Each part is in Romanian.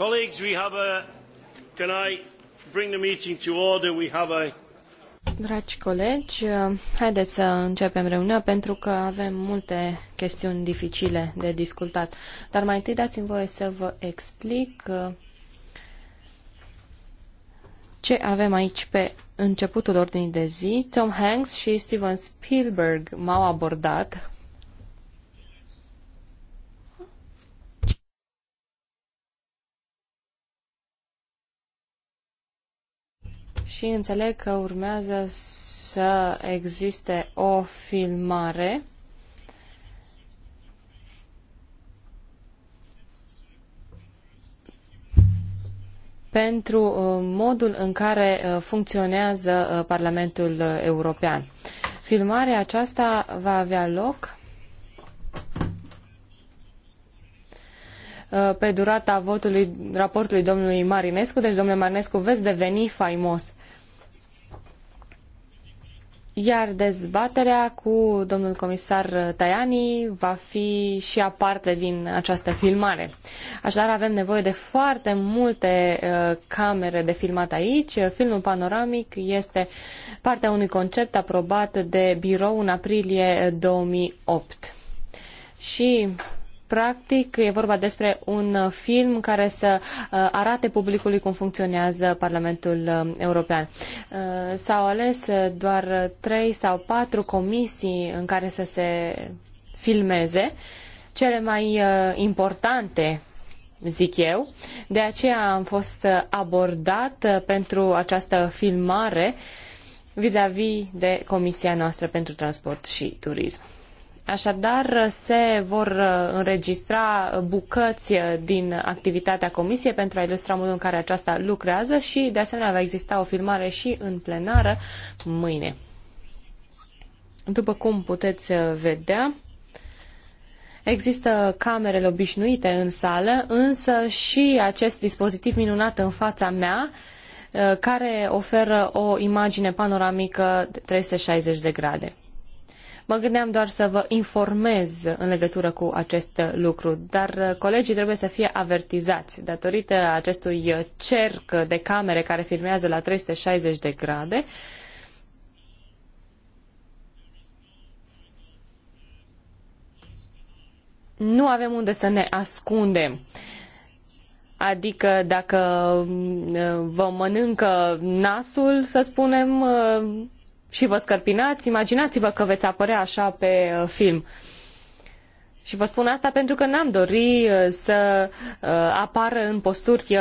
Colleagues, we have a... Can I bring the meeting to order? We have a... Dragi colegi, uh, haideți să începem reuniunea pentru că avem multe chestiuni dificile de discutat. Dar mai întâi dați-mi voie să vă explic uh, ce avem aici pe începutul ordinii de zi. Tom Hanks și Steven Spielberg m-au abordat și înțeleg că urmează să existe o filmare. pentru uh, modul în care uh, funcționează uh, Parlamentul European. Filmarea aceasta va avea loc pe durata votului raportului domnului Marinescu. Deci, domnule Marinescu, veți deveni faimos. Iar dezbaterea cu domnul comisar Tajani va fi și aparte din această filmare. Așadar avem nevoie de foarte multe uh, camere de filmat aici. Filmul panoramic este partea unui concept aprobat de birou în aprilie 2008. Și Practic, e vorba despre un uh, film care să uh, arate publicului cum funcționează Parlamentul uh, European. S-au ales doar trei sau patru comisii în care să se filmeze cele mai importante zic eu. De aceea am fost abordat pentru această filmare vis-a-vis de Comisia noastră pentru Transport și Turism. Așadar, se vor uh, înregistra bucăți din activitatea comisiei pentru a ilustra modul în care aceasta lucrează și, de asemenea, va exista o filmare și în plenară mâine. După cum puteți uh, vedea, Există camerele obișnuite în sală, însă și acest dispozitiv minunat în fața mea, uh, care oferă o imagine panoramică de 360 de grade. Mă gândeam doar să vă informez în legătură cu acest lucru, dar uh, colegii trebuie să fie avertizați. Datorită acestui uh, cerc de camere care filmează la 360 de grade, nu avem unde să ne ascundem. Adică dacă uh, vă mănâncă nasul, să spunem, și vă scărpinați, imaginați-vă că veți apărea așa pe uh, film. Și vă spun asta pentru că n-am dori uh, să uh, apară în posturi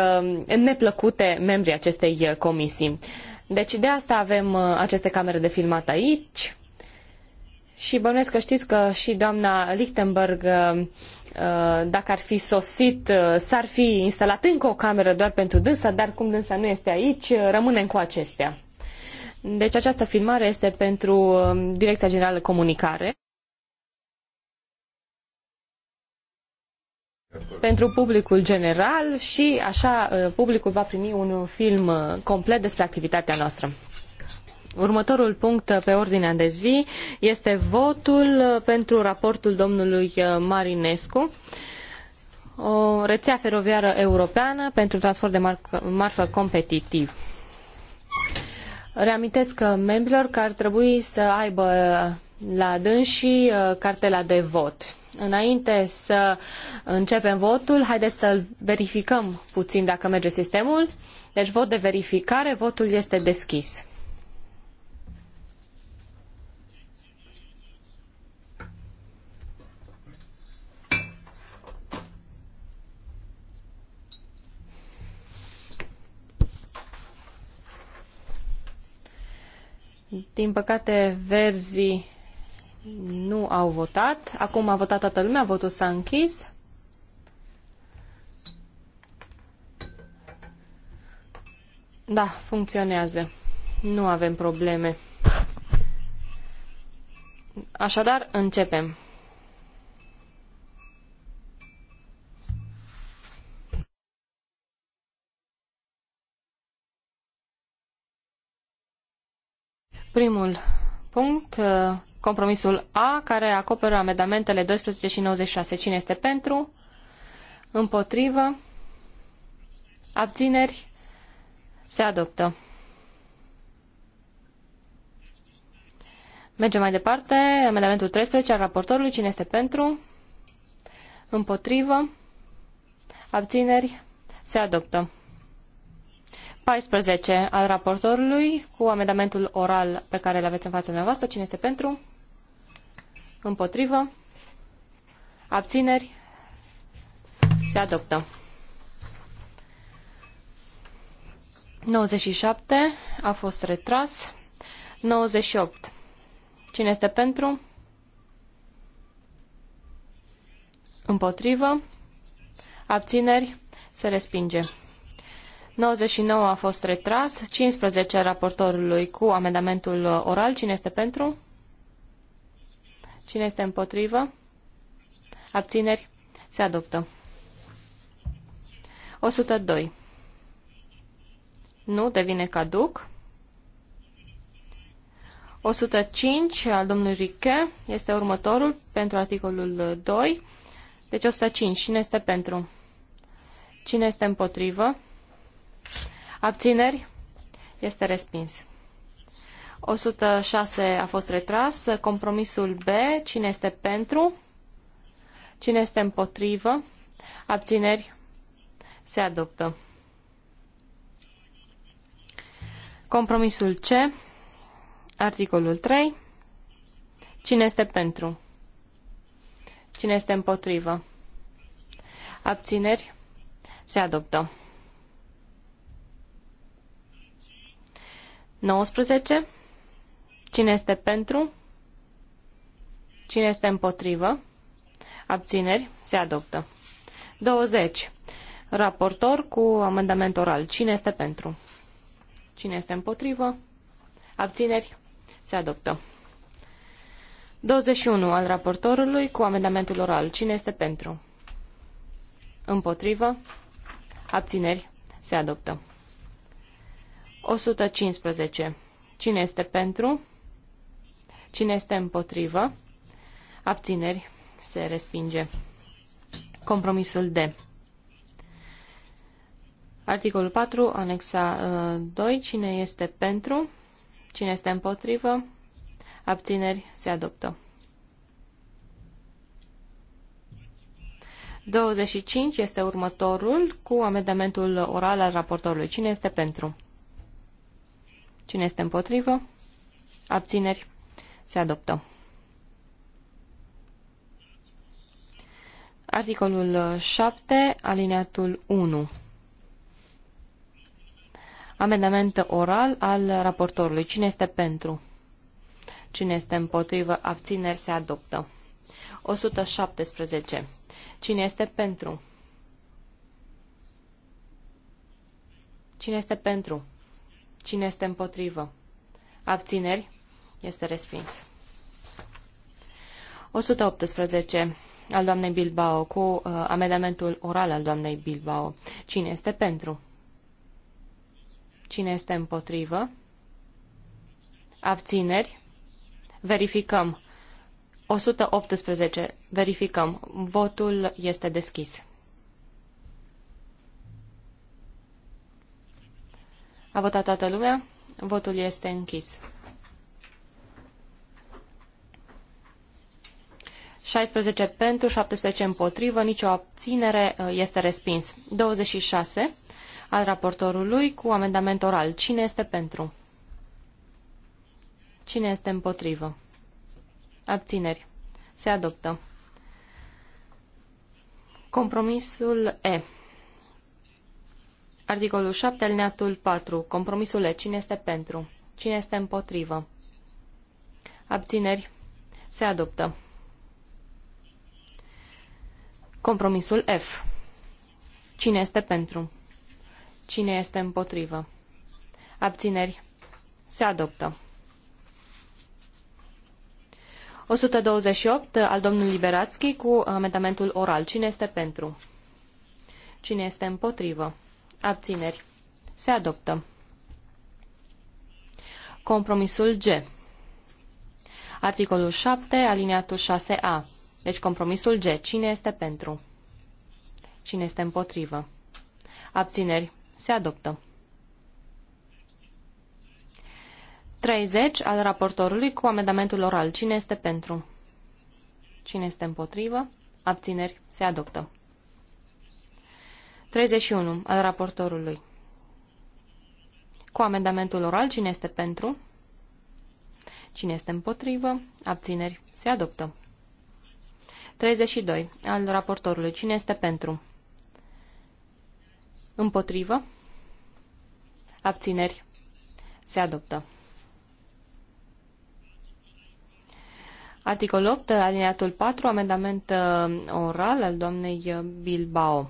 neplăcute membrii acestei comisii. Deci de asta avem aceste camere de filmat aici. Și bănuiesc că știți că și doamna Lichtenberg, dacă ar fi sosit, s-ar fi instalat încă o cameră doar pentru dânsa, dar cum dânsa nu este aici, rămânem cu acestea. Deci această filmare este pentru um, Direcția Generală Comunicare. pentru publicul general și așa uh, publicul va primi un film uh, complet despre activitatea noastră. Următorul punct uh, pe ordinea de zi este votul pentru raportul domnului Marinescu o rețea feroviară europeană pentru transport de marfă competitiv. Reamintesc membrilor că ar trebui să aibă la dânsii uh, cartela de vot. Înainte să începem votul, haideți să verificăm puțin dacă merge sistemul. Deci vot de verificare, votul este deschis. Din păcate, verzii nu au votat. Acum a votat toată lumea, votul s-a închis. Da, funcționează. Nu avem probleme. Așadar, începem. punct, uh, compromisul A, care acoperă amendamentele 12 și 96. Cine este pentru? Împotrivă? Abțineri? Se adoptă. Mergem mai departe. Amendamentul 13 al raportorului. Cine este pentru? Împotrivă? Abțineri? Se adoptă. 14 al raportorului cu amendamentul oral pe care îl aveți în fața dumneavoastră. Cine este pentru? Împotrivă? Abțineri? Se adoptă. 97 a fost retras. 98. Cine este pentru? Împotrivă? Abțineri? Se respinge nouă a fost retras, cincisprezece raportorului cu amendamentul oral. Cine este pentru? Cine este împotrivă? Abțineri? Se adoptă. 102. Nu, devine caduc. 105 al domnului Riche este următorul pentru articolul 2. Deci 105. Cine este pentru? Cine este împotrivă? Abțineri? Este respins. 106 a fost retras. Compromisul B. Cine este pentru? Cine este împotrivă? Abțineri? Se adoptă. Compromisul C. Articolul 3. Cine este pentru? Cine este împotrivă? Abțineri? Se adoptă. 19. Cine este pentru? Cine este împotrivă? Abțineri? Se adoptă. 20. Raportor cu amendament oral. Cine este pentru? Cine este împotrivă? Abțineri? Se adoptă. 21 al raportorului cu amendamentul oral. Cine este pentru? Împotrivă? Abțineri? Se adoptă. 115. Cine este pentru? Cine este împotrivă? Abțineri. Se respinge. Compromisul D. Articolul 4, anexa 2. Uh, Cine este pentru? Cine este împotrivă? Abțineri. Se adoptă. 25 este următorul cu amendamentul oral al raportorului. Cine este pentru? Cine este împotrivă? Abțineri. Se adoptă. Articolul 7, alineatul 1. Amendament oral al raportorului. Cine este pentru? Cine este împotrivă? Abțineri se adoptă. 117. Cine este pentru? Cine este pentru? Cine este împotrivă? Abțineri? Este respins. 118 al doamnei Bilbao cu uh, amendamentul oral al doamnei Bilbao. Cine este pentru? Cine este împotrivă? Abțineri? Verificăm. 118. Verificăm. Votul este deschis. A votat toată lumea? Votul este închis. 16 pentru, 17 împotrivă, nicio abținere uh, este respins. 26 al raportorului cu amendament oral. Cine este pentru? Cine este împotrivă? Abțineri. Se adoptă. Compromisul E. Articolul 7, alineatul 4. Compromisul E. Cine este pentru? Cine este împotrivă? Abțineri. Se adoptă. Compromisul F. Cine este pentru? Cine este împotrivă? Abțineri. Se adoptă. 128 al domnului Liberațchi cu amendamentul oral. Cine este pentru? Cine este împotrivă? Abțineri. Se adoptă. Compromisul G. Articolul 7, aliniatul 6A. Deci compromisul G. Cine este pentru? Cine este împotrivă? Abțineri. Se adoptă. 30 al raportorului cu amendamentul oral. Cine este pentru? Cine este împotrivă? Abțineri. Se adoptă. 31 al raportorului. Cu amendamentul oral, cine este pentru? Cine este împotrivă? Abțineri. Se adoptă. 32 al raportorului. Cine este pentru? Împotrivă? Abțineri. Se adoptă. Articol 8, aliniatul 4, amendament uh, oral al doamnei uh, Bilbao.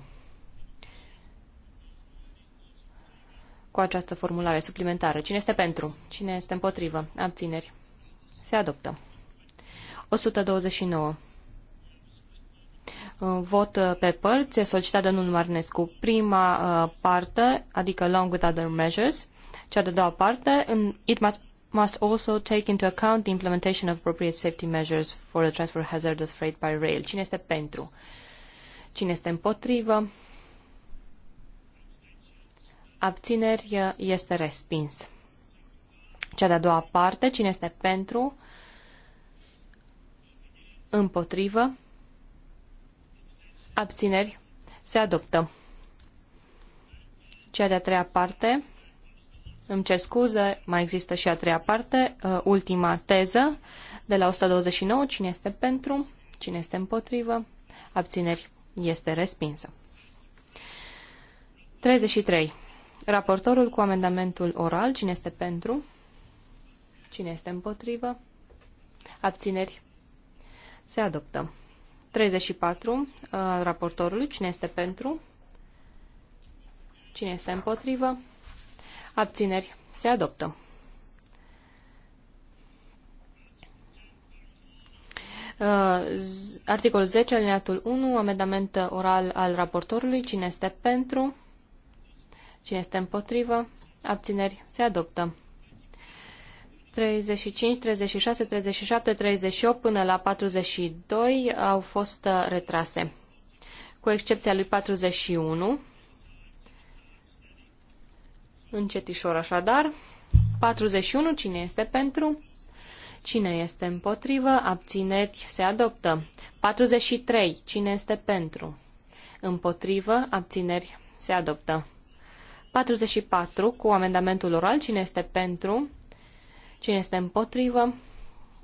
cu această formulare suplimentară. Cine este pentru? Cine este împotrivă? Abțineri. Se adoptă. 129. Uh, vot uh, pe părți, solicitată Nunu Marnescu. Prima uh, parte, adică along with other measures. Cea de-a doua parte, it must also take into account the implementation of appropriate safety measures for the transport of hazardous freight by rail. Cine este pentru? Cine este împotrivă? abțineri uh, este respins. Cea de-a doua parte, cine este pentru, împotrivă, abțineri, se adoptă. Cea de-a treia parte, îmi cer scuze, mai există și a treia parte, uh, ultima teză de la 129, cine este pentru, cine este împotrivă, abțineri, este respinsă. 33. Raportorul cu amendamentul oral, cine este pentru? Cine este împotrivă? Abțineri? Se adoptă. 34 al uh, raportorului, cine este pentru? Cine este împotrivă? Abțineri? Se adoptă. Uh, articolul 10, alineatul 1, amendament oral al raportorului. Cine este pentru? Ce este împotrivă? Abțineri. Se adoptă. 35, 36, 37, 38 până la 42 au fost uh, retrase. Cu excepția lui 41, încetișor așadar, 41, cine este pentru? Cine este împotrivă? Abțineri se adoptă. 43. Cine este pentru? Împotrivă? Abțineri se adoptă. 44 cu amendamentul oral. Cine este pentru? Cine este împotrivă?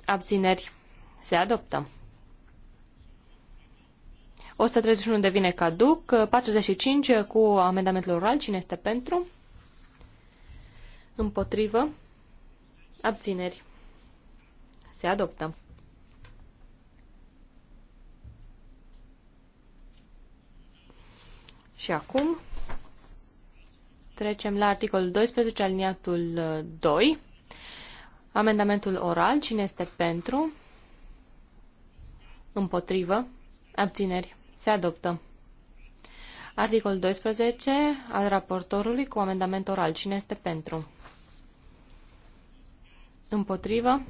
Abțineri. Se adoptă. 131 devine caduc. 45 cu amendamentul oral. Cine este pentru? Împotrivă. Abțineri. Se adoptă. Și acum Trecem la articolul 12, aliniatul 2. Uh, Amendamentul oral. Cine este pentru? Împotrivă. Abțineri. Se adoptă. Articolul 12 al raportorului cu amendament oral. Cine este pentru? Împotrivă.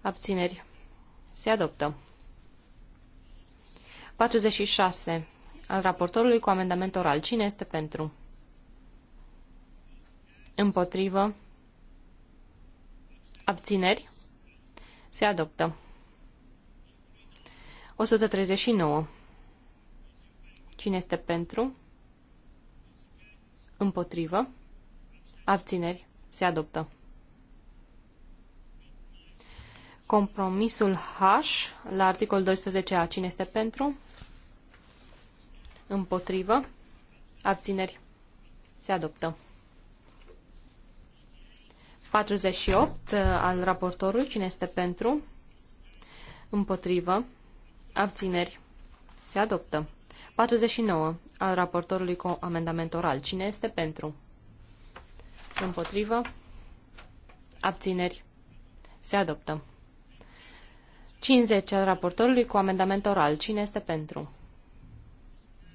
Abțineri. Se adoptă. 46 al raportorului cu amendament oral. Cine este pentru? Împotrivă? Abțineri? Se adoptă. 139. Cine este pentru? Împotrivă? Abțineri? Se adoptă. Compromisul H la articol 12a. Cine este pentru? Împotrivă. Abțineri. Se adoptă. 48 uh, al raportorului. Cine este pentru? Împotrivă. Abțineri. Se adoptă. 49 al raportorului cu amendament oral. Cine este pentru? Împotrivă. Abțineri. Se adoptă. 50 al raportorului cu amendament oral. Cine este pentru?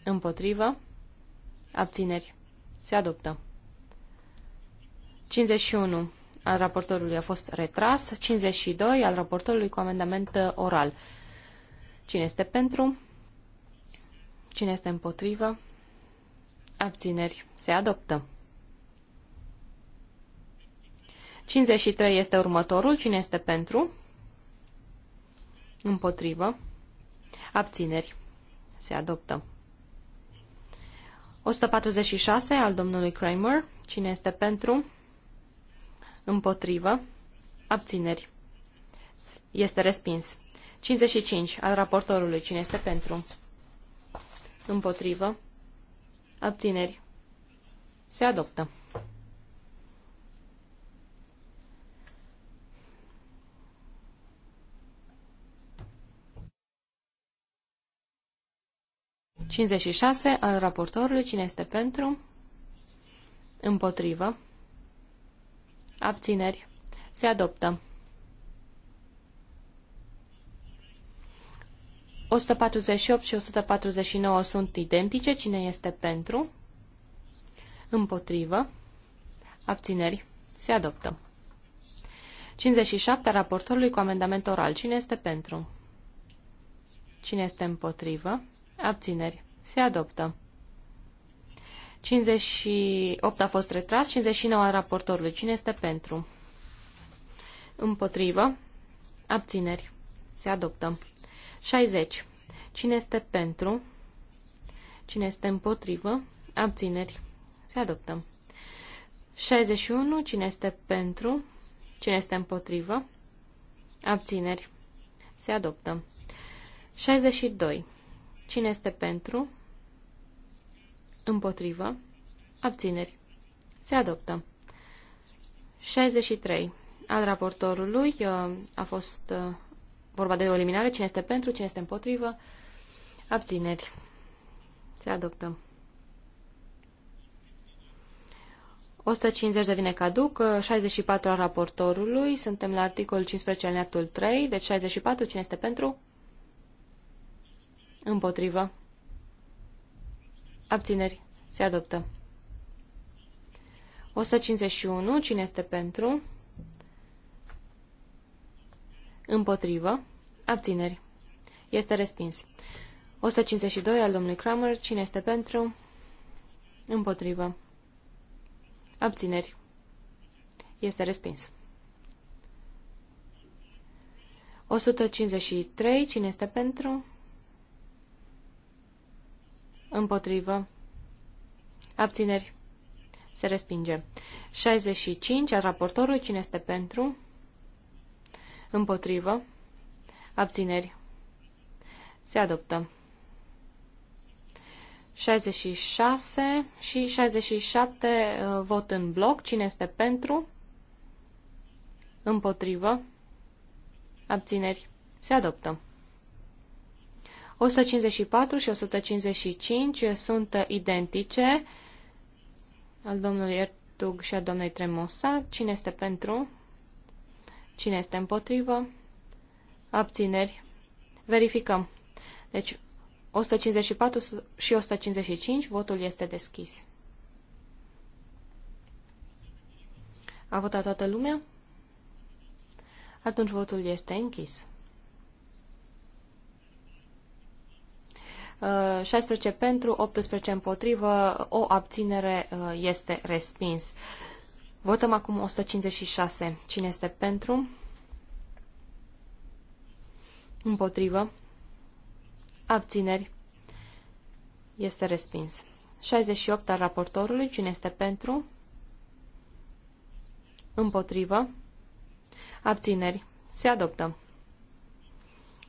Împotrivă. Abțineri. Se adoptă. 51 al raportorului a fost retras. 52 al raportorului cu amendament uh, oral. Cine este pentru? Cine este împotrivă? Abțineri. Se adoptă. 53 este următorul. Cine este pentru? Împotrivă. Abțineri. Se adoptă. 146 al domnului Kramer. Cine este pentru? Împotrivă. Abțineri. Este respins. 55 al raportorului. Cine este pentru? Împotrivă. Abțineri. Se adoptă. 56 al raportorului. Cine este pentru? Împotrivă. Abțineri. Se adoptă. 148 și 149 sunt identice. Cine este pentru? Împotrivă. Abțineri. Se adoptă. 57 a raportorului cu amendament oral. Cine este pentru? Cine este împotrivă? Abțineri. Se adoptă. 58 a fost retras, 59 al raportorului. Cine este pentru? Împotrivă. Abțineri. Se adoptă. 60. Cine este pentru? Cine este împotrivă? Abțineri. Se adoptă. 61. Cine este pentru? Cine este împotrivă? Abțineri. Se adoptă. 62. Cine este pentru? Împotrivă. Abțineri. Se adoptă. 63. Al raportorului uh, a fost uh, vorba de o eliminare. Cine este pentru? Cine este împotrivă? Abțineri. Se adoptă. 150 devine caduc, 64 al raportorului, suntem la articol 15 alineatul 3, deci 64, cine este pentru? Împotrivă. Abțineri. Se adoptă. 151. Cine este pentru? Împotrivă. Abțineri. Este respins. 152 al domnului Kramer. Cine este pentru? Împotrivă. Abțineri. Este respins. 153. Cine este pentru? Împotrivă. Abțineri. Se respinge. 65 al raportorului. Cine este pentru? Împotrivă. Abțineri. Se adoptă. 66 și 67 uh, vot în bloc. Cine este pentru? Împotrivă. Abțineri. Se adoptă. 154 și 155 sunt identice al domnului Ertug și a domnului Tremosa. Cine este pentru? Cine este împotrivă? Abțineri. Verificăm. Deci 154 și 155, votul este deschis. A votat toată lumea? Atunci votul este închis. 16 uh, pentru, 18 împotrivă, o abținere uh, este respins. Votăm acum 156. Cine este pentru? Împotrivă. Abțineri. Este respins. 68 al raportorului. Cine este pentru? Împotrivă. Abțineri. Se adoptă.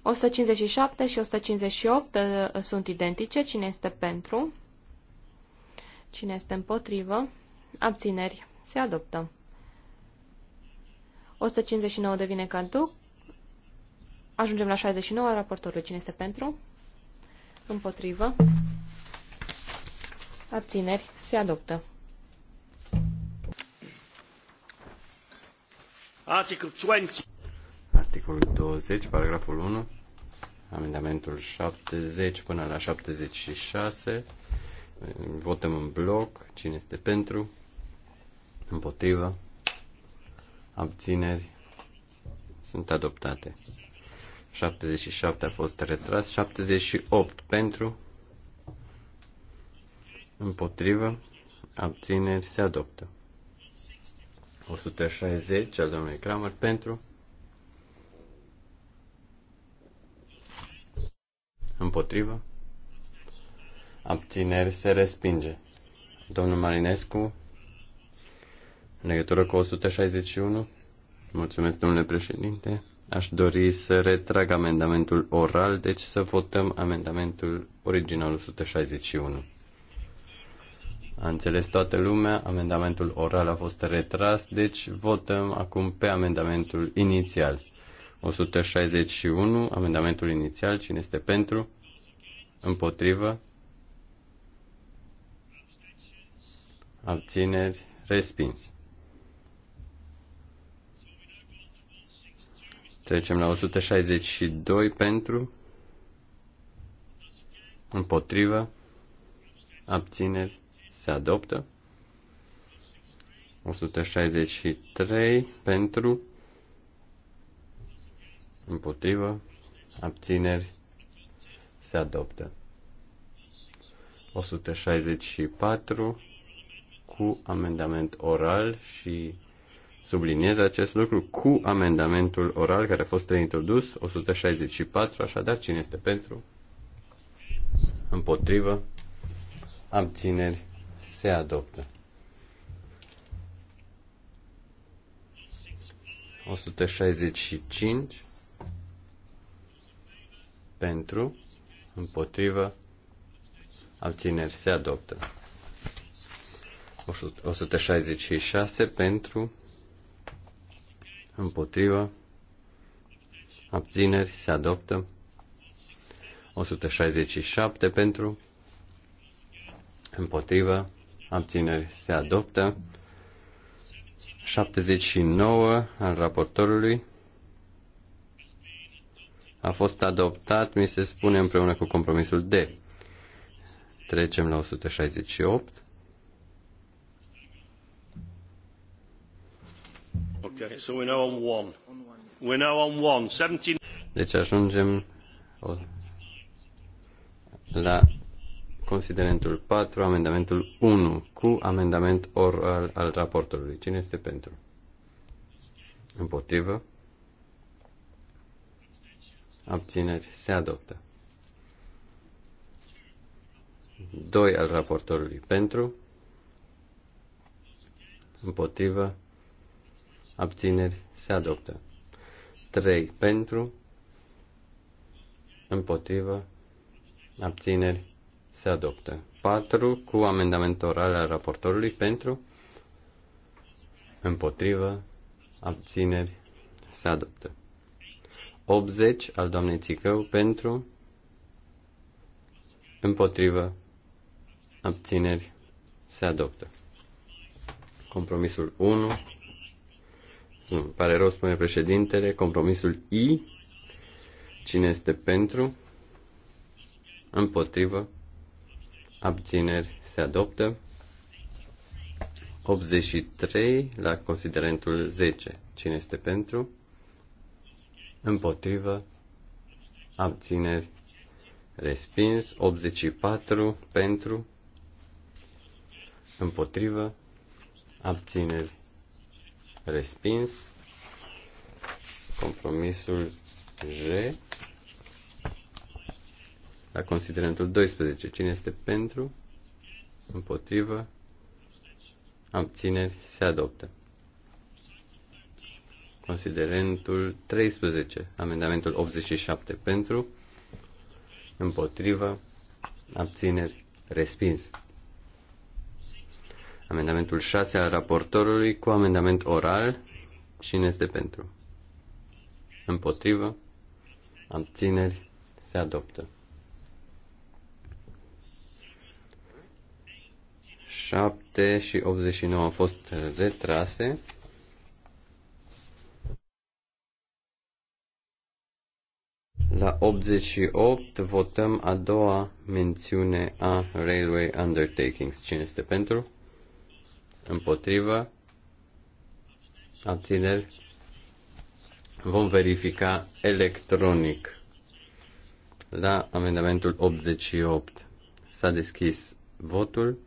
157 și 158 uh, sunt identice. Cine este pentru? Cine este împotrivă? Abțineri. Se adoptă. 159 devine caduc. Ajungem la 69 al raportorului. Cine este pentru? Împotrivă. Abțineri. Se adoptă. Article 20 articolul 20, paragraful 1, amendamentul 70 până la 76. Votăm în bloc. Cine este pentru? Împotrivă? Abțineri? Sunt adoptate. 77 a fost retras. 78 pentru? Împotrivă? Abțineri? Se adoptă. 160 al domnului Kramer pentru? Împotrivă? Abțineri se respinge. Domnul Marinescu, în legătură cu 161, mulțumesc, domnule președinte, aș dori să retrag amendamentul oral, deci să votăm amendamentul original 161. A înțeles toată lumea, amendamentul oral a fost retras, deci votăm acum pe amendamentul inițial. 161, amendamentul inițial, cine este pentru, împotrivă, abțineri, respins. Trecem la 162 pentru, împotrivă, abțineri, se adoptă. 163 pentru, împotrivă, abțineri, se adoptă. 164 cu amendament oral și subliniez acest lucru cu amendamentul oral care a fost reintrodus, 164, așadar cine este pentru? Împotrivă, abțineri, se adoptă. 165 pentru, împotrivă, abțineri se adoptă. 166 pentru, împotrivă, abțineri se adoptă. 167 pentru, împotrivă, abțineri se adoptă. 79 al raportorului a fost adoptat, mi se spune, împreună cu compromisul D. Trecem la 168. Okay, so we're now on one. We're now on one. 17... Deci ajungem la considerentul 4, amendamentul 1, cu amendament oral al raportului. Cine este pentru? Împotrivă? abțineri, se adoptă. 2 al raportorului pentru, împotrivă, abțineri, se adoptă. 3 pentru, împotrivă, abțineri, se adoptă. 4 cu amendament oral al raportorului pentru, împotrivă, abțineri, se adoptă. 80 al doamnei Țicău pentru, împotrivă, abțineri, se adoptă. Compromisul 1, nu, pare rău, spune președintele, compromisul I, cine este pentru, împotrivă, abțineri, se adoptă. 83 la considerentul 10. Cine este pentru? împotrivă, abțineri, respins, 84 pentru, împotrivă, abțineri, respins, compromisul J, la considerentul 12, cine este pentru, împotrivă, abțineri, se adoptă. Considerentul 13, amendamentul 87 pentru, împotrivă, abțineri, respins. Amendamentul 6 al raportorului cu amendament oral. Cine este pentru? Împotrivă? Abțineri? Se adoptă. 7 și 89 au fost retrase. La 88 votăm a doua mențiune a Railway Undertakings. Cine este pentru? Împotrivă? Abțineri? Vom verifica electronic. La amendamentul 88 s-a deschis votul.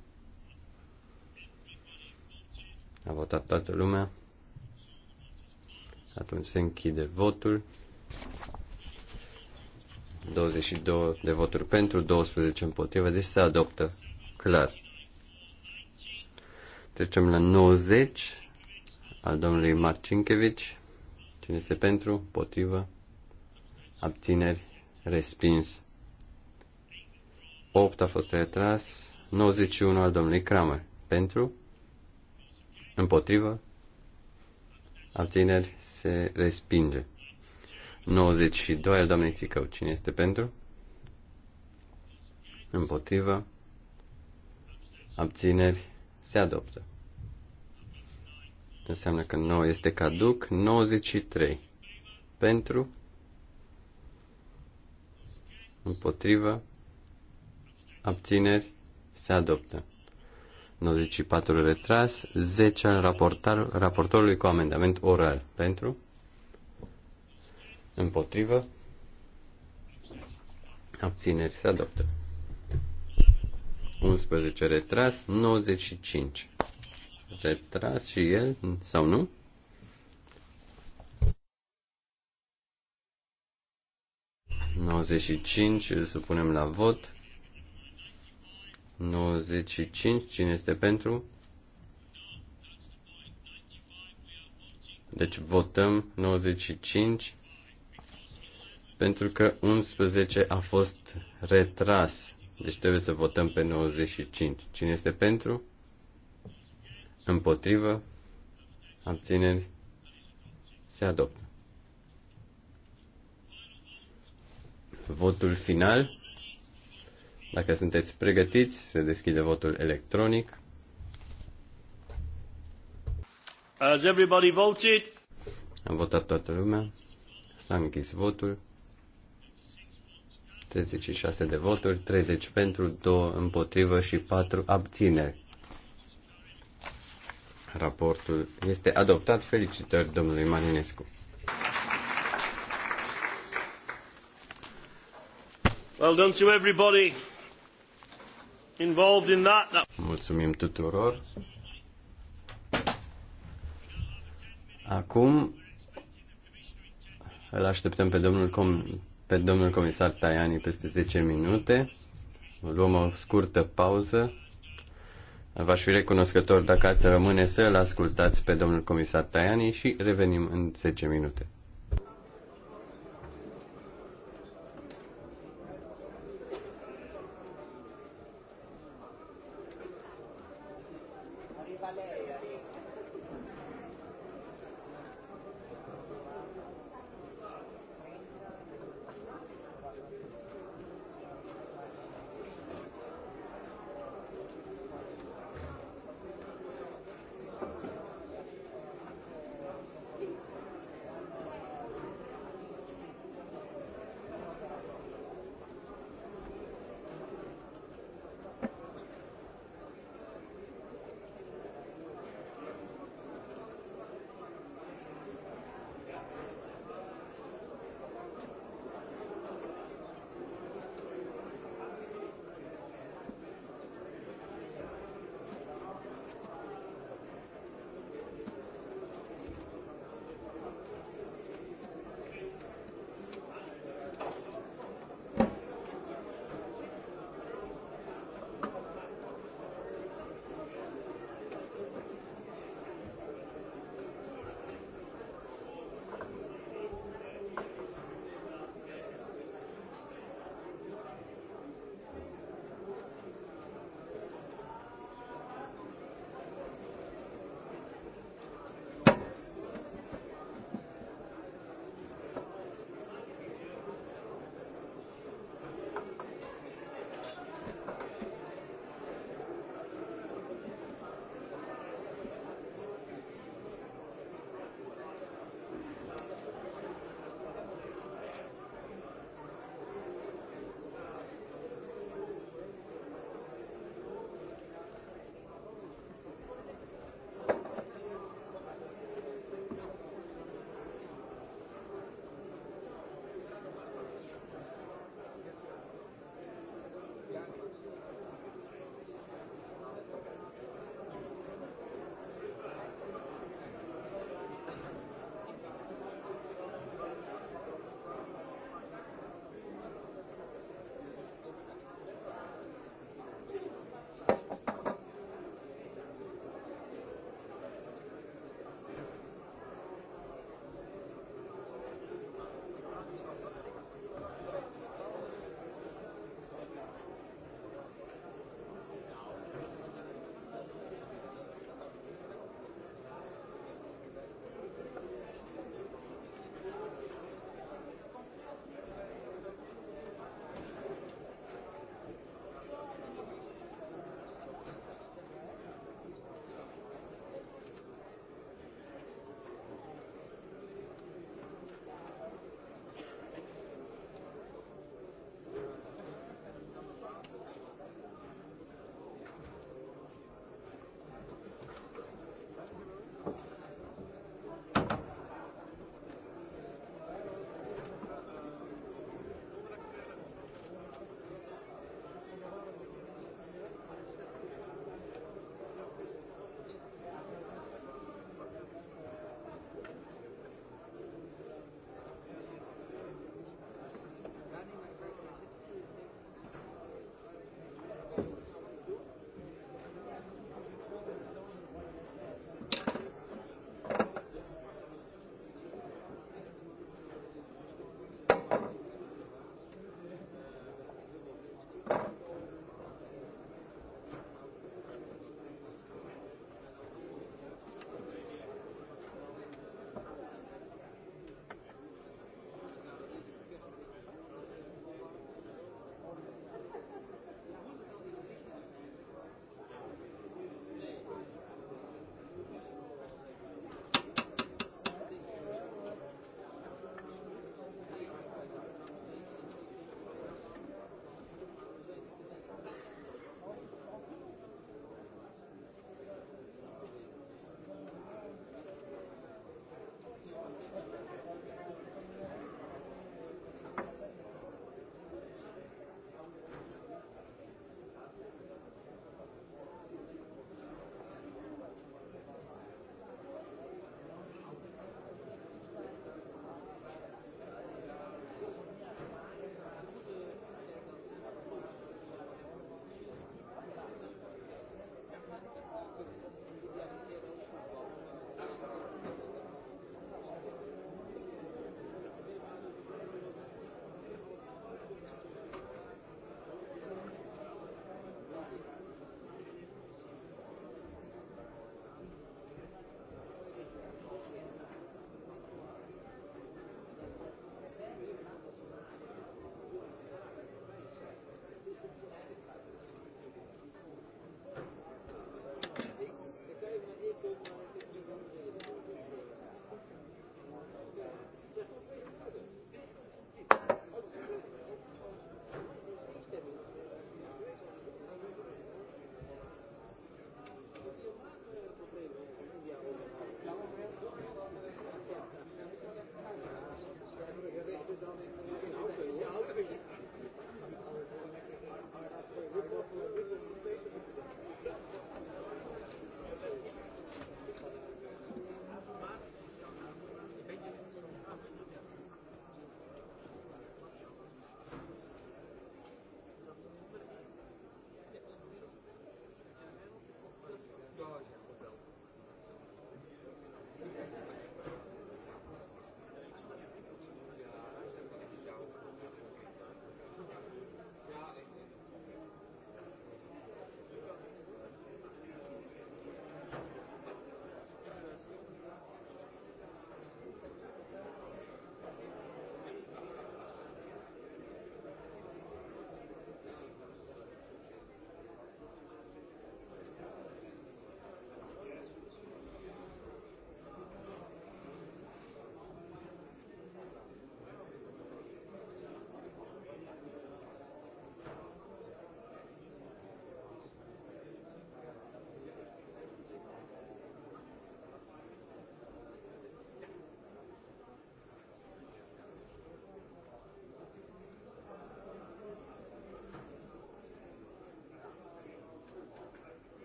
A votat toată lumea. Atunci se închide votul. 22 de voturi pentru, 12 împotrivă, deci se adoptă clar. Trecem la 90 al domnului Marcinkevici. Cine este pentru? Potrivă. Abțineri. Respins. 8 a fost retras. 91 al domnului Kramer. Pentru? Împotrivă. Abțineri. Se respinge. 92 al doamnei Țicău. Cine este pentru? Împotrivă. Abțineri. Se adoptă. Înseamnă că 9 este caduc. 93. Pentru. Împotrivă. Abțineri. Se adoptă. 94 retras. 10 al raportorului cu amendament oral. Pentru. Împotrivă. Abțineri se adoptă. 11 retras, 95. Retras și el, sau nu? cinci îl supunem la vot. 95, cine este pentru? Deci votăm 95 pentru că 11 a fost retras. Deci trebuie să votăm pe 95. Cine este pentru? Împotrivă? Abțineri? Se adoptă. Votul final. Dacă sunteți pregătiți, se deschide votul electronic. Has everybody voted? Am votat toată lumea. S-a închis votul. 36 de voturi, 30 pentru, 2 împotrivă și 4 abțineri. Raportul este adoptat. Felicitări domnului Marinescu. Well done to everybody involved in that. Mulțumim tuturor. Acum îl așteptăm pe domnul Com pe domnul comisar Tajani peste 10 minute. Luăm o scurtă pauză. V-aș fi recunoscător dacă ați rămâne să-l ascultați pe domnul comisar Tajani și revenim în 10 minute. Arriva lei, arriva.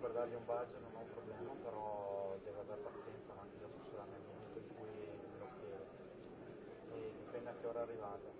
per dargli un budget non ho un problema, però deve avere pazienza, ma anche io sono nel momento in cui me lo chiedo. E dipende a che ora arrivate.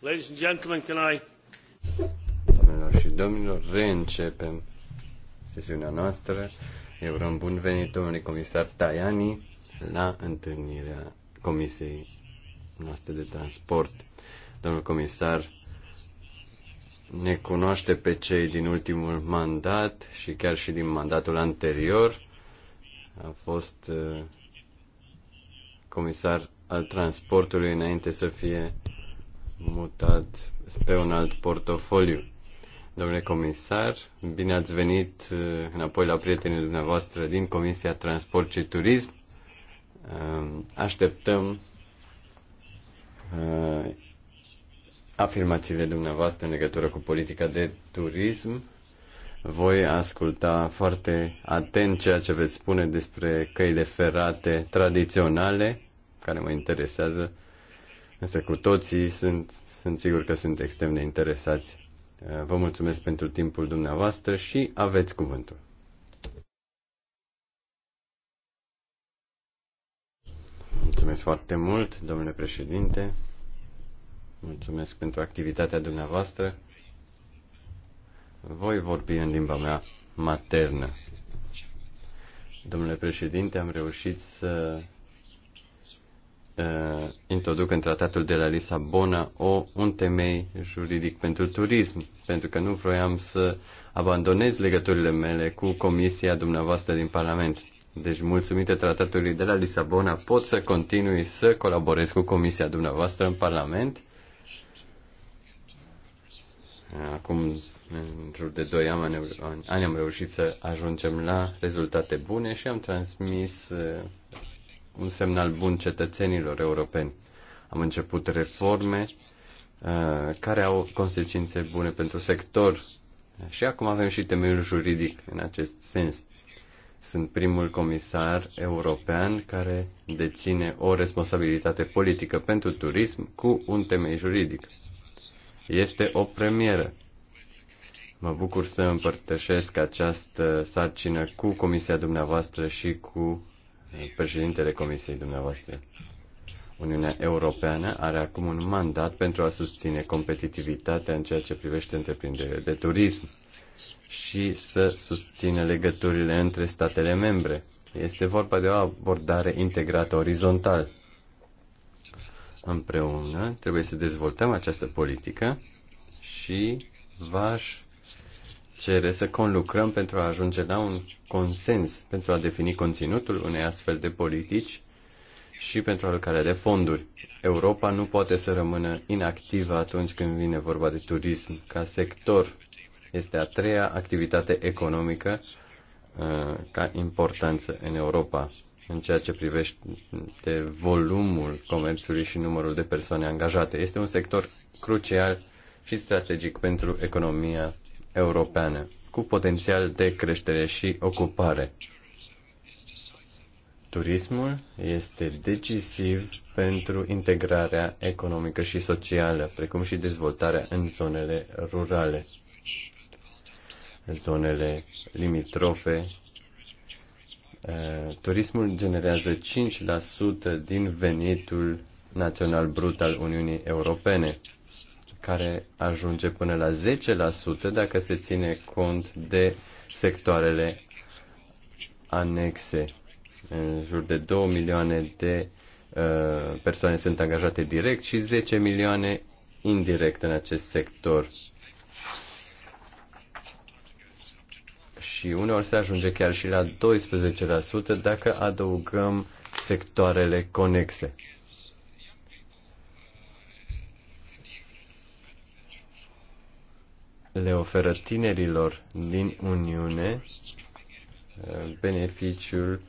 Ladies and gentlemen, can I... Doamnelor și domnilor, reîncepem sesiunea noastră. Eu urăm bun venit domnului comisar Tajani la întâlnirea Comisiei noastre de transport. Domnul comisar ne cunoaște pe cei din ultimul mandat și chiar și din mandatul anterior. A fost uh, comisar al transportului înainte să fie mutat pe un alt portofoliu. Domnule comisar, bine ați venit uh, înapoi la prietenii dumneavoastră din Comisia Transport și Turism. Uh, așteptăm uh, afirmațiile dumneavoastră în legătură cu politica de turism. Voi asculta foarte atent ceea ce veți spune despre căile ferate tradiționale, care mă interesează Însă cu toții sunt, sunt sigur că sunt extrem de interesați. Vă mulțumesc pentru timpul dumneavoastră și aveți cuvântul. Mulțumesc foarte mult, domnule președinte. Mulțumesc pentru activitatea dumneavoastră. Voi vorbi în limba mea maternă. Domnule președinte, am reușit să uh, introduc în tratatul de la Lisabona o, un temei juridic pentru turism, pentru că nu vroiam să abandonez legăturile mele cu comisia dumneavoastră din Parlament. Deci, mulțumită tratatului de la Lisabona, pot să continui să colaborez cu comisia dumneavoastră în Parlament. Acum, în jur de 2 ani, ani am reușit să ajungem la rezultate bune și am transmis uh, un semnal bun cetățenilor europeni. Am început reforme uh, care au consecințe bune pentru sector și acum avem și temeiul juridic în acest sens. Sunt primul comisar european care deține o responsabilitate politică pentru turism cu un temei juridic. Este o premieră. Mă bucur să împărtășesc această sarcină cu comisia dumneavoastră și cu președintele Comisiei dumneavoastră. Uniunea Europeană are acum un mandat pentru a susține competitivitatea în ceea ce privește întreprinderile de turism și să susțină legăturile între statele membre. Este vorba de o abordare integrată orizontal. Împreună trebuie să dezvoltăm această politică și v-aș cere să conlucrăm pentru a ajunge la un consens, pentru a defini conținutul unei astfel de politici și pentru alocarea de fonduri. Europa nu poate să rămână inactivă atunci când vine vorba de turism ca sector. Este a treia activitate economică uh, ca importanță în Europa în ceea ce privește volumul comerțului și numărul de persoane angajate. Este un sector crucial și strategic pentru economia europeană, cu potențial de creștere și ocupare. Turismul este decisiv pentru integrarea economică și socială, precum și dezvoltarea în zonele rurale, zonele limitrofe. Eh, turismul generează 5% din venitul național brut al Uniunii Europene care ajunge până la 10% dacă se ține cont de sectoarele anexe. În jur de 2 milioane de uh, persoane sunt angajate direct și 10 milioane indirect în acest sector. Și uneori se ajunge chiar și la 12% dacă adăugăm sectoarele conexe. le oferă tinerilor din Uniune uh, beneficiul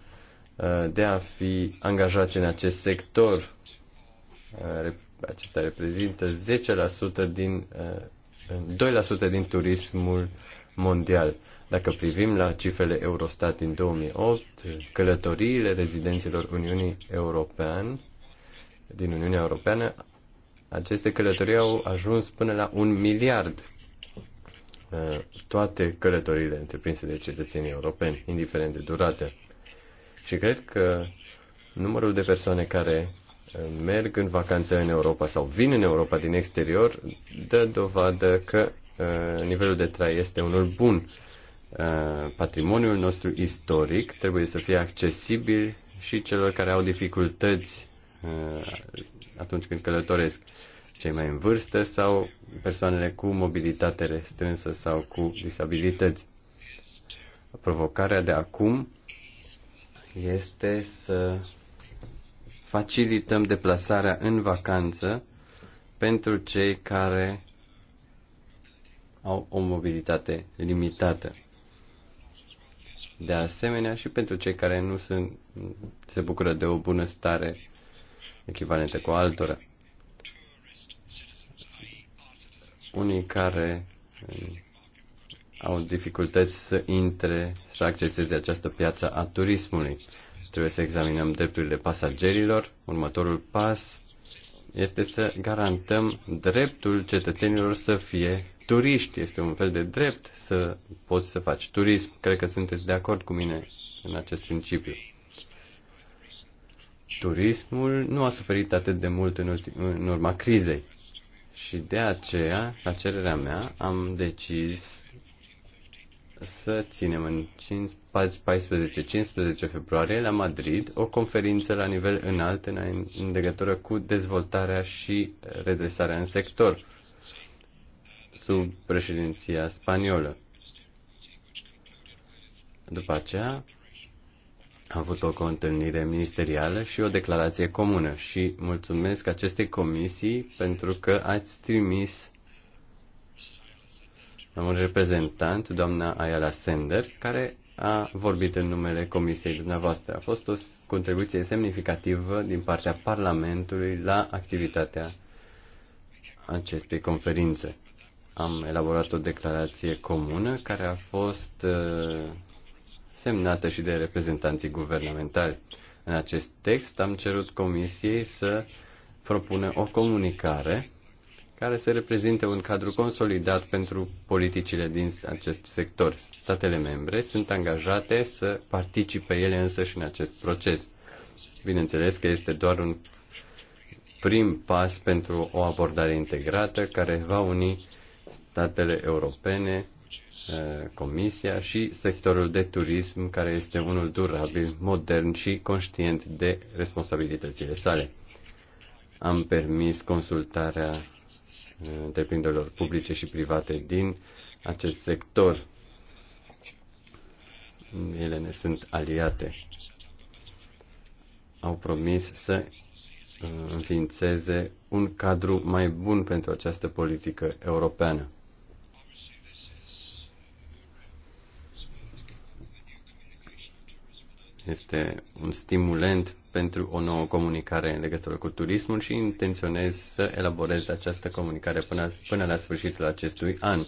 uh, de a fi angajați în acest sector. Uh, acesta reprezintă 10% din 2% din turismul mondial. Dacă privim la cifrele Eurostat din 2008, călătoriile rezidenților Uniunii Europeane din Uniunea Europeană, aceste călătorii au ajuns până la un miliard Uh, toate călătorile întreprinse de cetățenii europeni, indiferent de durată. Și cred că numărul de persoane care uh, merg în vacanță în Europa sau vin în Europa din exterior dă dovadă că uh, nivelul de trai este unul bun. Patrimoniul nostru istoric trebuie să fie accesibil și celor care au dificultăți atunci când călătoresc cei mai în vârstă sau persoanele cu mobilitate restrânsă sau cu disabilități. Provocarea de acum este să facilităm deplasarea în vacanță pentru cei care au o mobilitate limitată. De asemenea, și pentru cei care nu sunt, se bucură de o bună stare, echivalentă cu altora. unii care au dificultăți să intre și să acceseze această piață a turismului. Trebuie să examinăm drepturile pasagerilor. Următorul pas este să garantăm dreptul cetățenilor să fie turiști. Este un fel de drept să poți să faci turism. Cred că sunteți de acord cu mine în acest principiu. Turismul nu a suferit atât de mult în, ultim, în urma crizei și de aceea, la cererea mea, am decis să ținem în 14-15 februarie la Madrid o conferință la nivel înalt în, în legătură cu dezvoltarea și redresarea în sector sub președinția spaniolă. După aceea a avut loc o întâlnire ministerială și o declarație comună și mulțumesc acestei comisii pentru că ați trimis un reprezentant, doamna Ayala Sender, care a vorbit în numele comisiei dumneavoastră. A fost o contribuție semnificativă din partea Parlamentului la activitatea acestei conferințe. Am elaborat o declarație comună care a fost uh, semnată și de reprezentanții guvernamentali. În acest text am cerut Comisiei să propune o comunicare care să reprezinte un cadru consolidat pentru politicile din acest sector. Statele membre sunt angajate să participe ele însă și în acest proces. Bineînțeles că este doar un prim pas pentru o abordare integrată care va uni statele europene Uh, Comisia și sectorul de turism, care este unul durabil, modern și conștient de responsabilitățile sale. Am permis consultarea uh, întreprinderilor publice și private din acest sector. Ele ne sunt aliate. Au promis să uh, înființeze un cadru mai bun pentru această politică europeană. Este un stimulent pentru o nouă comunicare în legătură cu turismul și intenționez să elaborez această comunicare până, până la sfârșitul acestui an.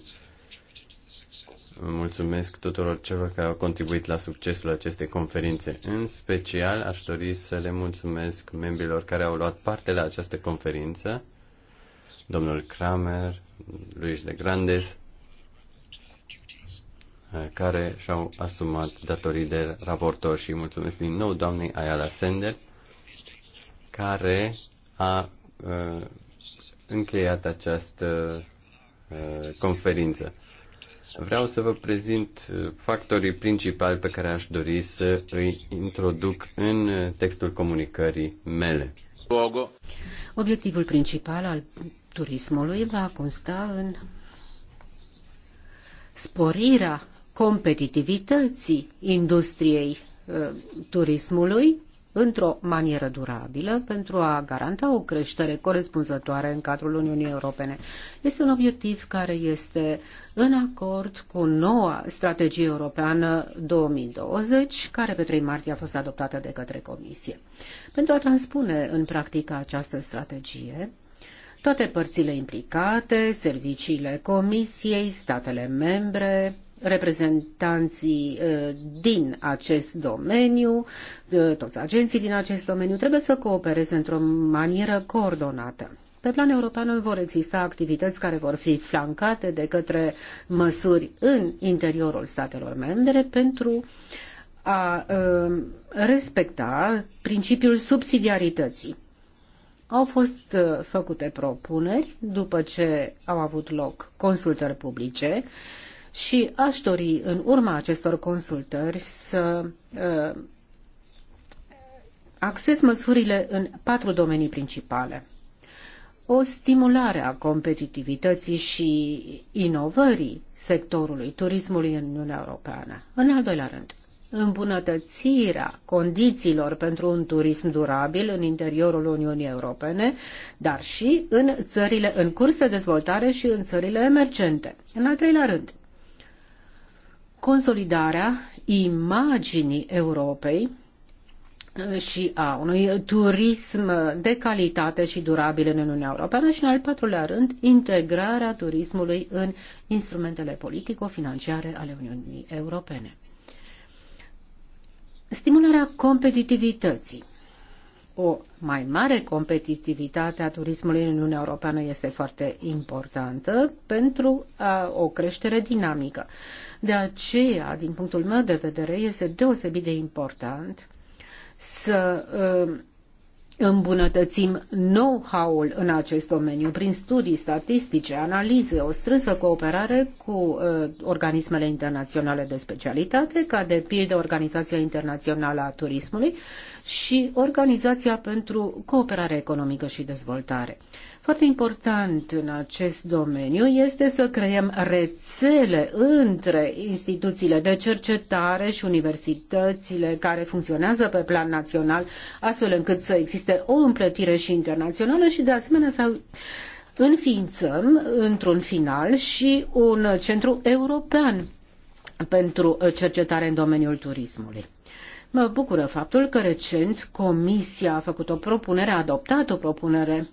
Mulțumesc tuturor celor care au contribuit la succesul acestei conferințe. În special, aș dori să le mulțumesc membrilor care au luat parte la această conferință, domnul Kramer, Luis de Grandes, Eh, care și-au asumat datorii de raportor și mulțumesc din nou doamnei Ayala Sender, care a uh, încheiat această uh, conferință. Vreau să vă prezint factorii principali pe care aș dori să îi introduc în textul comunicării mele. Obiectivul principal al turismului va consta în sporirea competitivității industriei ă, turismului într-o manieră durabilă pentru a garanta o creștere corespunzătoare în cadrul Uniunii Europene. Este un obiectiv care este în acord cu noua strategie europeană 2020, care pe 3 martie a fost adoptată de către Comisie. Pentru a transpune în practică această strategie, toate părțile implicate, serviciile Comisiei, statele membre, reprezentanții uh, din acest domeniu, uh, toți agenții din acest domeniu, trebuie să coopereze într-o manieră coordonată. Pe plan european vor exista activități care vor fi flancate de către măsuri în interiorul statelor membre pentru a uh, respecta principiul subsidiarității. Au fost făcute propuneri după ce au avut loc consultări publice și aș dori în urma acestor consultări să uh, acces măsurile în patru domenii principale. O stimulare a competitivității și inovării sectorului turismului în Uniunea Europeană. În al doilea rând, îmbunătățirea condițiilor pentru un turism durabil în interiorul Uniunii Europene, dar și în țările în curs de dezvoltare și în țările emergente. În al treilea rând, consolidarea imaginii Europei uh, și a unui turism de calitate și durabil în Uniunea Europeană și, în al patrulea rând, integrarea turismului în instrumentele politico-financiare ale Uniunii Europene. Stimularea competitivității. O mai mare competitivitate a turismului în Uniunea Europeană este foarte importantă pentru a, uh, o creștere dinamică. De aceea, din punctul meu de vedere, este deosebit de important să uh, îmbunătățim know-how-ul în acest domeniu prin studii statistice, analize, o strânsă cooperare cu uh, organismele internaționale de specialitate, ca de pildă Organizația Internațională a Turismului și Organizația pentru Cooperare Economică și Dezvoltare. Uh, foarte important în acest domeniu este să creăm rețele între instituțiile de cercetare și universitățile care funcționează pe plan național, astfel încât să existe o împlătire și internațională și de asemenea să înființăm într-un final și un centru european pentru uh, cercetare în domeniul turismului. Mă bucură faptul că recent Comisia a făcut o propunere, a adoptat o propunere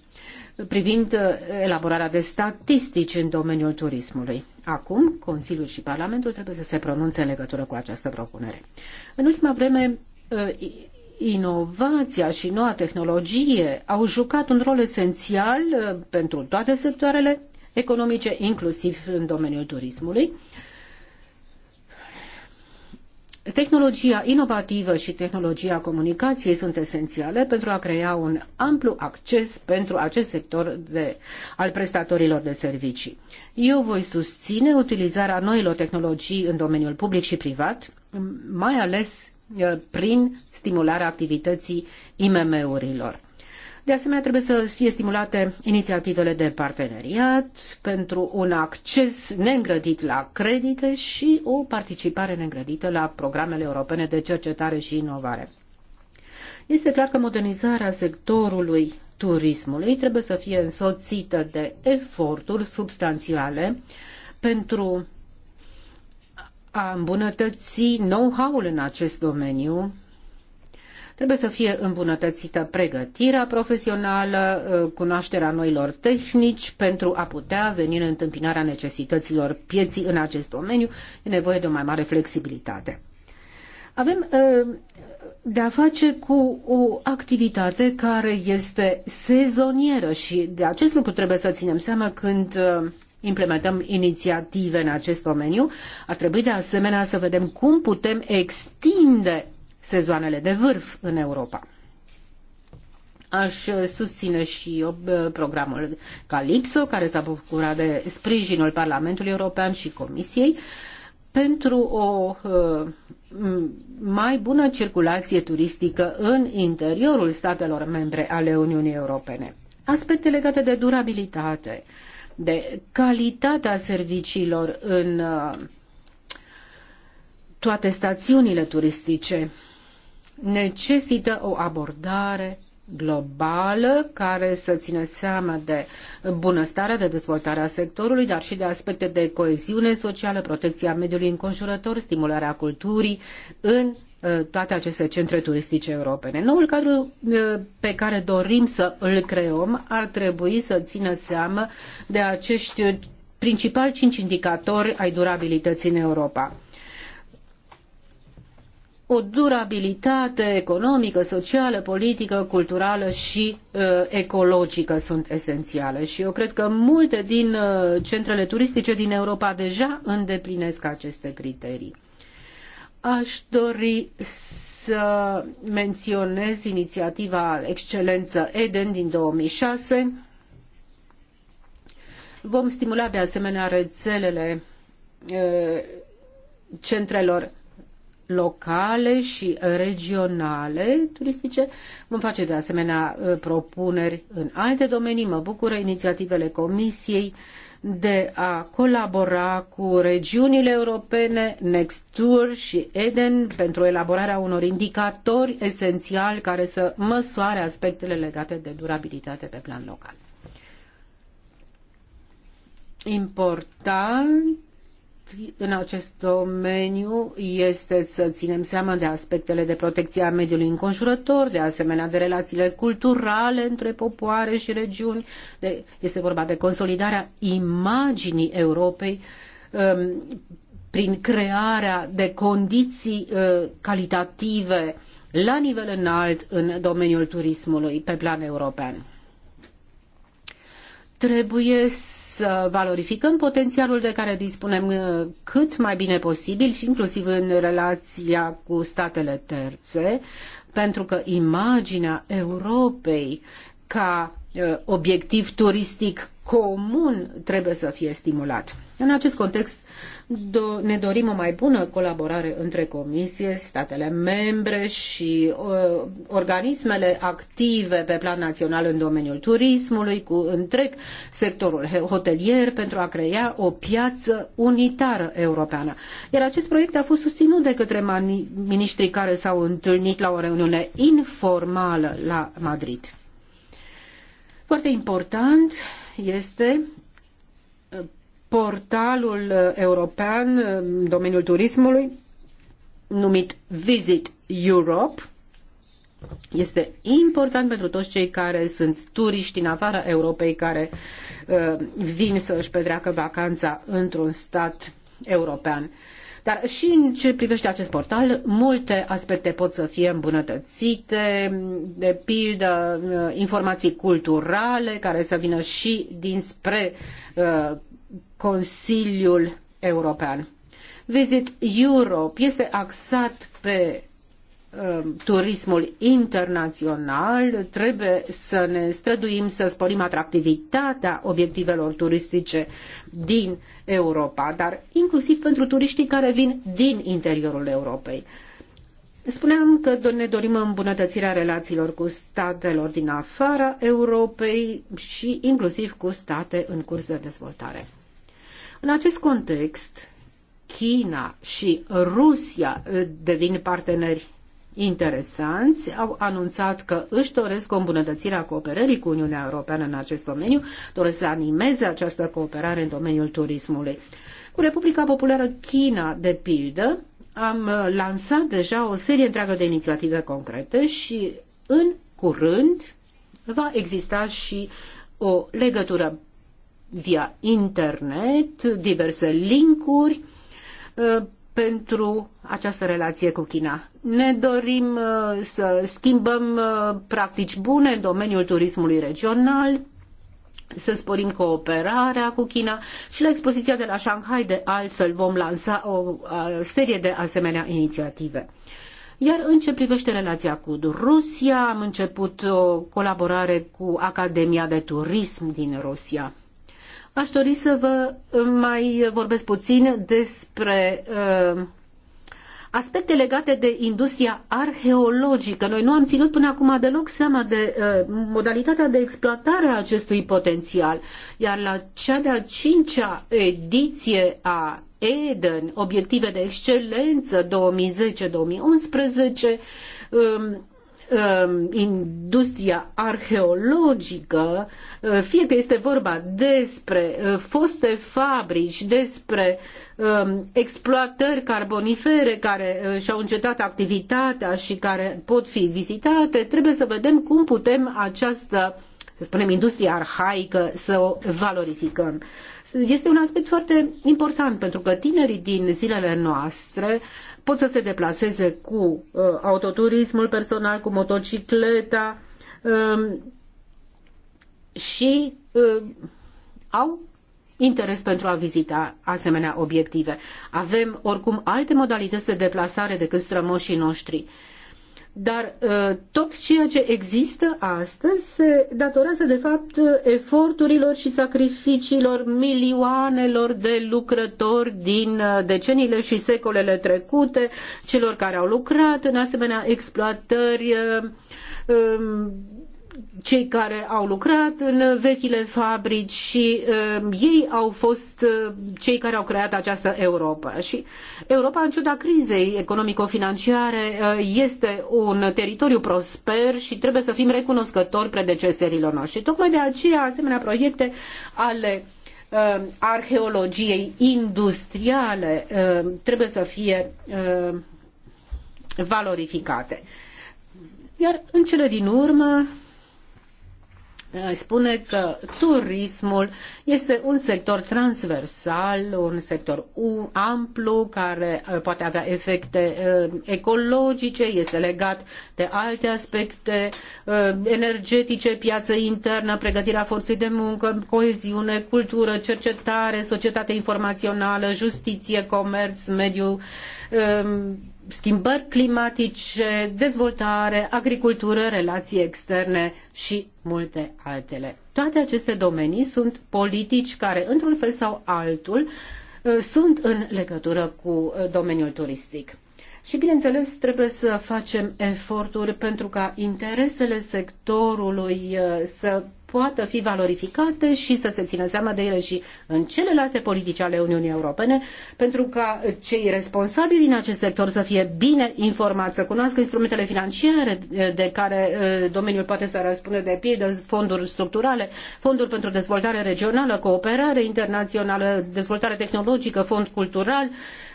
privind uh, elaborarea de statistici în domeniul turismului. Acum, Consiliul și Parlamentul trebuie să se pronunțe în legătură cu această propunere. În ultima vreme, uh, inovația și noua tehnologie au jucat un rol esențial pentru toate sectoarele economice, inclusiv în domeniul turismului Tehnologia inovativă și tehnologia comunicației sunt esențiale pentru a crea un amplu acces pentru acest sector de, al prestatorilor de servicii. Eu voi susține utilizarea noilor tehnologii în domeniul public și privat, mai ales eh, prin stimularea activității IMM-urilor. De asemenea, trebuie să fie stimulate inițiativele de parteneriat pentru un acces neîngrădit la credite și o participare neîngrădită la programele europene de cercetare și inovare. Este clar că modernizarea sectorului turismului trebuie să fie însoțită de eforturi substanțiale pentru a îmbunătăți know-how-ul în acest domeniu Trebuie să fie îmbunătățită pregătirea profesională, ă, cunoașterea noilor tehnici pentru a putea veni în întâmpinarea necesităților pieții în acest domeniu. E nevoie de o mai mare flexibilitate. Avem ă, de a face cu o activitate care este sezonieră și de acest lucru trebuie să ținem seama când ă, implementăm inițiative în acest domeniu. Ar trebui de asemenea să vedem cum putem extinde sezoanele de vârf în Europa. Aș susține și eu programul Calipso, care s-a bucurat de sprijinul Parlamentului European și Comisiei pentru o mai bună circulație turistică în interiorul statelor membre ale Uniunii Europene. Aspecte legate de durabilitate, de calitatea serviciilor în toate stațiunile turistice necesită o abordare globală care să țină seama de bunăstarea, de dezvoltarea sectorului, dar și de aspecte de coeziune socială, protecția mediului înconjurător, stimularea culturii în uh, toate aceste centre turistice europene. Noul cadru uh, pe care dorim să îl creăm ar trebui să țină seama de acești principali cinci indicatori ai durabilității în Europa o durabilitate economică, socială, politică, culturală și uh, ecologică sunt esențiale. Și eu cred că multe din uh, centrele turistice din Europa deja îndeplinesc aceste criterii. Aș dori să menționez inițiativa Excelență Eden din 2006. Vom stimula de asemenea rețelele uh, centrelor locale și regionale turistice. Vom face de asemenea uh, propuneri în alte domenii. Mă bucură inițiativele Comisiei de a colabora cu regiunile europene Nextur și Eden pentru elaborarea unor indicatori esențiali care să măsoare aspectele legate de durabilitate pe plan local. Important în acest domeniu este să ținem seama de aspectele de protecție a mediului înconjurător, de asemenea de relațiile culturale între popoare și regiuni. De, este vorba de consolidarea imaginii Europei um, prin crearea de condiții uh, calitative la nivel înalt în domeniul turismului pe plan european. Trebuie să să valorificăm potențialul de care dispunem uh, cât mai bine posibil, și inclusiv în relația cu statele terțe, pentru că imaginea Europei ca uh, obiectiv turistic comun trebuie să fie stimulat. În acest context, do- ne dorim o mai bună colaborare între Comisie, statele membre și uh, organismele active pe plan național în domeniul turismului, cu întreg sectorul hotelier, pentru a crea o piață unitară europeană. Iar acest proiect a fost susținut de către ministrii care s-au întâlnit la o reuniune informală la Madrid. Foarte important este portalul uh, european uh, în domeniul turismului numit Visit Europe. Este important pentru toți cei care sunt turiști în afara Europei, care uh, vin să își petreacă vacanța într-un stat european. Dar și în ce privește acest portal, multe aspecte pot să fie îmbunătățite, de pildă uh, informații culturale care să vină și dinspre uh, Consiliul European. Visit Europe este axat pe um, turismul internațional, trebuie să ne străduim să sporim atractivitatea obiectivelor turistice din Europa, dar inclusiv pentru turiștii care vin din interiorul Europei. Spuneam că ne dorim îmbunătățirea relațiilor cu statelor din afara Europei și inclusiv cu state în curs de dezvoltare. În acest context, China și Rusia eh, devin parteneri interesanți, au anunțat că își doresc o îmbunătățire a cooperării cu Uniunea Europeană în acest domeniu, doresc să animeze această cooperare în domeniul turismului. Cu Republica Populară China, de pildă, am eh, lansat deja o serie întreagă de inițiative concrete și în curând va exista și o legătură via internet, diverse linkuri uh, pentru această relație cu China. Ne dorim uh, să schimbăm uh, practici bune în domeniul turismului regional, să sporim cooperarea cu China și la expoziția de la Shanghai de altfel vom lansa o serie de asemenea inițiative. Iar în ce privește relația cu Rusia, am început o colaborare cu Academia de Turism din Rusia. Aș dori să vă mai vorbesc puțin despre uh, aspecte legate de industria arheologică. Noi nu am ținut până acum deloc seama de uh, modalitatea de exploatare a acestui potențial, iar la cea de-a cincea ediție a Eden, obiective de excelență 2010-2011, Um, industria arheologică, uh, fie că este vorba despre uh, foste fabrici, despre um, exploatări carbonifere care uh, și-au încetat activitatea și care pot fi vizitate, trebuie să vedem cum putem această să spunem, industria arhaică, să o valorificăm. Este un aspect foarte important pentru că tinerii din zilele noastre pot să se deplaseze cu uh, autoturismul personal, cu motocicleta um, și uh, au interes pentru a vizita asemenea obiective. Avem oricum alte modalități de deplasare decât strămoșii noștri. Uh, dar uh, tot ceea ce există astăzi se datorează, de fapt, eforturilor și sacrificiilor milioanelor de lucrători din uh, deceniile și secolele trecute, celor care au lucrat în asemenea exploatări uh, um, cei care au lucrat în vechile fabrici și uh, ei au fost uh, cei care au creat această Europa. Și Europa, în ciuda crizei economico-financiare, uh, este un teritoriu prosper și trebuie să fim recunoscători predecesorilor noștri. Tocmai de aceea, asemenea proiecte ale uh, arheologiei industriale uh, trebuie să fie uh, valorificate. Iar în cele din urmă, spune că turismul este un sector transversal, un sector amplu care uh, poate avea efecte uh, ecologice, este legat de alte aspecte uh, energetice, piață internă, pregătirea forței de muncă, coeziune, cultură, cercetare, societate informațională, justiție, comerț, mediu um, schimbări climatice, dezvoltare, agricultură, relații externe și multe altele. Toate aceste domenii sunt politici care, într-un fel sau altul, uh, sunt în legătură cu uh, domeniul turistic. Și, bineînțeles, trebuie să facem eforturi pentru ca interesele sectorului uh, să poată fi valorificate și să se țină seama de ele și în celelalte politici ale Uniunii Europene, pentru ca cei responsabili din acest sector să fie bine informați, să cunoască instrumentele financiare uh, de care uh, domeniul poate să răspunde, de pildă fonduri structurale, fonduri pentru dezvoltare regională, cooperare internațională, dezvoltare tehnologică, fond cultural,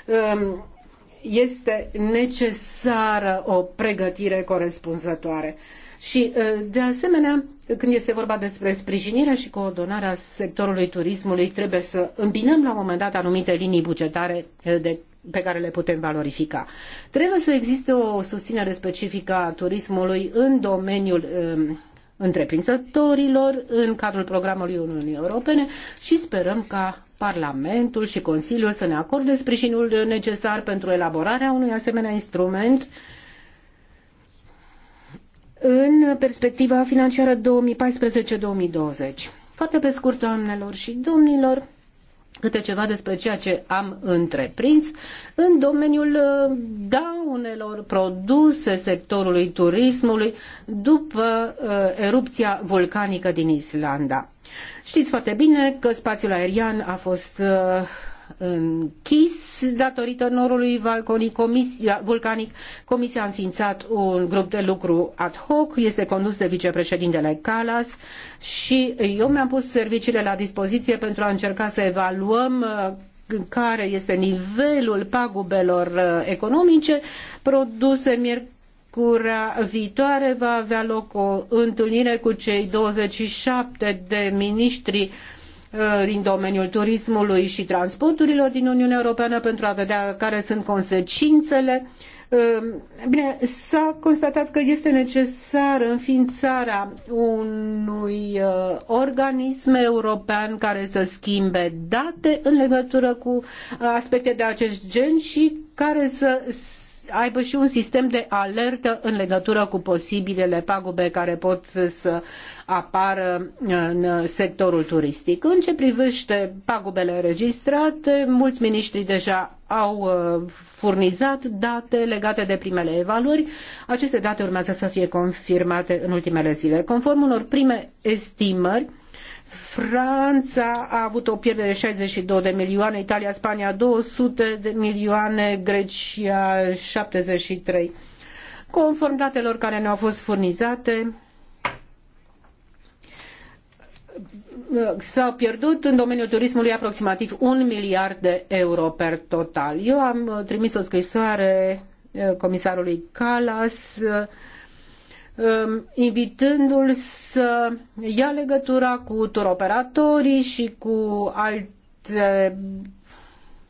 um, este necesară o pregătire corespunzătoare. Și, uh, de asemenea, când este vorba despre sprijinirea și coordonarea sectorului turismului, trebuie să îmbinăm la un moment dat anumite linii bugetare uh, de pe care le putem valorifica. Trebuie să existe o susținere specifică a turismului în domeniul um, întreprinzătorilor în cadrul programului Uniunii Europene și sperăm ca Parlamentul și Consiliul să ne acorde sprijinul necesar pentru elaborarea unui asemenea instrument în perspectiva financiară 2014-2020. Foarte pe scurt, doamnelor și domnilor, câte ceva despre ceea ce am întreprins în domeniul uh, daunelor produse sectorului turismului după uh, erupția vulcanică din Islanda. Știți foarte bine că spațiul aerian a fost uh, închis datorită norului vulcanic. Comisia a înființat un grup de lucru ad hoc, este condus de vicepreședintele Calas și eu mi-am pus serviciile la dispoziție pentru a încerca să evaluăm uh, care este nivelul pagubelor uh, economice produse miercuri. Cura viitoare va avea loc o întâlnire cu cei 27 de miniștri uh, din domeniul turismului și transporturilor din Uniunea Europeană pentru a vedea care sunt consecințele. Uh, bine, s-a constatat că este necesară înființarea unui uh, organism european care să schimbe date în legătură cu aspecte de acest gen și care să aibă și un sistem de alertă în legătură cu posibilele pagube care pot să apară în sectorul turistic. În ce privește pagubele înregistrate, mulți miniștri deja au uh, furnizat date legate de primele evaluări. Aceste date urmează să fie confirmate în ultimele zile. Conform unor prime estimări, Franța a avut o pierdere de 62 de milioane, Italia, Spania 200 de milioane, Grecia 73. Conform datelor care ne-au fost furnizate, s-au pierdut în domeniul turismului aproximativ un miliard de euro per total. Eu am trimis o scrisoare eh, comisarului Kallas eh, Um, invitându-l să ia legătura cu turoperatorii și cu alte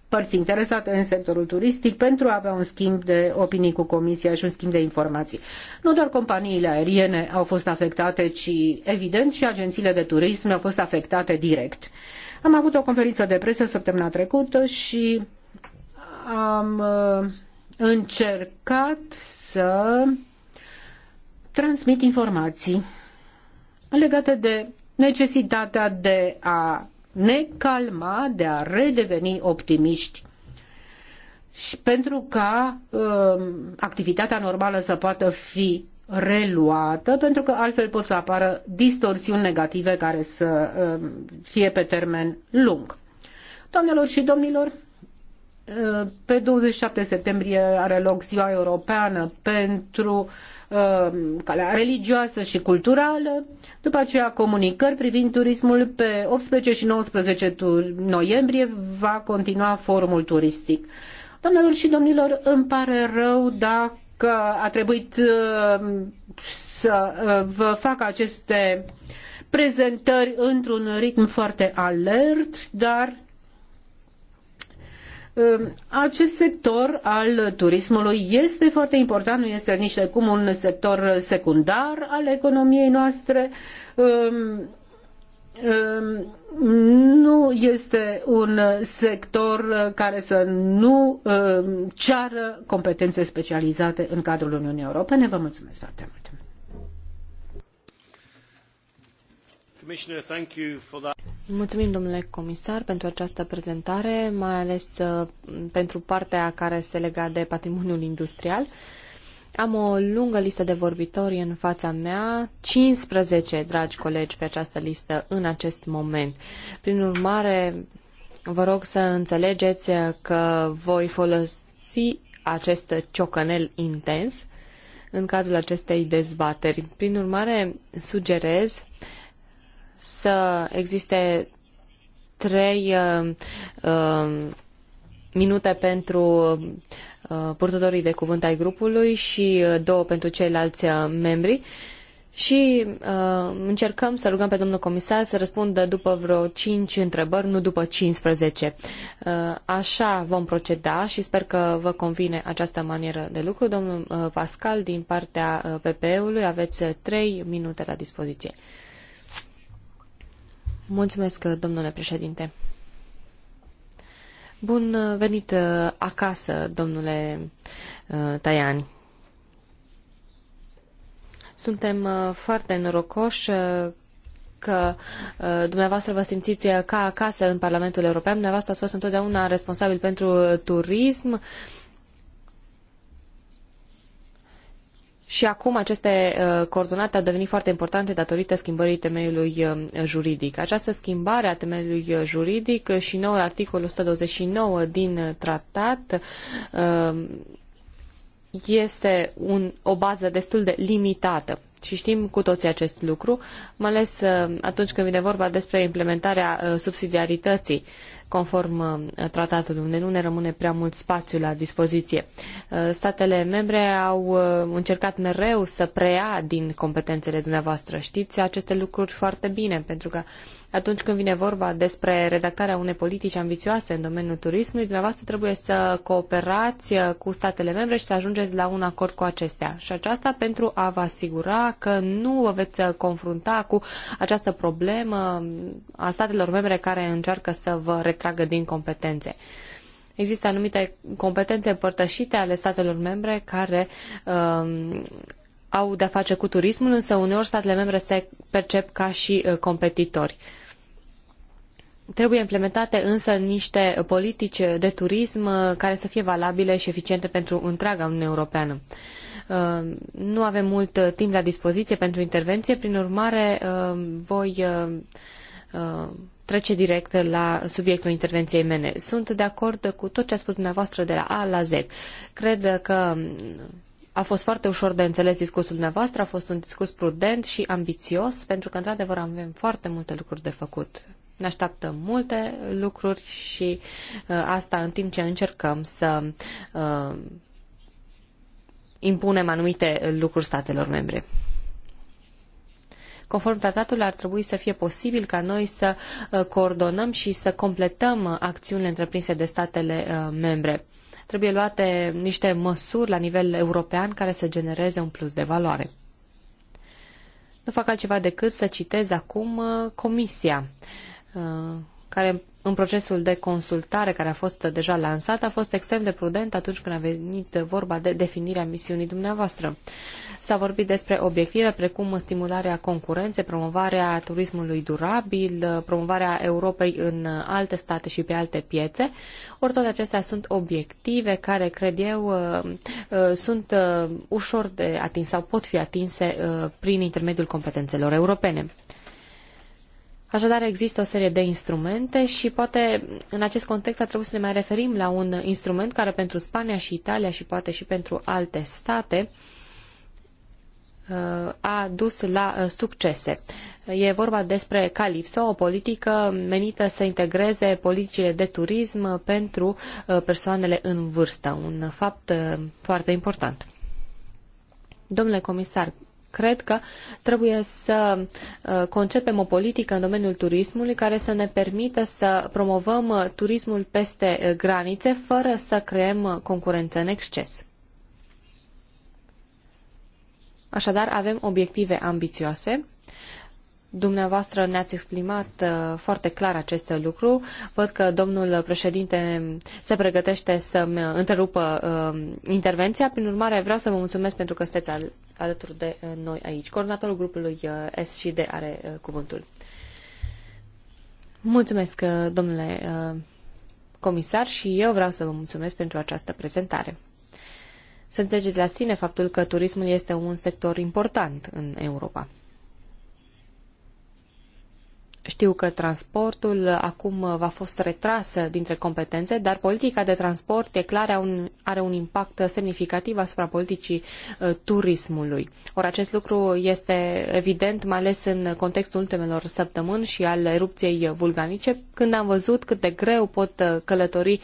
părți interesate în sectorul turistic pentru a avea un schimb de opinii cu Comisia și un schimb de informații. Nu doar companiile aeriene au fost afectate, ci evident și agențiile de turism au fost afectate direct. Am avut o conferință de presă săptămâna trecută și am uh, încercat să transmit informații legate de necesitatea de a ne calma, de a redeveni optimiști și pentru ca uh, activitatea normală să poată fi reluată, pentru că altfel pot să apară distorsiuni negative care să uh, fie pe termen lung. Doamnelor și domnilor, uh, pe 27 septembrie are loc Ziua Europeană pentru Uh, calea religioasă și culturală, după aceea comunicări privind turismul pe 18 și 19 noiembrie va continua forumul turistic. Doamnelor și domnilor, îmi pare rău dacă a trebuit uh, să uh, vă fac aceste prezentări într-un ritm foarte alert, dar Ehm, acest sector al turismului este foarte important, nu este nici de cum un sector secundar al economiei noastre ehm, ehm, nu este un sector care să nu ceară competențe specializate în cadrul Uniunii Europene. Vă mulțumesc foarte mult! Mulțumim, domnule comisar, pentru această prezentare, mai ales uh, pentru partea care se lega de patrimoniul industrial. Am o lungă listă de vorbitori în fața mea, 15, dragi colegi, pe această listă în acest moment. Prin urmare, vă rog să înțelegeți că voi folosi acest ciocănel intens în cadrul acestei dezbateri. Prin urmare, sugerez să existe trei uh, uh minute pentru uh, purtătorii de cuvânt ai grupului și uh, două pentru ceilalți membri. Și uh, încercăm să rugăm pe domnul comisar să răspundă după vreo cinci întrebări, nu după 15. Uh, așa vom proceda și sper că vă convine această manieră de lucru. Domnul Pascal, din partea PPE-ului, aveți trei minute la dispoziție. Mulțumesc, domnule președinte. Bun uh, venit uh, acasă, domnule uh, Taiani. Suntem foarte norocoși că dumneavoastră vă simțiți ca acasă în Parlamentul European. Dumneavoastră ați fost întotdeauna responsabil pentru turism. Și acum aceste uh, coordonate au devenit foarte importante datorită schimbării temeiului uh, juridic. Această schimbare a temeiului uh, juridic și noul articol 129 din tratat este un, o bază destul de limitată. Și știm cu toții acest lucru, mai ales atunci când vine vorba despre implementarea subsidiarității conform uh, tratatului, unde nu ne rămâne prea mult spațiu la dispoziție. Uh, statele membre au uh, încercat mereu să preia din competențele dumneavoastră. Știți aceste lucruri foarte bine, pentru că atunci când vine vorba despre redactarea unei politici ambițioase în domeniul turismului, dumneavoastră trebuie să cooperați cu statele membre și să ajungeți la un acord cu acestea. Și aceasta pentru a vă asigura că nu vă veți confrunta cu această problemă a statelor membre care încearcă să vă retragă tragă din competențe. Există anumite competențe împărtășite ale statelor membre care uh, au de-a face cu turismul, însă uneori statele membre se percep ca și uh, competitori. Trebuie implementate însă niște politici de turism uh, care să fie valabile și eficiente pentru întreaga Uniune Europeană. Uh, nu avem mult uh, timp la dispoziție pentru intervenție, prin urmare voi trece direct la subiectul intervenției mele. Sunt de acord cu tot ce a spus dumneavoastră de la A la Z. Cred că a fost foarte ușor de înțeles discursul dumneavoastră, a fost un discurs prudent și ambițios, pentru că, într-adevăr, avem foarte multe lucruri de făcut. Ne așteaptă multe lucruri și uh, asta în timp ce încercăm să uh, impunem anumite lucruri statelor membre. Conform tratatului ar trebui să fie posibil ca noi să uh, coordonăm și să completăm uh, acțiunile întreprinse de statele uh, membre. Trebuie luate niște măsuri la nivel european care să genereze un plus de valoare. Nu fac altceva decât să citez acum comisia care în procesul de consultare care a fost deja lansat, a fost extrem de prudent atunci când a venit vorba de definirea misiunii dumneavoastră. S-a vorbit despre obiective precum stimularea concurenței, promovarea turismului durabil, promovarea Europei în alte state și pe alte piețe. Ori toate acestea sunt obiective care, cred eu, uh, uh, sunt uh, ușor de atins sau pot fi atinse prin intermediul competențelor europene. Așadar, există o serie de instrumente și poate în acest context ar trebui să ne mai referim la un instrument care pentru Spania și Italia și poate și pentru alte state uh, Uh, a dus la uh, succese. E vorba despre Calipso, o politică menită să integreze politicile de turism pentru uh, persoanele în vârstă, un fapt foarte important. Domnule comisar, cred că trebuie să concepem o politică în domeniul turismului care să ne permită să promovăm turismul peste granițe fără să creăm concurență în exces. Așadar, avem obiective ambițioase. Dumneavoastră ne-ați exprimat uh, foarte clar acest lucru. Văd că domnul președinte se pregătește să-mi întrerupă uh, intervenția. Prin urmare, vreau să vă mulțumesc pentru că sunteți al alături de uh, noi aici. Coordonatorul grupului SCD are cuvântul. Mulțumesc, domnule comisar, și eu vreau să vă mulțumesc pentru această prezentare să înțelegeți la sine faptul că turismul este un sector important în Europa. Știu că transportul acum va fost retras dintre competențe, dar politica de transport e clar are un impact semnificativ asupra politicii uh, turismului. Ori acest lucru este evident, mai ales în contextul ultimelor săptămâni și al erupției vulcanice, când am văzut cât de greu pot uh, călători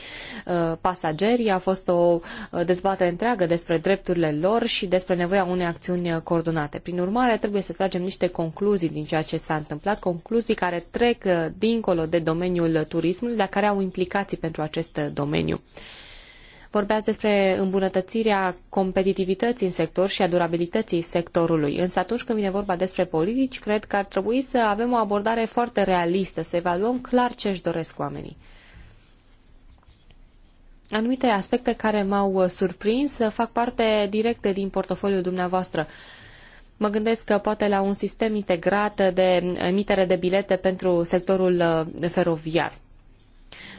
uh, pasagerii. A fost o dezbatere întreagă despre drepturile lor și despre nevoia unei acțiuni coordonate. Prin urmare, trebuie să tragem niște concluzii din ceea ce s-a întâmplat, concluzii care care trec uh, dincolo de domeniul turismului, dar care au implicații pentru acest uh, domeniu. Vorbeați despre îmbunătățirea competitivității în sector și a durabilității sectorului. Însă atunci când vine vorba despre politici, cred că ar trebui să avem o abordare foarte realistă, să evaluăm clar ce își doresc oamenii. Anumite aspecte care m-au uh, surprins fac parte direct din portofoliul dumneavoastră. Mă gândesc că poate la un sistem integrat de emitere de bilete pentru sectorul uh, feroviar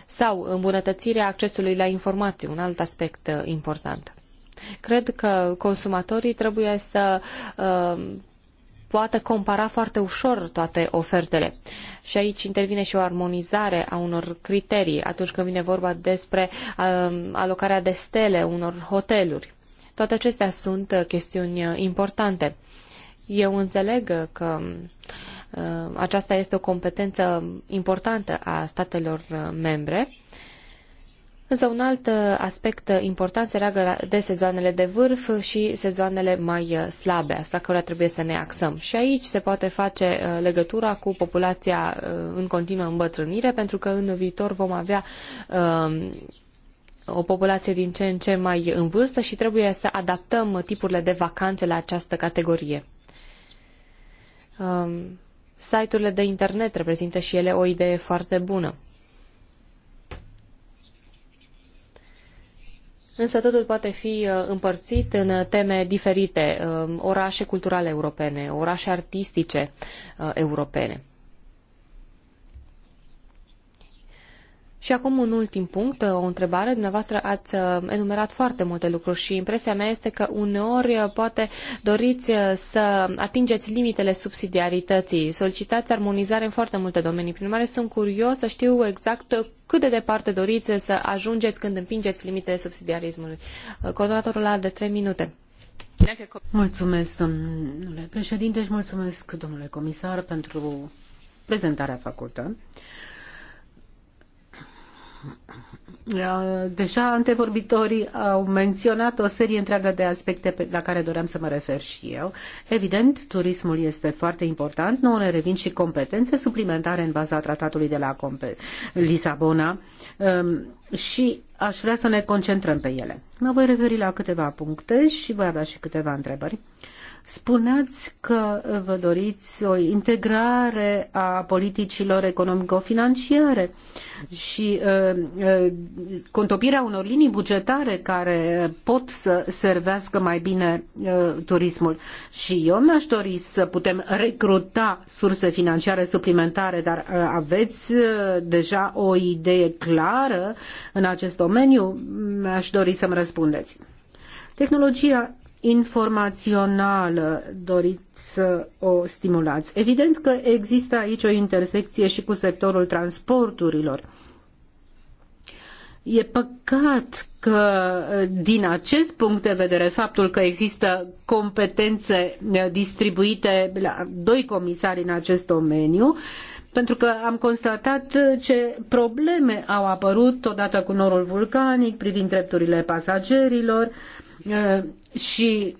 sau îmbunătățirea accesului la informații, un alt aspect uh, important. Cred că consumatorii trebuie să uh, poată compara foarte ușor toate ofertele. Și aici intervine și o armonizare a unor criterii atunci când vine vorba despre uh, alocarea de stele unor hoteluri. Toate acestea sunt uh, chestiuni importante. Eu înțeleg că uh, aceasta este o competență importantă a statelor uh, membre, însă un alt uh, aspect important se leagă de sezoanele de vârf și sezoanele mai slabe, asupra cărora trebuie să ne axăm. Și aici se poate face legătura cu populația în continuă îmbătrânire, pentru că în viitor vom avea um, o populație din ce în ce mai în vârstă și trebuie să adaptăm tipurile de vacanțe la această categorie. Um, site-urile de internet reprezintă și ele o idee foarte bună. Însă totul poate fi uh, împărțit în uh, teme diferite, um, orașe culturale europene, orașe artistice uh, europene. Și acum un ultim punct, o întrebare. Dumneavoastră ați uh, enumerat foarte multe lucruri și impresia mea este că uneori uh, poate doriți uh, să atingeți limitele subsidiarității. Solicitați armonizare în foarte multe domenii. Prin urmare, sunt curios să știu exact cât de departe doriți să ajungeți când împingeți limitele subsidiarismului. Coordonatorul a de 3 minute. Mulțumesc, domnule președinte, și mulțumesc, domnule comisar, pentru prezentarea făcută. Uh, deja antevorbitorii au menționat o serie întreagă de aspecte la care doream să mă refer și eu. Evident, turismul este foarte important. Nu ne revin și competențe suplimentare în baza tratatului de la Lisabona um, și aș vrea să ne concentrăm pe ele. Mă voi referi la câteva puncte și voi avea și câteva întrebări. Spuneați că vă doriți o integrare a politicilor economico-financiare și uh, uh, contopirea unor linii bugetare care pot să servească mai bine uh, turismul. Și eu mi-aș dori să putem recruta surse financiare suplimentare, dar uh, aveți uh, deja o idee clară în acest domeniu? Mi-aș dori să-mi răspundeți. Tehnologia informațională doriți să o stimulați. Evident că există aici o intersecție și cu sectorul transporturilor. E păcat că din acest punct de vedere faptul că există competențe distribuite la doi comisari în acest domeniu, pentru că am constatat ce probleme au apărut odată cu norul vulcanic privind drepturile pasagerilor, uh, Uh, și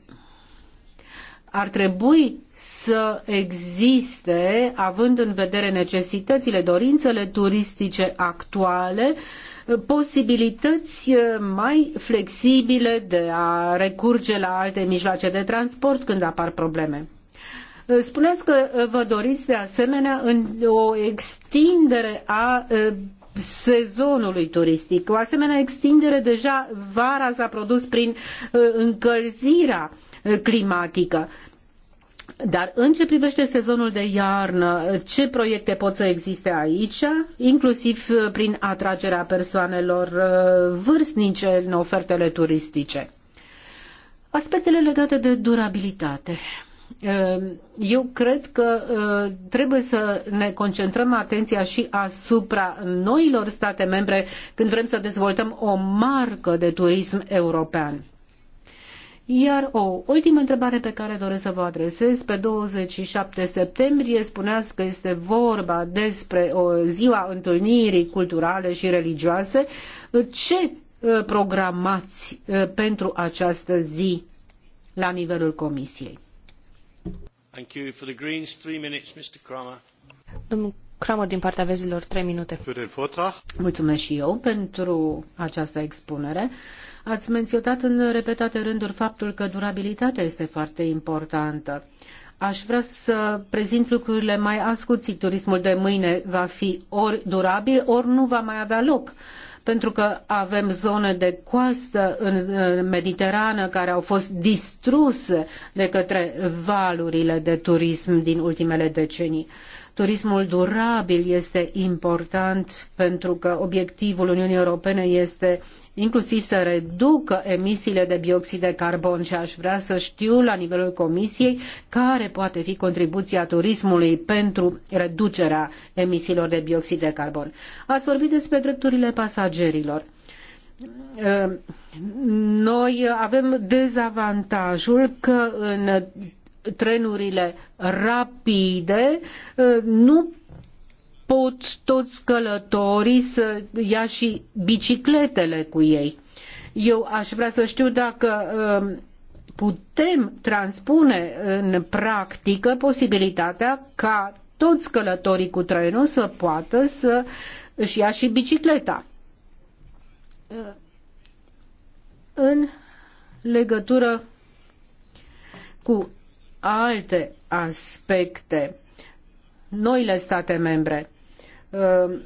ar trebui să existe, având în vedere necesitățile, dorințele turistice actuale, posibilități uh, mai flexibile de a recurge la alte mijloace de transport când apar probleme. Uh, Spuneți că vă doriți de asemenea o extindere a sezonului turistic. O asemenea extindere deja vara s-a produs prin uh, încălzirea uh, climatică. Dar în ce privește sezonul de iarnă, ce proiecte pot să existe aici, inclusiv uh, prin atragerea persoanelor vârstnice în ofertele turistice? Aspectele legate de durabilitate. Ehm, eu cred că ehm, trebuie să ne concentrăm atenția și asupra noilor state membre când vrem să dezvoltăm o marcă de turism european. Iar o ultimă întrebare pe care doresc să vă adresez, pe 27 septembrie spuneați că este vorba despre o ziua întâlnirii culturale și religioase. Ce eh, programați eh, pentru această zi la nivelul Comisiei? Domnul din partea vezilor, trei minute. Mulțumesc și eu pentru această expunere. Ați menționat în repetate rânduri faptul că durabilitatea este foarte importantă. Aș vrea să prezint lucrurile mai ascuțit. Turismul de mâine va fi ori durabil, ori nu va mai avea loc. Uh, pentru că avem zone de coastă în Mediterană care au fost distruse de către valurile de turism din ultimele decenii. Turismul durabil este important pentru că obiectivul Uniunii Europene este inclusiv să reducă emisiile de bioxid de carbon și aș vrea să știu la nivelul Comisiei care poate fi contribuția turismului pentru reducerea emisiilor de bioxid de carbon. Ați vorbit despre drepturile pasagerilor noi avem dezavantajul că în trenurile rapide, uh, nu pot toți călătorii să ia și bicicletele cu ei. Eu aș vrea să știu dacă uh, putem transpune în practică posibilitatea ca toți călătorii cu trenul să poată să își ia și bicicleta. Uh, în legătură cu alte aspecte. Noile state membre. Uh,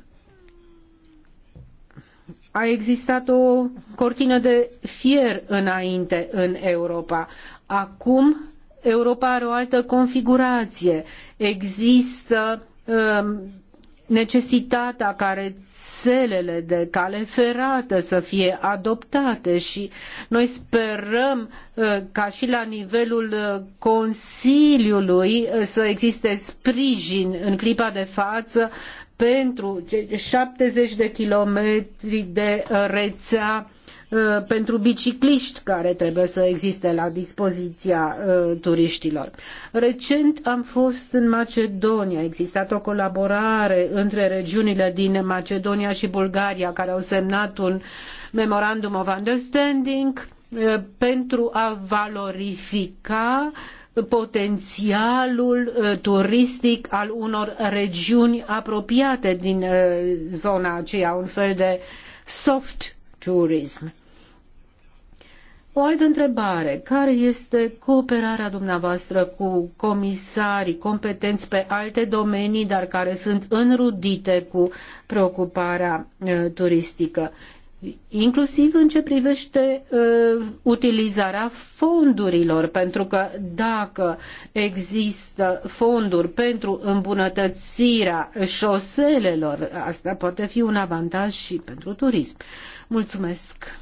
a existat o cortină de fier înainte în Europa. Acum Europa are o altă configurație. Există um, necesitatea ca rețelele de cale ferată să fie adoptate și noi sperăm uh, ca și la nivelul uh, Consiliului uh, să existe sprijin în clipa de față pentru 70 de kilometri de rețea Uh, pentru bicicliști care trebuie să existe la dispoziția uh, turiștilor. Recent am fost în Macedonia. A existat o colaborare între regiunile din Macedonia și Bulgaria care au semnat un memorandum of understanding uh, pentru a valorifica potențialul turistic al unor regiuni apropiate din zona aceea, un fel de soft tourism. O altă întrebare. Care este cooperarea dumneavoastră cu comisarii competenți pe alte domenii, dar care sunt înrudite cu preocuparea uh, turistică? inclusiv în ce privește uh, utilizarea fondurilor, pentru că dacă există fonduri pentru îmbunătățirea șoselelor, asta poate fi un avantaj și pentru turism. Mulțumesc!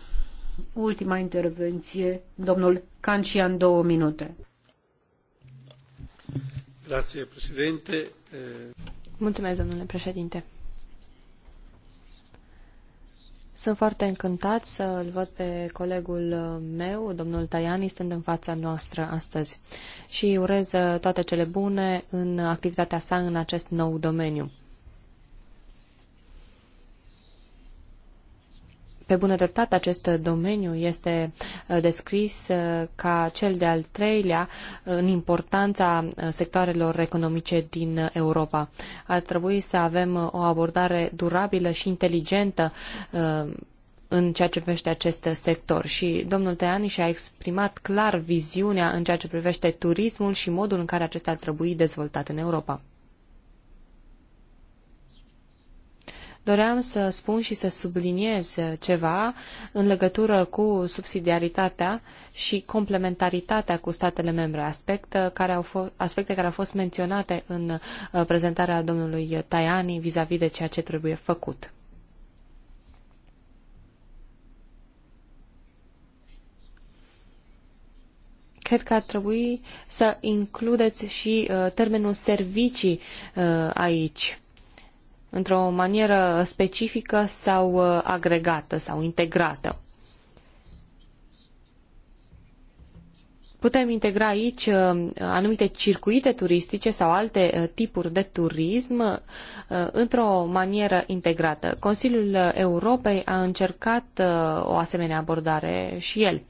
ultima intervenție, domnul Cancian, două minute. Grazie, președinte. Mulțumesc, domnule președinte. Sunt foarte încântat să-l văd pe colegul meu, domnul Taiani, stând în fața noastră astăzi și urez uh, toate cele bune în activitatea sa în acest nou domeniu. Pe bună dreptate, acest domeniu este uh, descris uh, ca cel de-al treilea uh, în importanța sectoarelor economice din Europa. Ar trebui să avem o abordare durabilă și inteligentă în ceea ce privește acest sector și domnul Teani și-a exprimat clar viziunea în ceea ce privește turismul și modul în care acesta ar trebui dezvoltat în Europa. Doream să spun și să subliniez ceva în legătură cu subsidiaritatea și complementaritatea cu statele membre, aspect uh, care au fost, aspecte care au fost menționate în uh, prezentarea domnului Tajani vis-a-vis -vis de ceea ce trebuie făcut. cred că ar trebui să includeți și uh, termenul servicii uh, aici într-o manieră specifică sau uh, agregată sau integrată. Putem integra aici uh, anumite circuite turistice sau alte uh, tipuri de turism într-o manieră integrată. Consiliul Europei a încercat o asemenea abordare și el.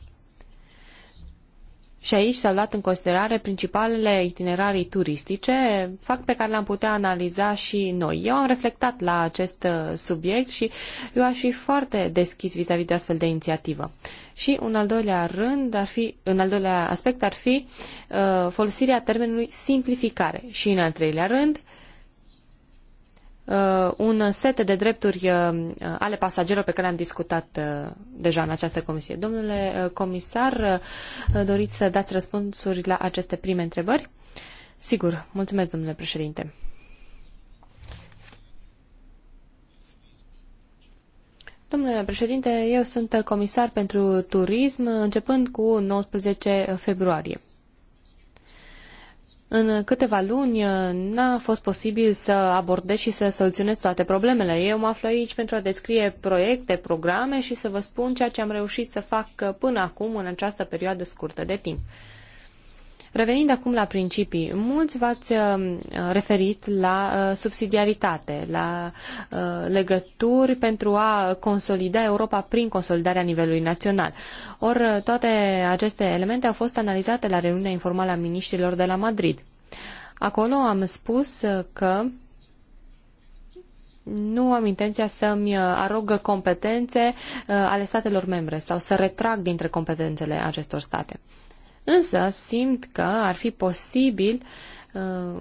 Și aici s-au luat în considerare principalele itinerarii turistice, fapt pe care l-am putea analiza și noi. Eu am reflectat la acest uh, subiect și eu aș fi foarte deschis vis-a-vis -vis de astfel de inițiativă. Și un al doilea rând ar fi, un al doilea aspect ar fi uh, folosirea termenului simplificare. Și în al treilea rând, Uh, un set de drepturi uh, ale pasagerilor pe care am discutat uh, deja în această comisie. Domnule comisar, doriți să dați răspunsuri la aceste prime întrebări? Sigur, mulțumesc, domnule președinte. Domnule președinte, eu sunt comisar pentru turism începând cu 19 februarie în câteva luni uh, n-a fost posibil să abordez și să soluționez toate problemele. Eu mă aflu aici pentru a descrie proiecte, programe și să vă spun ceea ce am reușit să fac uh, până acum în această perioadă scurtă de timp. Revenind acum la principii, mulți v-ați uh, referit la uh, subsidiaritate, la uh, legături pentru a consolida Europa prin consolidarea nivelului național. Or, toate aceste elemente au fost analizate la reuniunea informală a miniștrilor de la Madrid. Acolo am spus că nu am intenția să-mi arog competențe ale statelor membre sau să retrag dintre competențele acestor state însă simt că ar fi posibil uh,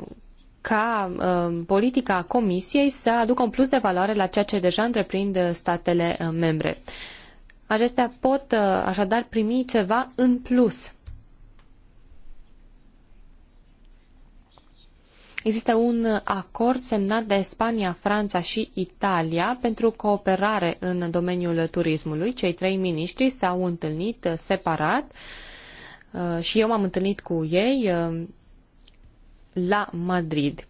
ca uh, politica Comisiei să aducă un plus de valoare la ceea ce deja întreprind statele uh, membre. Acestea pot așadar primi ceva în plus. Există un acord semnat de Spania, Franța și Italia pentru cooperare în domeniul turismului. Cei trei miniștri s-au întâlnit separat uh, Uh, și eu m-am întâlnit cu ei uh, la Madrid.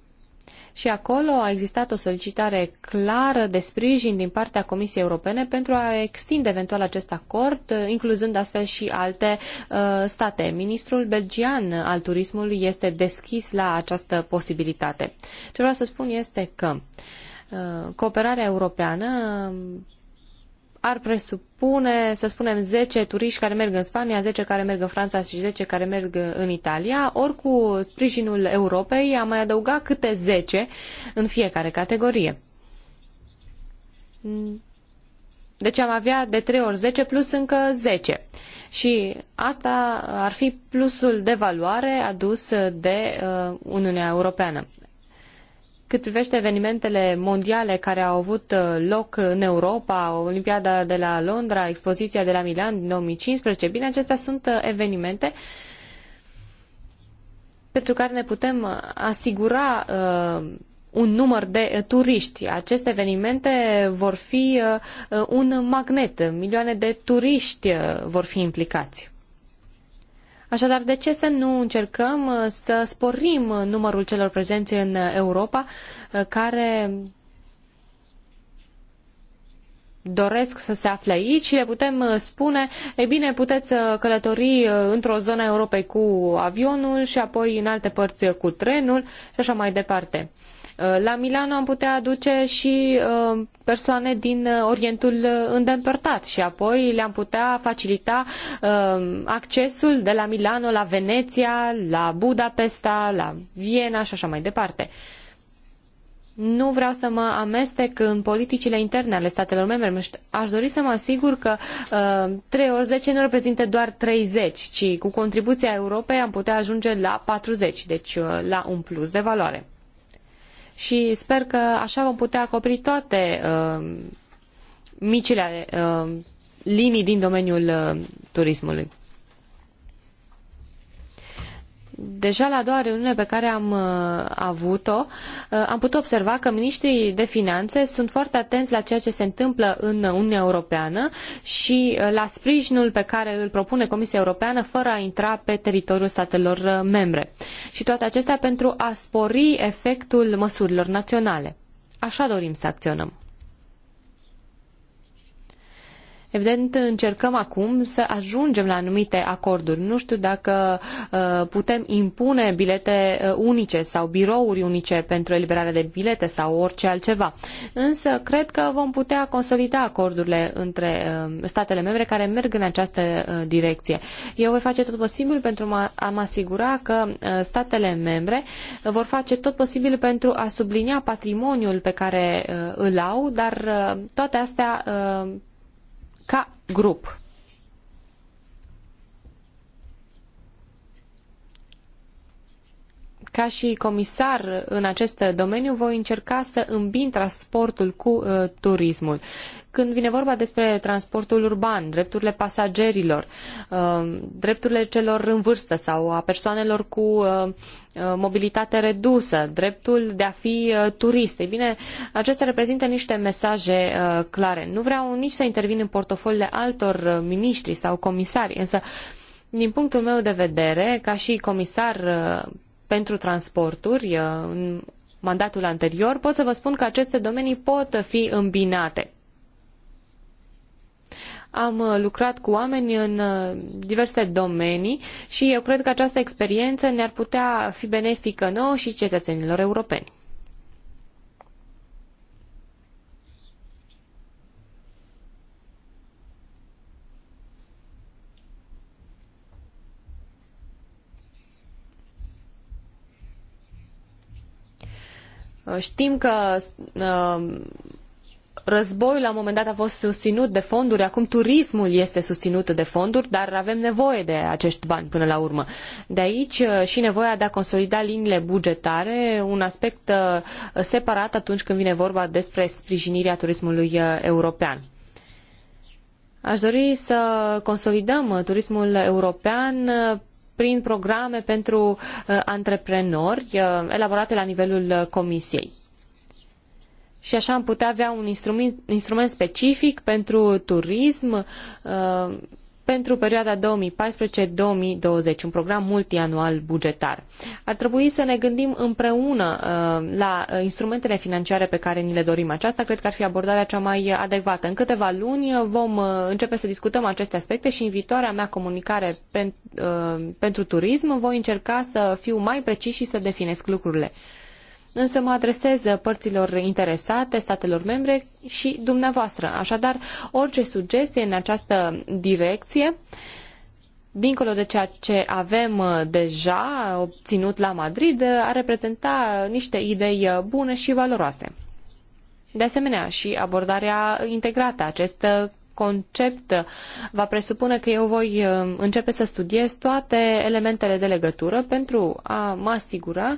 Și acolo a existat o solicitare clară de sprijin din partea Comisiei Europene pentru a extinde eventual acest acord, uh, incluzând astfel și alte uh, state. Ministrul belgian al turismului este deschis la această posibilitate. Ce vreau să spun este că uh, cooperarea europeană uh, ar presupune, să spunem, zece turiști care merg în Spania, zece care merg în Franța și zece care merg în Italia, ori cu sprijinul Europei am mai adăuga câte zece în fiecare categorie. Deci am avea de trei ori zece plus încă zece Și asta ar fi plusul de valoare adus de uh, Uniunea Europeană. Cât privește evenimentele mondiale care au avut uh, loc în Europa, Olimpiada de la Londra, expoziția de la Milan din 2015, bine, acestea sunt uh, evenimente pentru care ne putem uh, asigura uh, un număr de turiști. Aceste evenimente vor fi uh, un magnet. Milioane de turiști uh, vor fi implicați. Așadar, de ce să nu încercăm uh, să sporim uh, numărul celor prezenți în uh, Europa care doresc să se afle aici și le putem spune, ei bine, puteți călători într-o zonă a Europei cu avionul și apoi în alte părți cu trenul și așa mai departe. Uh, la Milano am putea aduce și uh, persoane din uh, Orientul îndepărtat și apoi le-am putea facilita accesul de la Milano la Veneția, la Budapesta, la Viena și așa mai departe. Nu vreau să mă amestec în politicile interne ale statelor membre. Aș dori să mă asigur că uh, 3 ori 10 nu reprezintă doar 30, ci cu contribuția Europei am putea ajunge la 40, deci uh, la un plus de valoare și sper că așa vom putea acoperi toate uh, micile uh, linii din domeniul uh, turismului deja la a doua reuniune pe care am uh, avut-o, uh, am putut observa că ministrii de finanțe sunt foarte atenți la ceea ce se întâmplă în Uniunea Europeană și uh, la sprijinul pe care îl propune Comisia Europeană fără a intra pe teritoriul statelor membre. Și toate acestea pentru a spori efectul măsurilor naționale. Așa dorim să acționăm. Evident, încercăm acum să ajungem la anumite acorduri. Nu știu dacă uh, putem impune bilete uh, unice sau birouri unice pentru eliberarea de bilete sau orice altceva. Însă, cred că vom putea consolida acordurile între uh, statele membre care merg în această direcție. Eu voi face tot posibil pentru a mă asigura că statele membre vor face tot posibil pentru a sublinia patrimoniul pe care îl au, dar toate astea ca grup. Ca și comisar în acest domeniu voi încerca să îmbin transportul cu uh, turismul. Când vine vorba despre transportul urban, drepturile pasagerilor, uh, drepturile celor în vârstă sau a persoanelor cu uh, uh mobilitate redusă, dreptul de a fi uh, turist. Ei bine, acestea reprezintă niște mesaje uh, clare. Nu vreau nici să intervin în portofoliile altor miniștri sau comisari, însă din punctul meu de vedere, ca și comisar pentru transporturi uh, în mandatul anterior, pot să vă spun că aceste domenii pot fi îmbinate. Am uh, lucrat cu oameni în uh, diverse domenii și eu cred că această experiență ne-ar putea fi benefică nouă și cetățenilor europeni. Uh, știm că uh, războiul la un moment dat a fost susținut de fonduri, acum turismul este susținut de fonduri, dar avem nevoie de acești bani până la urmă. De aici uh, și nevoia de a consolida liniile bugetare, un aspect separat atunci când vine vorba despre sprijinirea turismului european. Aș dori să consolidăm turismul european prin programe pentru uh, antreprenori uh, elaborate la nivelul uh, Comisiei. Și așa am putea avea un instrument, instrument specific pentru turism pentru perioada 2014-2020, un program multianual bugetar. Ar trebui să ne gândim împreună uh, la uh, instrumentele financiare pe care ni le dorim. Aceasta cred că ar fi abordarea cea mai adecvată. În câteva luni uh, vom începe să discutăm aceste aspecte și în viitoarea mea comunicare pentru turism voi încerca să fiu mai precis și să definesc lucrurile însă mă adresez părților interesate, statelor membre și dumneavoastră. Așadar, orice sugestie în această direcție dincolo de ceea ce avem uh, deja obținut la Madrid, uh, ar reprezenta niște idei uh, bune și valoroase. De asemenea, și abordarea integrată, acest concept va presupune că eu voi începe să studiez toate elementele de legătură pentru a mă asigura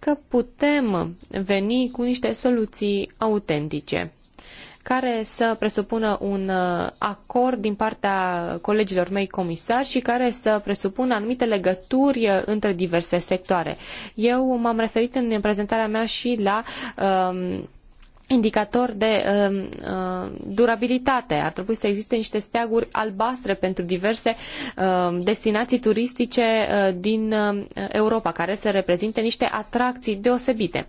că putem veni cu niște soluții autentice care să presupună un uh, acord din partea colegilor mei comisari și care să presupună anumite legături uh, între diverse sectoare. Eu m-am referit în prezentarea mea și la um, indicatori de uh, uh, durabilitate. Ar trebui să existe niște steaguri albastre pentru diverse uh, destinații turistice uh, din uh, Europa, care să reprezinte niște atracții deosebite.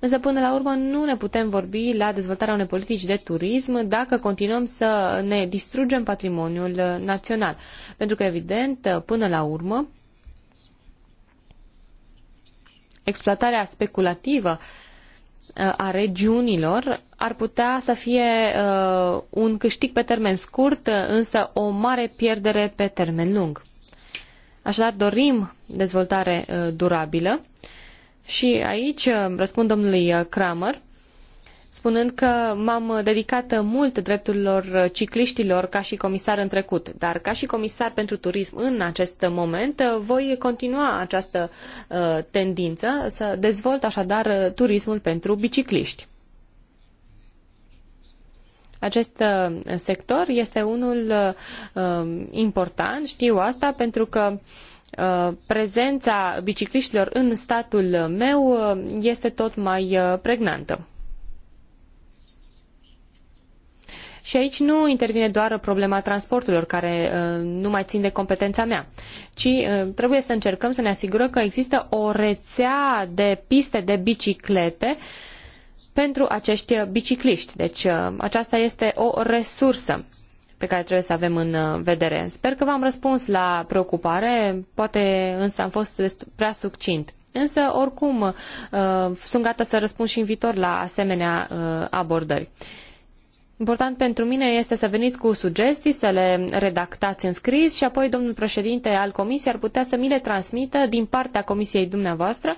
Însă, până la urmă, nu ne putem vorbi la dezvoltarea unei politici de turism dacă continuăm să ne distrugem patrimoniul uh, național. Pentru că, evident, uh, până la urmă, exploatarea speculativă uh, a regiunilor ar putea să fie uh, un câștig pe termen scurt, uh, însă o mare pierdere pe termen lung. Așadar, dorim dezvoltare durabilă și aici răspund domnului Kramer spunând că m-am dedicat mult drepturilor cicliștilor ca și comisar în trecut, dar ca și comisar pentru turism în acest moment voi continua această uh, tendință să dezvolt așadar turismul pentru bicicliști. Acest uh, sector este unul uh, important, știu asta, pentru că prezența bicicliștilor în statul meu este tot mai pregnantă. Și aici nu intervine doar problema transporturilor, care uh, nu mai țin de competența mea, ci uh, trebuie să încercăm să ne asigurăm că există o rețea de piste de biciclete pentru acești uh, bicicliști. Deci aceasta este o resursă pe care trebuie să avem în vedere. Sper că v-am răspuns la preocupare, poate însă am fost prea succint. Însă, oricum, sunt gata să răspund și în viitor la asemenea abordări. Important pentru mine este să veniți cu sugestii, să le redactați în scris și apoi domnul președinte al comisiei ar putea să mi le transmită din partea comisiei dumneavoastră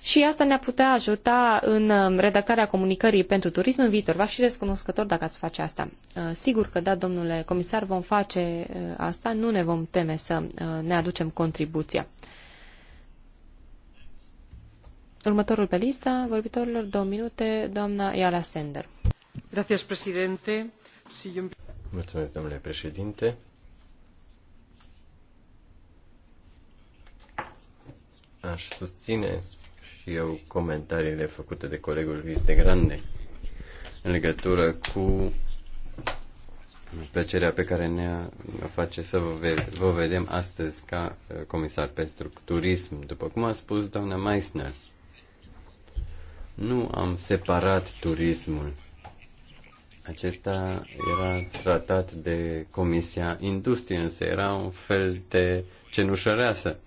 și asta ne-ar putea ajuta în um, redactarea comunicării pentru turism în viitor. V-aș fi recunoscător dacă ați face asta. Uh, sigur că da, domnule comisar, vom face uh, asta, nu ne vom teme să uh, ne aducem contribuția. Următorul pe lista vorbitorilor, două minute, doamna Iala Sender. Gracias, presidente. Si Mulțumesc, domnule președinte. Aș susține și eu comentariile făcute de colegul Luis de Grande în legătură cu plăcerea pe care ne face să vă, ve- vă vedem astăzi ca uh, comisar pentru turism. După cum a spus doamna Meissner, nu am separat turismul acesta era tratat de Comisia Industrie, însă era un fel de cenușăreasă.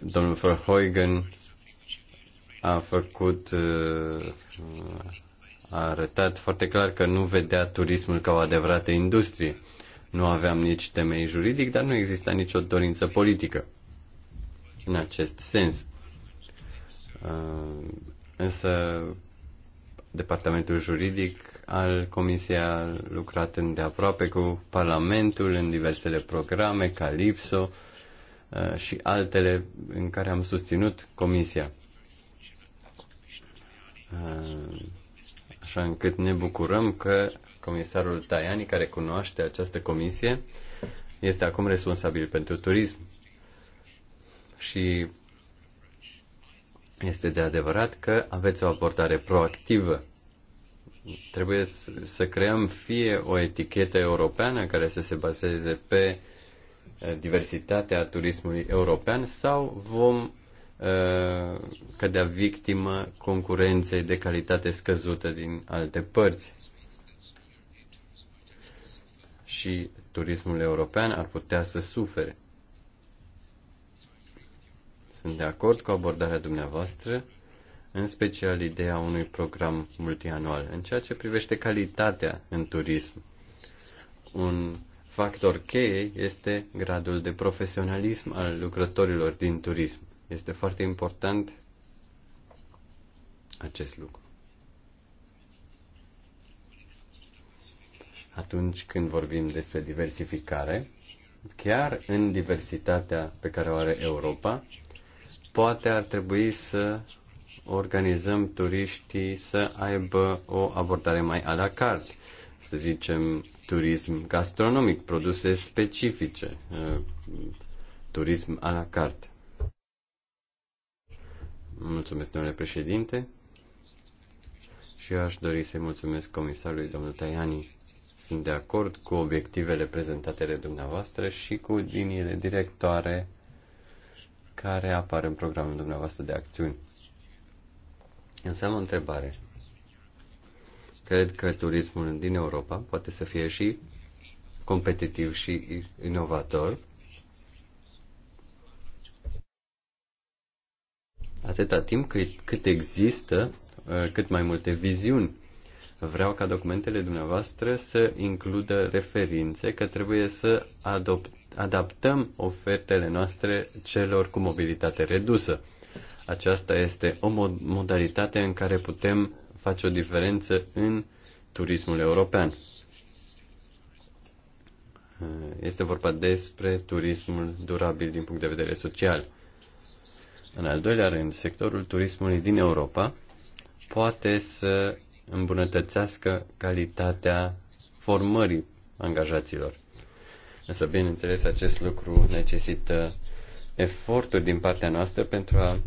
Domnul Verheugen a făcut, uh, a arătat foarte clar că nu vedea turismul ca o adevărată industrie. Nu aveam nici temei juridic, dar nu exista nicio dorință politică în acest sens. Uh, însă Departamentul juridic al Comisiei a lucrat îndeaproape cu Parlamentul în diversele programe, Calipso uh, și altele în care am susținut Comisia. Uh, așa încât ne bucurăm că comisarul Tajani, care cunoaște această comisie, este acum responsabil pentru turism. Și este de adevărat că aveți o abordare proactivă. Trebuie să creăm fie o etichetă europeană care să se bazeze pe eh, diversitatea turismului european sau vom uh, cădea victimă concurenței de calitate scăzută din alte părți. Și turismul european ar putea să sufere. Sunt de acord cu abordarea dumneavoastră, în special ideea unui program multianual, în ceea ce privește calitatea în turism. Un factor cheie este gradul de profesionalism al lucrătorilor din turism. Este foarte important acest lucru. Atunci când vorbim despre diversificare, chiar în diversitatea pe care o are Europa, Poate ar trebui să organizăm turiștii să aibă o abordare mai a la carte, să zicem turism gastronomic, produse specifice, uh, turism a la carte. Mulțumesc, domnule președinte, și eu aș dori să-i mulțumesc comisarului domnul Tajani. Sunt de acord cu obiectivele prezentate de dumneavoastră și cu liniile directoare care apare în programul dumneavoastră de acțiuni. Însă o întrebare. Cred că turismul din Europa poate să fie și competitiv și inovator. Atâta timp cât, cât există uh, cât mai multe viziuni Vreau ca documentele dumneavoastră să includă referințe că trebuie să adopt, adaptăm ofertele noastre celor cu mobilitate redusă. Aceasta este o mod- modalitate în care putem face o diferență în turismul european. Este vorba despre turismul durabil din punct de vedere social. În al doilea rând, sectorul turismului din Europa poate să îmbunătățească calitatea formării angajaților. Însă, bineînțeles, acest lucru necesită eforturi din partea noastră pentru a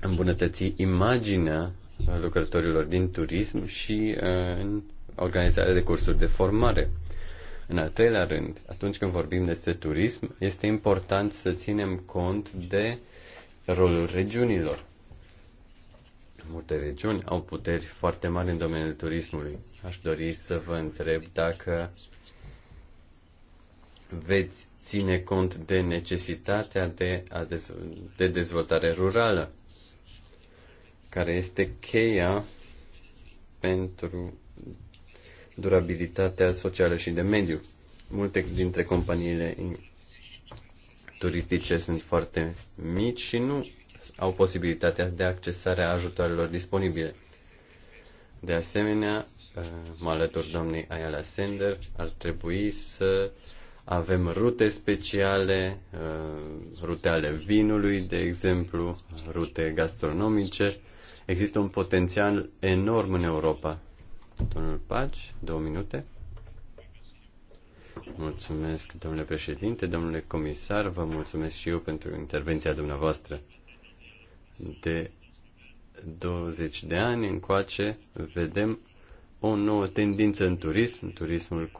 îmbunătăți imaginea lucrătorilor din turism și uh, în organizarea de cursuri de formare. În al treilea rând, atunci când vorbim despre turism, este important să ținem cont de rolul regiunilor. Multe regiuni au puteri foarte mari în domeniul turismului. Aș dori să vă întreb dacă veți ține cont de necesitatea de, a dez- de dezvoltare rurală, care este cheia pentru durabilitatea socială și de mediu. Multe dintre companiile turistice sunt foarte mici și nu au posibilitatea de accesare a ajutoarelor disponibile. De asemenea, uh, mă alătur domnului Ayala Sender, ar trebui să avem rute speciale, uh, rute ale vinului, de exemplu, rute gastronomice. Există un potențial enorm în Europa. Domnul Paci, două minute. Mulțumesc, domnule președinte, domnule comisar, vă mulțumesc și eu pentru intervenția dumneavoastră de 20 de ani încoace vedem o nouă tendință în turism, turismul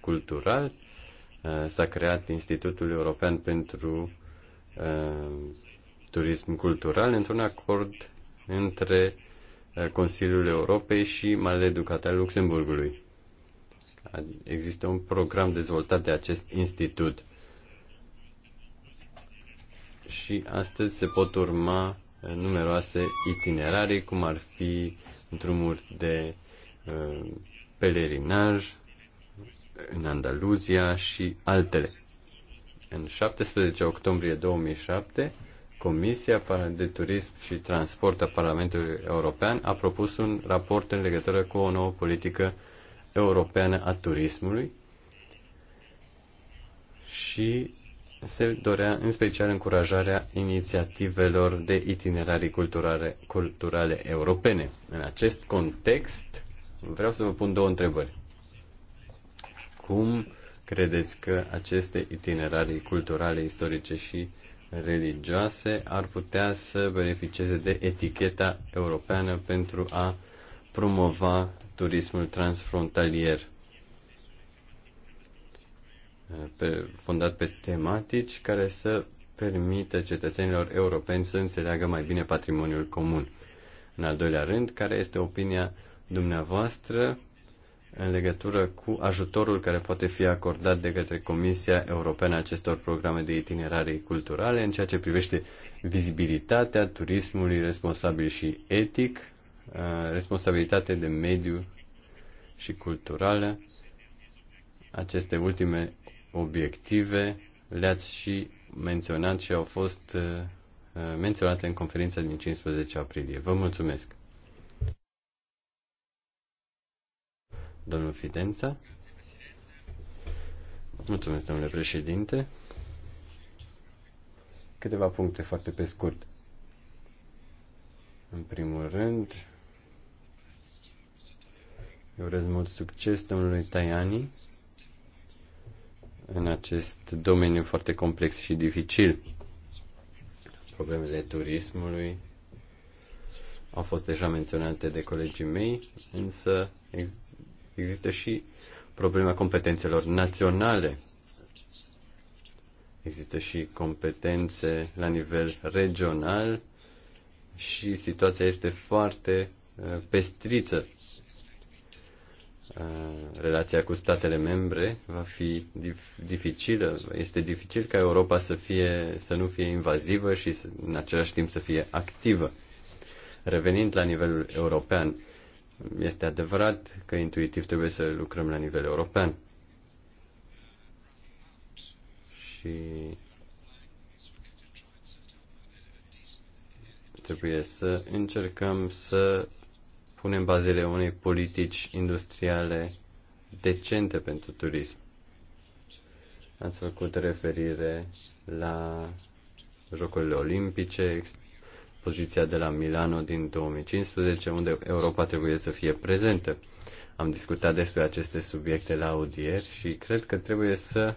cultural. Uh, s-a creat Institutul European pentru uh, Turism Cultural într-un acord între uh, Consiliul Europei și Marele Ducat al Luxemburgului. Există un program dezvoltat de acest institut și astăzi se pot urma numeroase itinerarii, cum ar fi drumuri de uh, pelerinaj în Andaluzia și altele. În 17 octombrie 2007, Comisia de Turism și Transport a Parlamentului European a propus un raport în legătură cu o nouă politică europeană a turismului și se dorea în special încurajarea inițiativelor de itinerarii culturale, culturale europene. În acest context, vreau să vă pun două întrebări. Cum credeți că aceste itinerarii culturale, istorice și religioase ar putea să beneficieze de eticheta europeană pentru a promova turismul transfrontalier? pe, fondat pe tematici care să permită cetățenilor europeni să înțeleagă mai bine patrimoniul comun. În al doilea rând, care este opinia dumneavoastră în legătură cu ajutorul care poate fi acordat de către Comisia Europeană acestor programe de itinerare culturale în ceea ce privește vizibilitatea turismului responsabil și etic, uh, responsabilitate de mediu și culturală. Aceste ultime obiective le-ați și menționat și au fost uh, uh, menționate în conferința din 15 aprilie. Vă mulțumesc! Domnul Fidența. Mulțumesc, domnule președinte. Câteva puncte foarte pe scurt. În primul rând, eu urez mult succes domnului Tajani în acest domeniu foarte complex și dificil. Problemele turismului au fost deja menționate de colegii mei, însă ex- există și problema competențelor naționale. Există și competențe la nivel regional și situația este foarte uh, pestriță relația cu statele membre va fi dif- dificilă. Este dificil ca Europa să, fie, să nu fie invazivă și să, în același timp să fie activă. Revenind la nivelul european, este adevărat că intuitiv trebuie să lucrăm la nivel european. Și trebuie să încercăm să punem bazele unei politici industriale decente pentru turism. Ați făcut referire la Jocurile Olimpice, poziția de la Milano din 2015, unde Europa trebuie să fie prezentă. Am discutat despre aceste subiecte la audieri și cred că trebuie să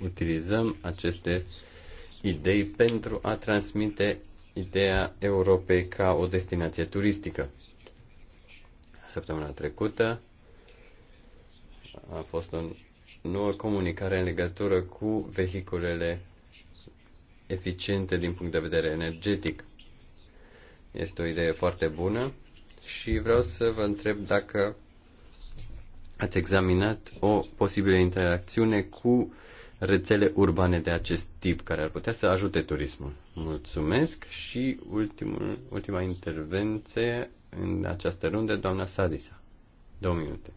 utilizăm aceste idei pentru a transmite ideea Europei ca o destinație turistică săptămâna trecută. A fost o nouă comunicare în legătură cu vehiculele eficiente din punct de vedere energetic. Este o idee foarte bună și vreau să vă întreb dacă ați examinat o posibilă interacțiune cu rețele urbane de acest tip care ar putea să ajute turismul. Mulțumesc și ultimul, ultima intervenție în această rundă doamna Sadisa. Două minute.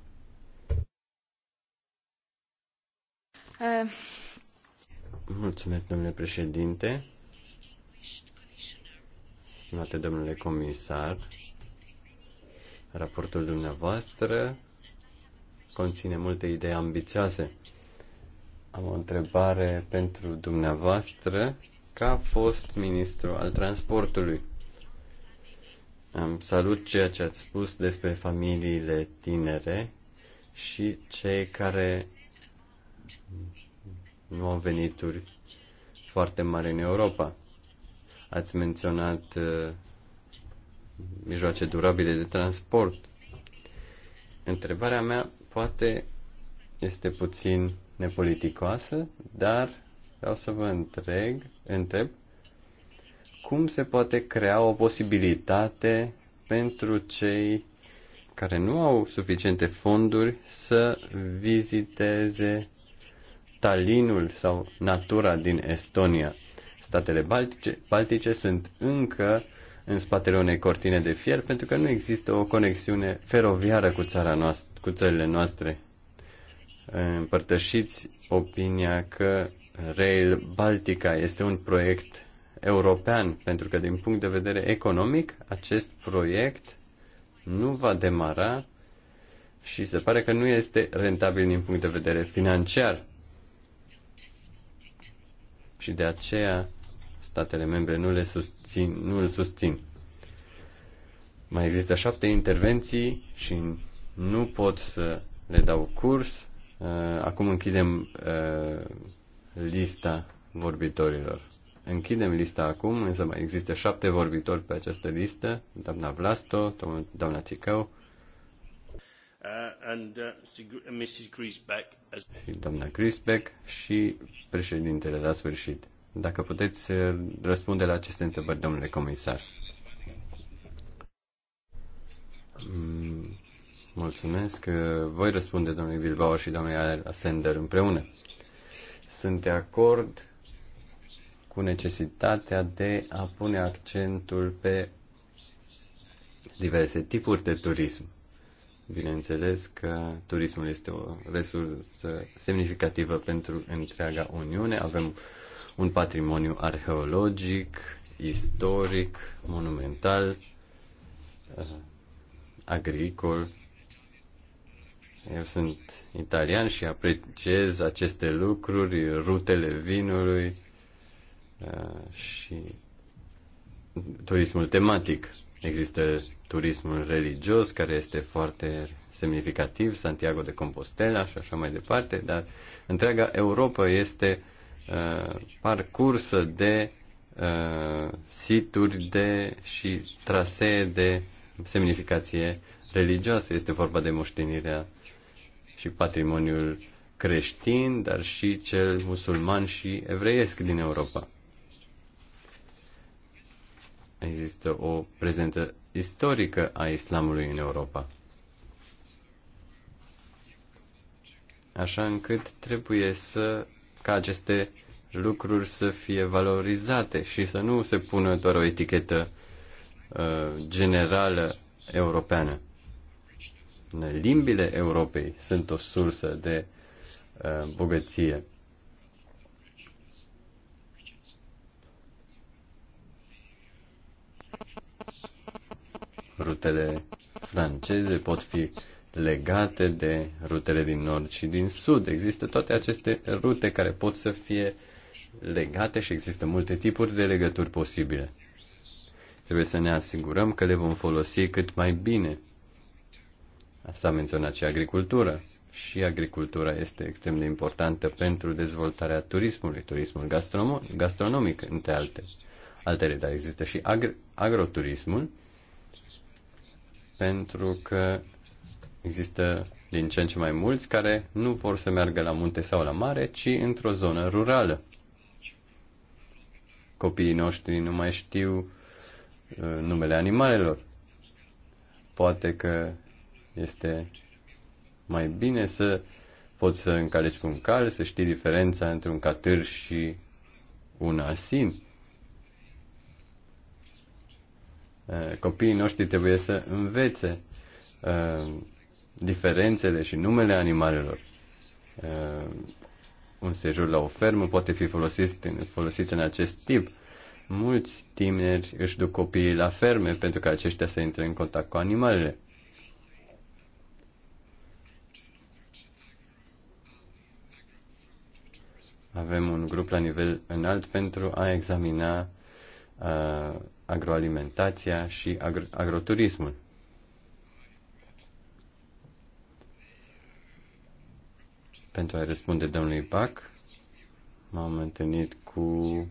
Uh. Mulțumesc, domnule președinte. Stimate domnule comisar, raportul dumneavoastră conține multe idei ambițioase. Am o întrebare pentru dumneavoastră ca fost ministru al transportului. Am salut ceea ce ați spus despre familiile tinere și cei care nu au venituri foarte mari în Europa. Ați menționat uh, mijloace durabile de transport. Întrebarea mea poate este puțin nepoliticoasă, dar vreau să vă întreg, întreb cum se poate crea o posibilitate pentru cei care nu au suficiente fonduri să viziteze Talinul sau natura din Estonia. Statele Baltice, Baltice sunt încă în spatele unei cortine de fier pentru că nu există o conexiune feroviară cu, țara noastră, cu țările noastre. Împărtășiți opinia că Rail Baltica este un proiect european, pentru că din punct de vedere economic acest proiect nu va demara și se pare că nu este rentabil din punct de vedere financiar. Și de aceea statele membre nu, le susțin, nu îl susțin. Mai există șapte intervenții și nu pot să le dau curs. Uh, acum închidem uh, lista vorbitorilor. Închidem lista acum, însă mai există șapte vorbitori pe această listă, doamna Vlasto, doamna Țicău, uh, uh, uh, și doamna Grisbeck și președintele la sfârșit. Dacă puteți răspunde la aceste întrebări, domnule comisar. Mm, mulțumesc. Voi răspunde domnului Bilbao și domnului Sender împreună. Sunt de acord cu necesitatea de a pune accentul pe diverse tipuri de turism. Bineînțeles că turismul este o resursă semnificativă pentru întreaga Uniune. Avem un patrimoniu arheologic, istoric, monumental, eh, agricol. Eu sunt italian și apreciez aceste lucruri, rutele vinului, Uh, și turismul tematic. Există turismul religios, care este foarte semnificativ, Santiago de Compostela și așa mai departe, dar întreaga Europa este uh, parcursă de uh, situri de și trasee de semnificație religioasă. Este vorba de moștenirea și patrimoniul creștin, dar și cel musulman și evreiesc din Europa există o prezentă istorică a islamului în Europa. Așa încât trebuie să ca aceste lucruri să fie valorizate și să nu se pună doar o etichetă uh, generală europeană. Limbile Europei sunt o sursă de uh, bogăție. Rutele franceze pot fi legate de rutele din nord și din sud. Există toate aceste rute care pot să fie legate și există multe tipuri de legături posibile. Trebuie să ne asigurăm că le vom folosi cât mai bine. Asta a menționat și agricultura. Și agricultura este extrem de importantă pentru dezvoltarea turismului, turismul gastronomic, între alte altele, dar există și agr- agroturismul, pentru că există din ce în ce mai mulți care nu vor să meargă la munte sau la mare, ci într-o zonă rurală. Copiii noștri nu mai știu uh, numele animalelor. Poate că este mai bine să poți să încalci cu un cal, să știi diferența între un catâr și un asin. Eh, copiii noștri trebuie să învețe eh, diferențele și numele animalelor. Eh, un sejur la o fermă poate fi folosit, folosit în acest tip. Mulți tineri își duc copiii la ferme pentru că aceștia să intre în contact cu animalele. Avem un grup la nivel înalt pentru a examina uh, agroalimentația și agro- agroturismul. Pentru a răspunde domnului Bach, m-am întâlnit cu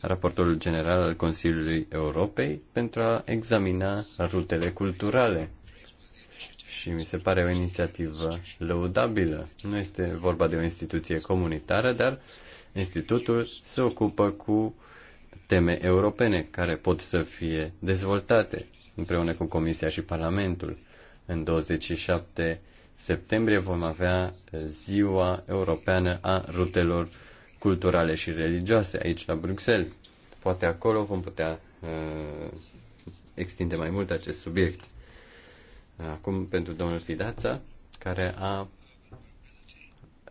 raportorul general al Consiliului Europei pentru a examina rutele culturale. Și mi se pare o inițiativă lăudabilă. Nu este vorba de o instituție comunitară, dar institutul se ocupă cu teme europene care pot să fie dezvoltate împreună cu Comisia și Parlamentul. În 27 septembrie vom avea eh, Ziua Europeană a Rutelor Culturale și Religioase aici la Bruxelles. Poate acolo vom putea uh, extinde mai mult acest subiect. Acum pentru domnul Fidața, care a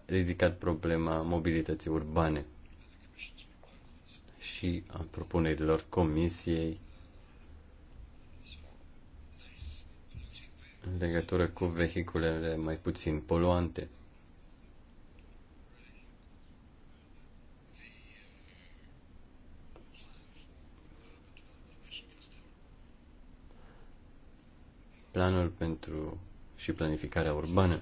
ridicat problema mobilității urbane și a propunerilor comisiei în legătură cu vehiculele mai puțin poluante. Planul pentru și planificarea urbană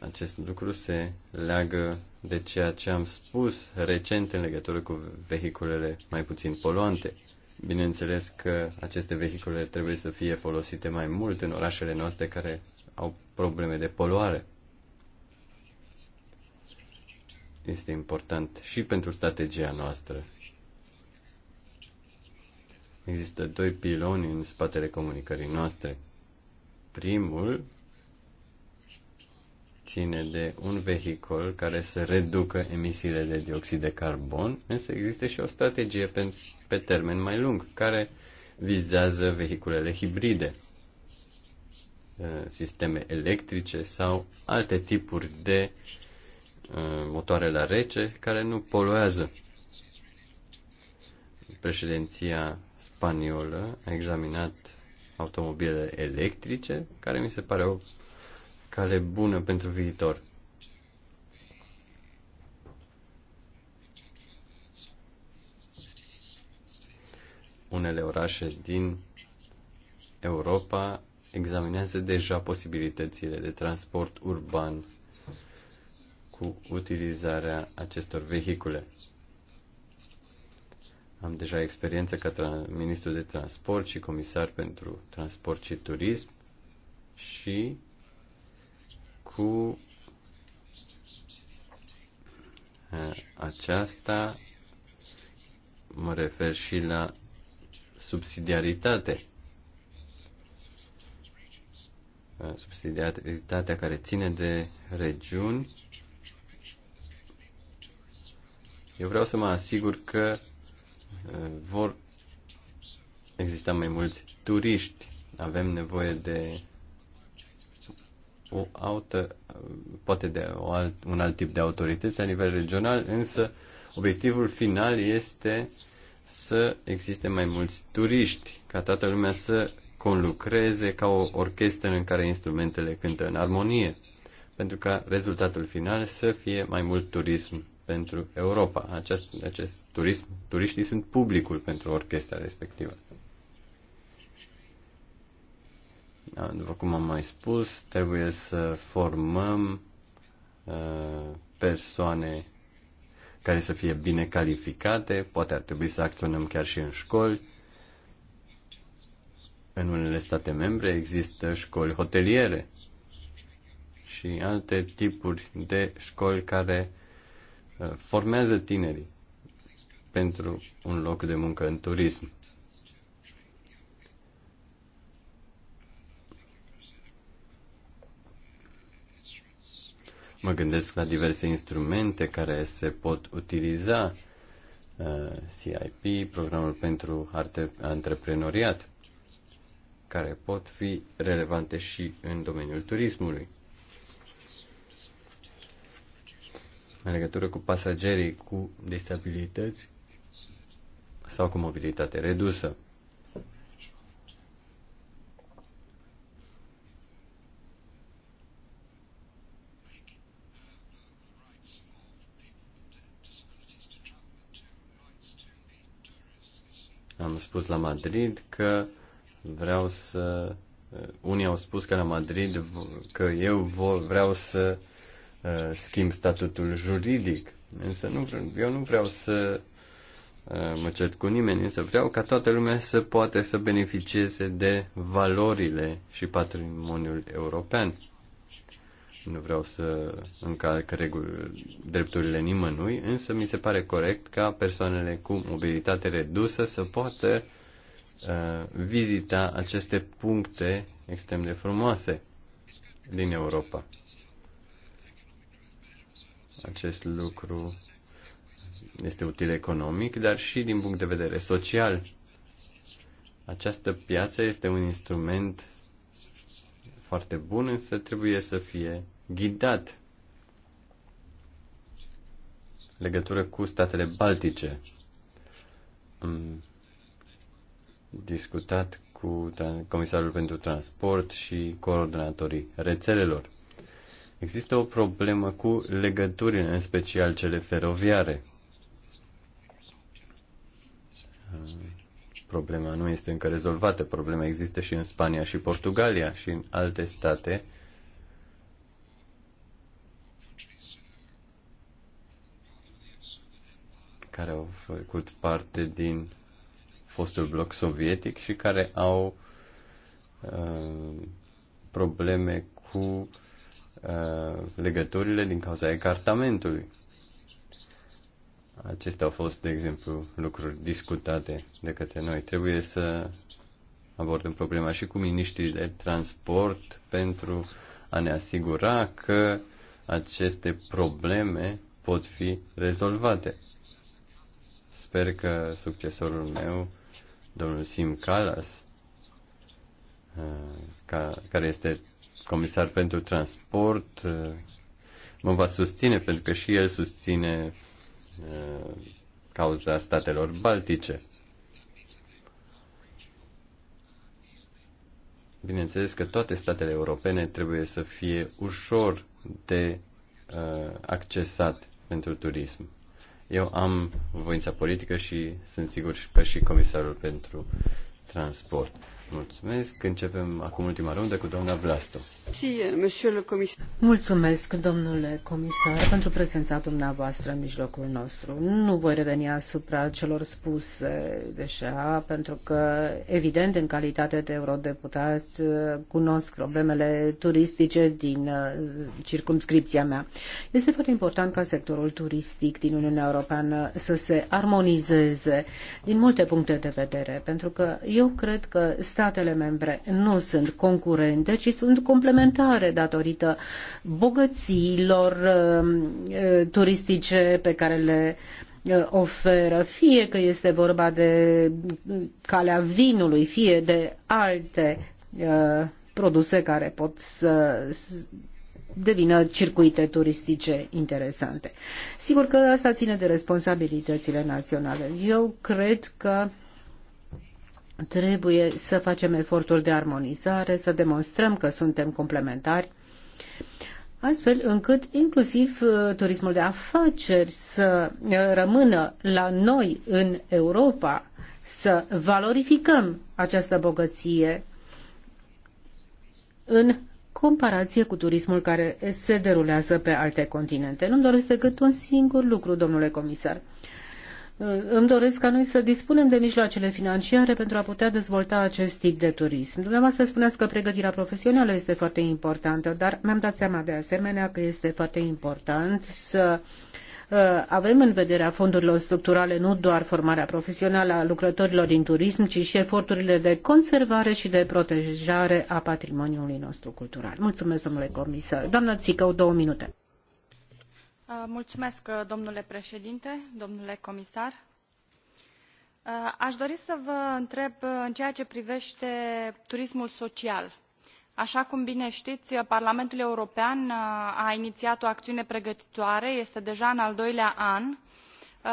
acest lucru se leagă de ceea ce am spus recent în legătură cu vehiculele mai puțin poluante. Bineînțeles că aceste vehicule trebuie să fie folosite mai mult în orașele noastre care au probleme de poluare. Este important și pentru strategia noastră. Există doi piloni în spatele comunicării noastre. Primul ține de un vehicul care să reducă emisiile de dioxid de carbon, însă există și o strategie pe, pe termen mai lung care vizează vehiculele hibride, uh, sisteme electrice sau alte tipuri de uh, motoare la rece care nu poluează. Președinția spaniolă a examinat automobilele electrice, care mi se pare o cale bună pentru viitor. Unele orașe din Europa examinează deja posibilitățile de transport urban cu utilizarea acestor vehicule. Am deja experiență ca ministru de transport și comisar pentru transport și turism și cu eh, aceasta mă refer și la subsidiaritate. Eh, subsidiaritatea care ține de regiuni. Eu vreau să mă asigur că eh, vor exista mai mulți turiști. Avem nevoie de o altă, poate de o alt, un alt tip de autorități la nivel regional, însă obiectivul final este să existe mai mulți turiști, ca toată lumea să conlucreze ca o orchestră în care instrumentele cântă în armonie, pentru ca rezultatul final să fie mai mult turism pentru Europa. Acest, acest turism, turiștii sunt publicul pentru orchestra respectivă. După cum am mai spus, trebuie să formăm uh, persoane care să fie bine calificate, poate ar trebui să acționăm chiar și în școli. În unele state membre există școli hoteliere și alte tipuri de școli care uh, formează tinerii pentru un loc de muncă în turism. Mă gândesc la diverse instrumente care se pot utiliza, uh, CIP, programul pentru antreprenoriat, care pot fi relevante și în domeniul turismului. În legătură cu pasagerii cu disabilități sau cu mobilitate redusă. Am spus la Madrid că vreau să. Unii au spus că la Madrid că eu vreau să uh, schimb statutul juridic. Însă nu, eu nu vreau să uh, mă cert cu nimeni, însă vreau ca toată lumea să poată să beneficieze de valorile și patrimoniul european nu vreau să încalc reguli, drepturile nimănui, însă mi se pare corect ca persoanele cu mobilitate redusă să poată uh, vizita aceste puncte extrem de frumoase din Europa. Acest lucru este util economic, dar și din punct de vedere social. Această piață este un instrument foarte bun, însă trebuie să fie ghidat legătură cu statele baltice. Am discutat cu Comisarul pentru Transport și coordonatorii rețelelor. Există o problemă cu legăturile, în special cele feroviare problema nu este încă rezolvată. Problema există și în Spania și Portugalia și în alte state. care au făcut parte din fostul bloc sovietic și care au uh, probleme cu uh, legăturile din cauza ecartamentului. Acestea au fost, de exemplu, lucruri discutate de către noi. Trebuie să abordăm problema și cu miniștrii de transport pentru a ne asigura că aceste probleme pot fi rezolvate. Sper că succesorul meu, domnul Sim Calas, uh, ca, care este comisar pentru transport, uh, mă va susține pentru că și el susține Uh, cauza statelor baltice. Bineînțeles că toate statele europene trebuie să fie ușor de uh, accesat pentru turism. Eu am voința politică și sunt sigur că și comisarul pentru transport. Mulțumesc. Începem acum ultima rundă cu doamna Vlasto. Mulțumesc, domnule comisar, pentru prezența dumneavoastră în mijlocul nostru. Nu voi reveni asupra celor spuse deja, pentru că, evident, în calitate de eurodeputat, cunosc problemele turistice din uh, circumscripția mea. Este foarte important ca sectorul turistic din Uniunea Europeană să se armonizeze din multe puncte de vedere, pentru că eu cred că statele membre nu sunt concurente, ci sunt complementare datorită bogățiilor uh, uh, turistice pe care le uh, oferă, fie că este vorba de calea vinului, fie de alte produse care pot să devină circuite turistice interesante. Sigur că asta ține de responsabilitățile naționale. Eu cred că Trebuie să facem eforturi de armonizare, să demonstrăm că suntem complementari, astfel încât inclusiv uh, turismul de afaceri să uh, rămână la noi în Europa, să valorificăm această bogăție în comparație cu turismul care se derulează pe alte continente. Nu-mi doresc decât un singur lucru, domnule comisar. Uh, îmi doresc ca noi să dispunem de mijloacele financiare pentru a putea dezvolta acest tip de turism. Dumneavoastră spuneați că pregătirea profesională este foarte importantă, dar mi-am dat seama de asemenea că este foarte important să uh, avem în a fondurilor structurale nu doar formarea profesională a lucrătorilor din turism, ci și eforturile de conservare și de protejare a patrimoniului nostru cultural. Mulțumesc, domnule comisar. Doamna Țicău, două minute. Uh, mulțumesc, uh, domnule președinte, domnule comisar. Uh, aș dori să vă întreb în ceea ce privește turismul social. Așa cum bine știți, Parlamentul European a inițiat o acțiune pregătitoare, este deja în al doilea an.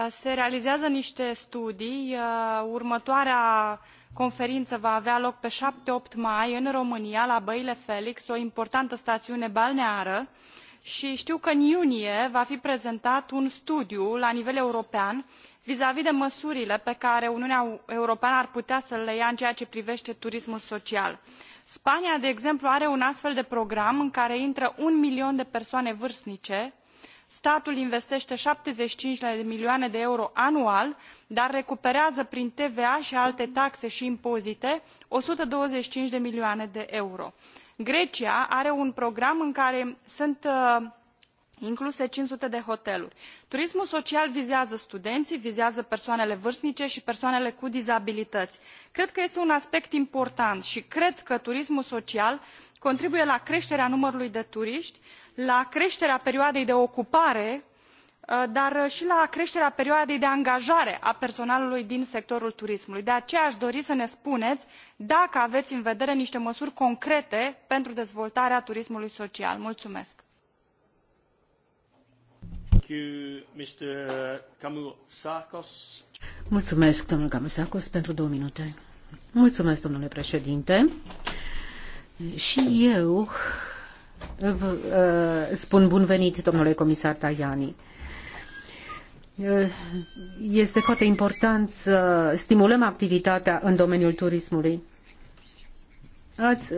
Se realizează niște studii, următoarea conferință va avea loc pe 7-8 mai în România, la Băile Felix, o importantă stațiune balneară, i și știu că în iunie va fi prezentat un studiu la nivel european vizavi de măsurile pe care uniunea europeană ar putea să le ia în ceea ce privete turismul social. spania de exemplu are un astfel de program în care intră un milion de persoane vârstnice statul investete șaptezeci și cinci de milioane de euro anual dar recuperează prin tva i alte taxe i impozite o sută douăzeci și cinci de milioane de euro grecia are un program în care sunt uh, incluse cinci sute de hoteluri. turismul social vizează studenii vizează persoanele vârstnice i persoanele cu dizabilităi. cred că este un aspect important i cred că turismul social contribuie la creterea numărului de turiti la creterea perioadei de ocupare a Uh, dar uh, i la creterea perioadei de angajare a personalului din sectorul turismului. de aceea a dori să ne spunei dacă avei în vedere nite măsuri concrete pentru dezvoltarea turismului social. Mulțumesc. Mulțumesc, domnul Camusacos, pentru două minute. Mulțumesc, domnule președinte. Și eu uh, spun bun venit, domnule comisar Tajani. Eh, este foarte important să stimulăm activitatea în domeniul turismului. Ați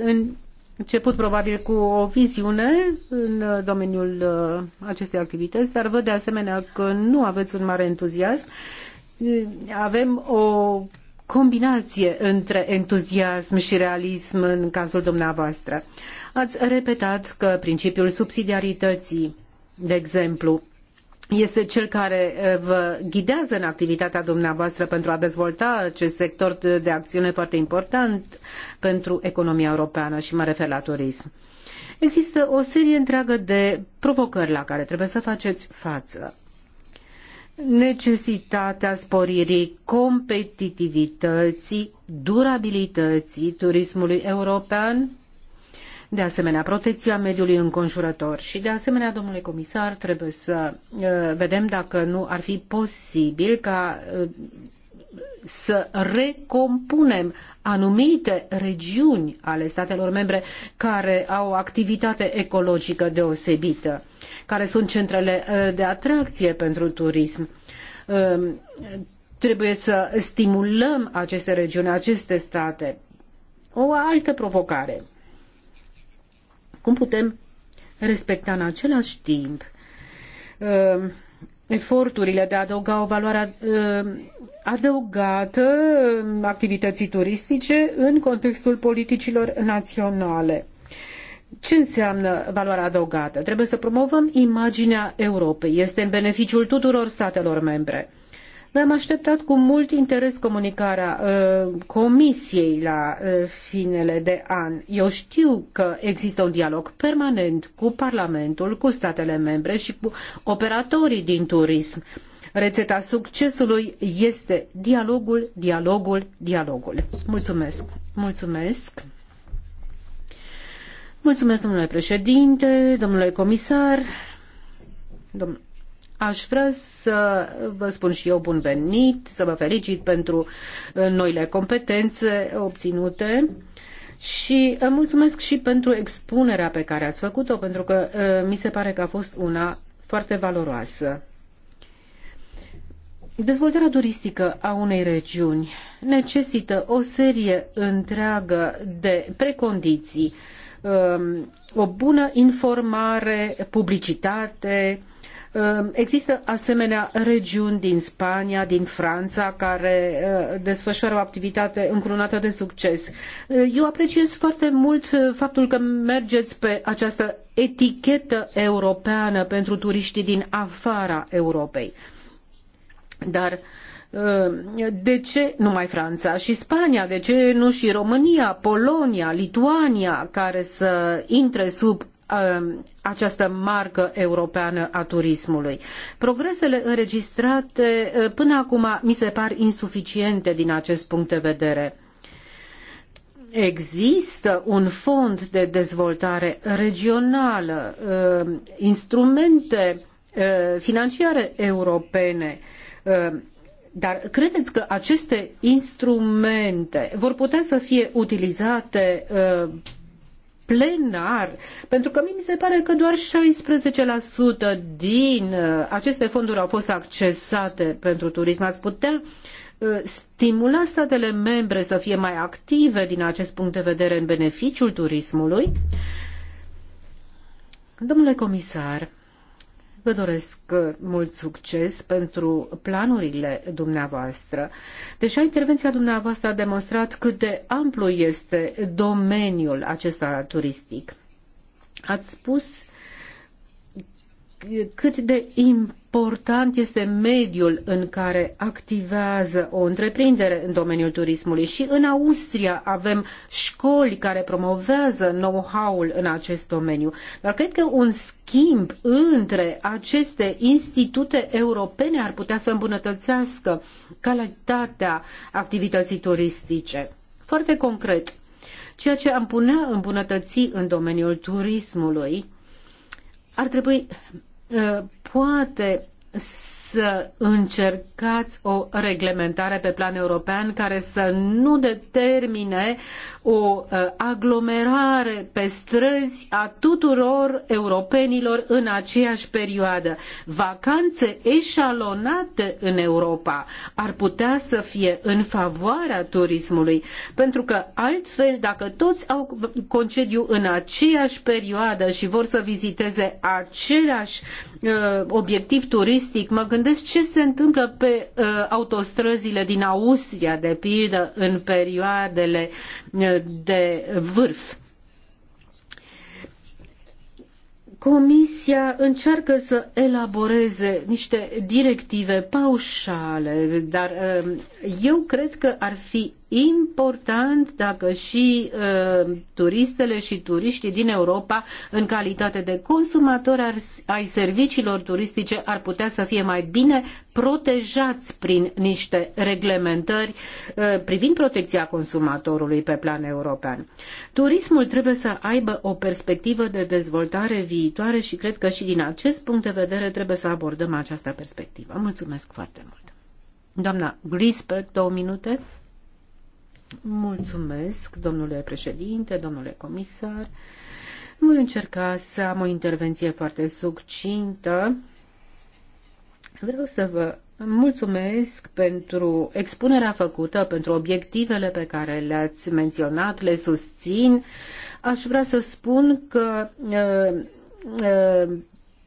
început probabil cu o viziune în domeniul eh, acestei activități, dar văd de asemenea că nu aveți un mare entuziasm. Eh, avem o combinație între entuziasm și realism în cazul dumneavoastră. Ați repetat că principiul subsidiarității, de exemplu, este cel care eh, vă ghidează în activitatea dumneavoastră pentru a dezvolta acest sector de acțiune foarte important pentru economia europeană și mă refer la turism. Există o serie întreagă de provocări la care trebuie să faceți față. Necesitatea sporirii competitivității, durabilității turismului european, de asemenea protecția mediului înconjurător și de asemenea, domnule comisar, trebuie să uh, vedem dacă nu ar fi posibil ca uh, să recompunem anumite regiuni ale statelor membre care au o activitate ecologică deosebită, care sunt centrele uh, de atracție pentru turism. Um, trebuie să stimulăm aceste regiuni, aceste state. O altă provocare cum putem respecta în același timp uh, eforturile de a adăuga o valoare uh, adăugată uh, activității turistice în contextul politicilor naționale. Ce înseamnă valoarea adăugată? Trebuie să promovăm imaginea Europei. Este în beneficiul tuturor statelor membre. Noi am așteptat cu mult interes comunicarea uh, Comisiei la uh, finele de an. Eu știu că există un dialog permanent cu Parlamentul, cu statele membre și cu operatorii din turism. Rețeta succesului este dialogul, dialogul, dialogul. Mulțumesc! Mulțumesc! Mulțumesc, domnule președinte, domnule comisar, domnule Aș vrea să vă spun și eu bun venit, să vă felicit pentru uh, noile competențe obținute și uh, mulțumesc și pentru expunerea pe care ați făcut-o, pentru că uh, mi se pare că a fost una foarte valoroasă. Dezvoltarea turistică a unei regiuni necesită o serie întreagă de precondiții, um, o bună informare, publicitate, Ehm, există asemenea regiuni din Spania, din Franța, care ehm, desfășoară o activitate încrunată de succes. Ehm, eu apreciez foarte mult faptul că mergeți pe această etichetă europeană pentru turiștii din afara Europei. Dar de ce numai Franța și Spania, de ce nu și România, Polonia, Lituania, care să intre sub Um, această marcă europeană a turismului. Progresele înregistrate uh, până acum mi se par insuficiente din acest punct de vedere. Există un fond de dezvoltare regională, uh, instrumente uh, financiare europene, dar credeți că aceste instrumente vor putea să fie utilizate plenar, pentru că mie mi se pare că doar 16% din uh, aceste fonduri au fost accesate pentru turism. Ați putea uh, stimula statele membre să fie mai active din acest punct de vedere în beneficiul turismului? Domnule comisar, Vă doresc uh, mult succes pentru planurile dumneavoastră. Deja intervenția dumneavoastră a demonstrat cât de amplu este domeniul acesta turistic. Ați spus cât de important este mediul în care activează o întreprindere în domeniul turismului și în Austria avem școli care promovează know-how-ul în acest domeniu. Dar cred că un schimb între aceste institute europene ar putea să îmbunătățească calitatea activității turistice. Foarte concret, ceea ce am putea îmbunătăți în domeniul turismului ar trebui Uh, poate să încercați o reglementare pe plan european care să nu determine o uh, aglomerare pe străzi a tuturor europenilor în aceeași perioadă. Vacanțe eșalonate în Europa ar putea să fie în favoarea turismului, pentru că altfel, dacă toți au concediu în aceeași perioadă și vor să viziteze același uh, obiectiv turistic, mă gândesc gândesc ce se întâmplă pe uh, autostrăzile din Austria, de pildă, în perioadele uh, de vârf. Comisia încearcă să elaboreze niște directive paușale, dar uh, eu cred că ar fi important dacă și uh, turistele și turiștii din Europa, în calitate de consumatori ar, ai serviciilor turistice, ar putea să fie mai bine protejați prin niște reglementări uh, privind protecția consumatorului pe plan european. Turismul trebuie să aibă o perspectivă de dezvoltare viitoare și cred că și din acest punct de vedere trebuie să abordăm această perspectivă. Mulțumesc foarte mult! Doamna Grisberg, două minute. Mulțumesc, domnule președinte, domnule comisar. Voi încerca să am o intervenție foarte succintă. Vreau să vă mulțumesc pentru expunerea făcută, pentru obiectivele pe care le-ați menționat, le susțin. Aș vrea să spun că uh, uh,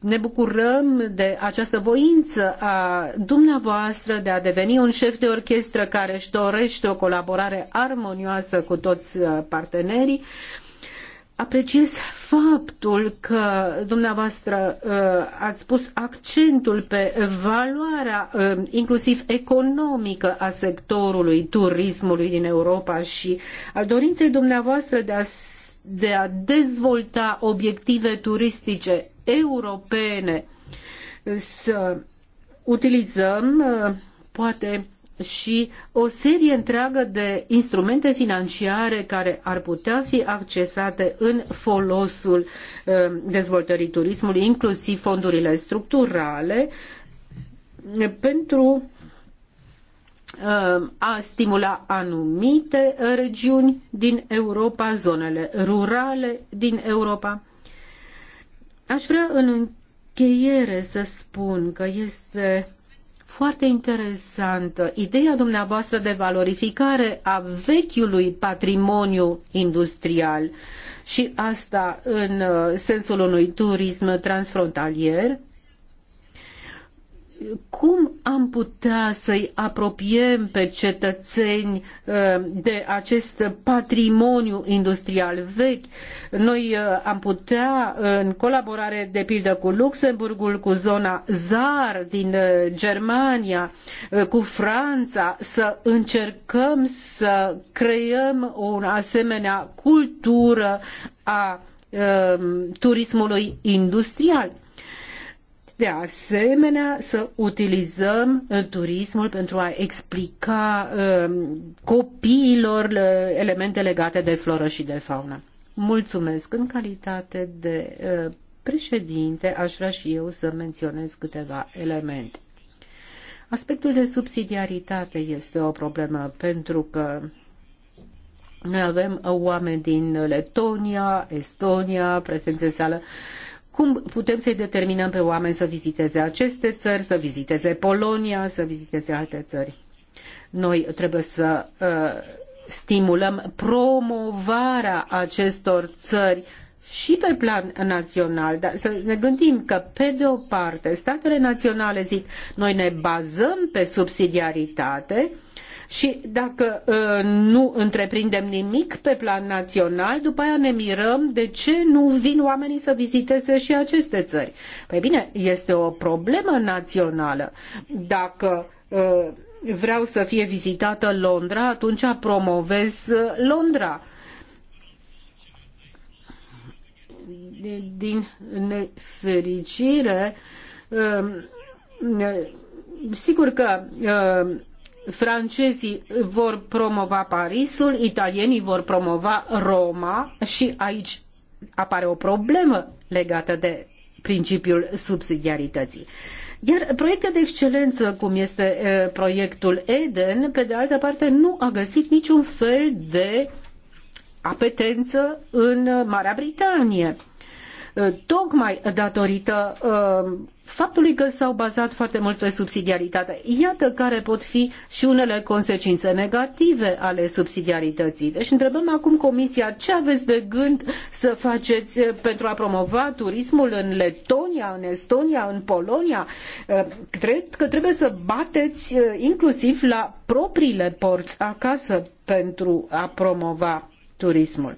ne bucurăm de această voință a dumneavoastră de a deveni un șef de orchestră care își dorește o colaborare armonioasă cu toți uh, partenerii. Apreciez faptul că dumneavoastră uh, ați pus accentul pe valoarea uh, inclusiv economică a sectorului turismului din Europa și al dorinței dumneavoastră de a de a dezvolta obiective turistice europene, să utilizăm poate și o serie întreagă de instrumente financiare care ar putea fi accesate în folosul um, dezvoltării turismului, inclusiv fondurile structurale, pentru um, a stimula anumite regiuni din Europa, zonele rurale din Europa Aș vrea în încheiere să spun că este foarte interesantă ideea dumneavoastră de valorificare a vechiului patrimoniu industrial și asta în uh, sensul unui turism transfrontalier cum am putea să-i apropiem pe cetățeni uh, de acest patrimoniu industrial vechi? Noi uh, am putea, uh, în colaborare de pildă cu Luxemburgul, cu zona ZAR din Germania, cu Franța, să încercăm să creăm o asemenea cultură a turismului industrial de asemenea să utilizăm uh, turismul pentru a explica uh, copiilor uh, elemente legate de floră și de faună. Mulțumesc în calitate de președinte, aș vrea și eu să menționez câteva elemente. Aspectul de subsidiaritate este o problemă pentru că noi avem oameni din Letonia, Estonia, prezențe în sală, cum putem să-i determinăm pe oameni să viziteze aceste țări, să viziteze Polonia, să viziteze alte țări. Noi trebuie să uh, stimulăm promovarea acestor țări și pe plan național, dar să ne gândim că, pe de o parte, statele naționale zic, noi ne bazăm pe subsidiaritate, uh, și dacă uh, nu întreprindem nimic pe plan național, după aia ne mirăm de ce nu vin oamenii să viziteze și aceste țări. Păi bine, este o problemă națională. Dacă uh, vreau să fie vizitată Londra, atunci promovez uh, Londra. Din nefericire, sigur că francezii vor promova Parisul, italienii vor promova Roma și aici apare o problemă legată de principiul subsidiarității. Iar proiecte de excelență, cum este proiectul Eden, pe de altă parte nu a găsit niciun fel de apetență în Marea Britanie. Uh, tocmai datorită uh, faptului că s-au bazat foarte mult pe subsidiaritate. Iată care pot fi și unele consecințe negative ale subsidiarității. Deci întrebăm acum Comisia ce aveți de gând să faceți uh, pentru a promova turismul în Letonia, în Estonia, în Polonia. Cred că trebuie să bateți inclusiv la propriile porți acasă pentru a promova turismul.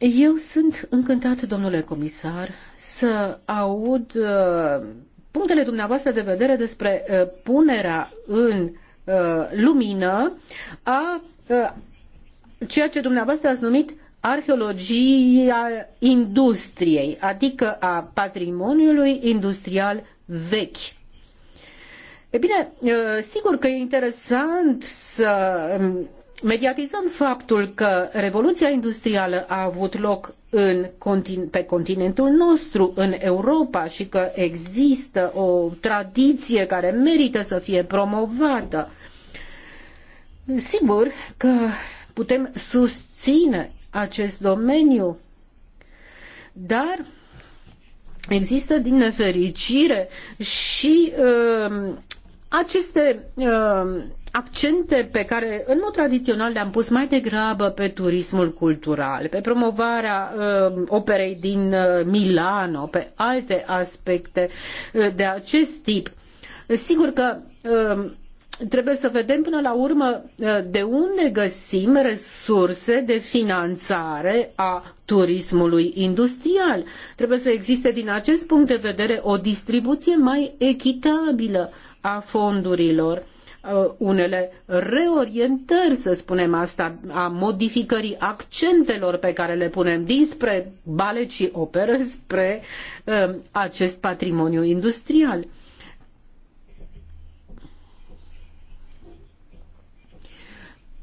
Eu sunt încântat, domnule comisar, să aud uh, punctele dumneavoastră de vedere despre uh, punerea în uh, lumină a ceea ce dumneavoastră ați numit arheologia industriei, adică a patrimoniului industrial vechi. E bine, sigur că e interesant să um, mediatizând faptul că revoluția industrială a avut loc în, pe continentul nostru, în Europa și că există o tradiție care merită să fie promovată. Sigur că putem susține acest domeniu, dar există din nefericire și uh, aceste uh, accente pe care în mod tradițional le-am pus mai degrabă pe turismul cultural, pe promovarea uh, operei din uh, Milano, pe alte aspecte uh, de acest tip. Sigur că uh, trebuie să vedem până la urmă uh, de unde găsim resurse de finanțare a turismului industrial. Trebuie să existe din acest punct de vedere o distribuție mai echitabilă a fondurilor Uh, unele reorientări, să spunem asta, a modificării accentelor pe care le punem dinspre balet și operă spre uh, acest patrimoniu industrial.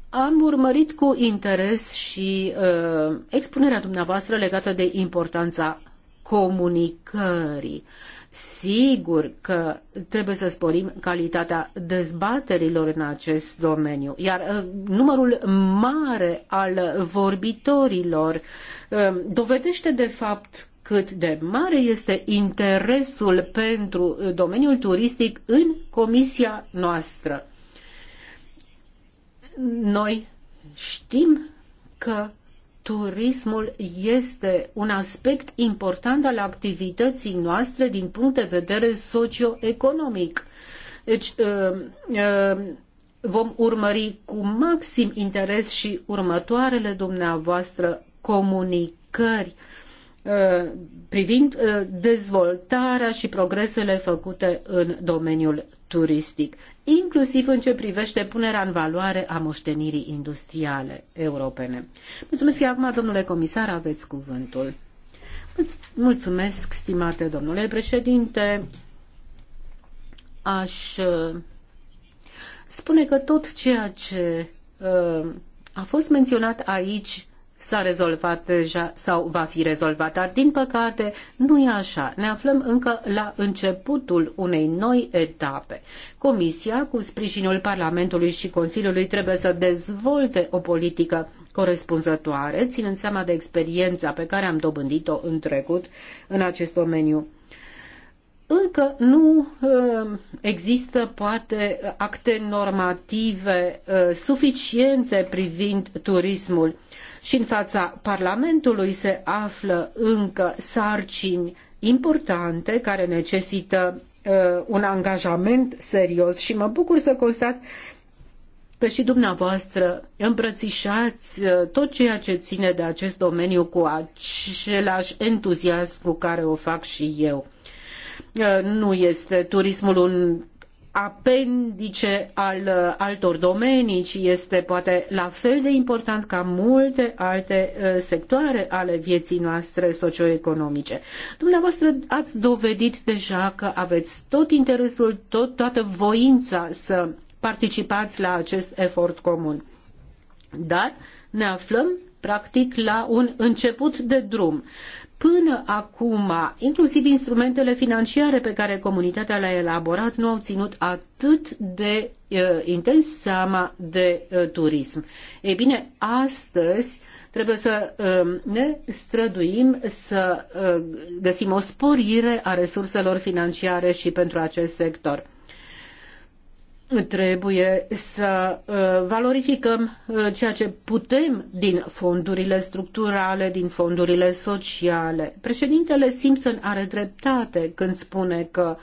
Am urmărit cu interes și uh, expunerea dumneavoastră legată de importanța comunicării. Uh, Sigur că trebuie să sporim calitatea dezbaterilor în acest domeniu, iar uh, numărul mare al vorbitorilor um, dovedește de fapt cât de mare este interesul pentru uh, domeniul turistic în comisia noastră. Noi știm că turismul este un aspect important al activității noastre din punct de vedere socioeconomic. Deci ă, ă, vom urmări cu maxim interes și următoarele dumneavoastră comunicări ă, privind dezvoltarea și progresele făcute în domeniul turistic inclusiv în ce privește punerea în valoare a moștenirii industriale europene. Mulțumesc și acum, domnule comisar, aveți cuvântul. Mulțumesc, stimate domnule președinte. Aș uh, spune că tot ceea ce uh, a fost menționat aici s-a rezolvat deja sau va fi rezolvat, dar din păcate nu e așa. Ne aflăm încă la începutul unei noi etape. Comisia, cu sprijinul Parlamentului și Consiliului, trebuie să dezvolte o politică corespunzătoare, ținând seama de experiența pe care am dobândit-o în trecut în acest domeniu încă nu uh, există poate acte normative uh, suficiente privind turismul și în fața Parlamentului se află încă sarcini importante care necesită uh, un angajament serios și mă bucur să constat că și dumneavoastră îmbrățișați tot ceea ce ține de acest domeniu cu același entuziasm cu care o fac și eu. Uh, nu este turismul un apendice al uh, altor domenii, ci este poate la fel de important ca multe alte uh, sectoare ale vieții noastre socioeconomice. Dumneavoastră ați dovedit deja că aveți tot interesul, tot, toată voința să participați la acest efort comun. Dar ne aflăm practic la un început de drum. Până acum, inclusiv instrumentele financiare pe care comunitatea le-a elaborat nu au ținut atât de uh, intens seama de uh, turism. Ei bine, astăzi trebuie să uh, ne străduim să uh, găsim o sporire a resurselor financiare și pentru acest sector trebuie să uh, valorificăm uh, ceea ce putem din fondurile structurale, din fondurile sociale. Președintele Simpson are dreptate când spune că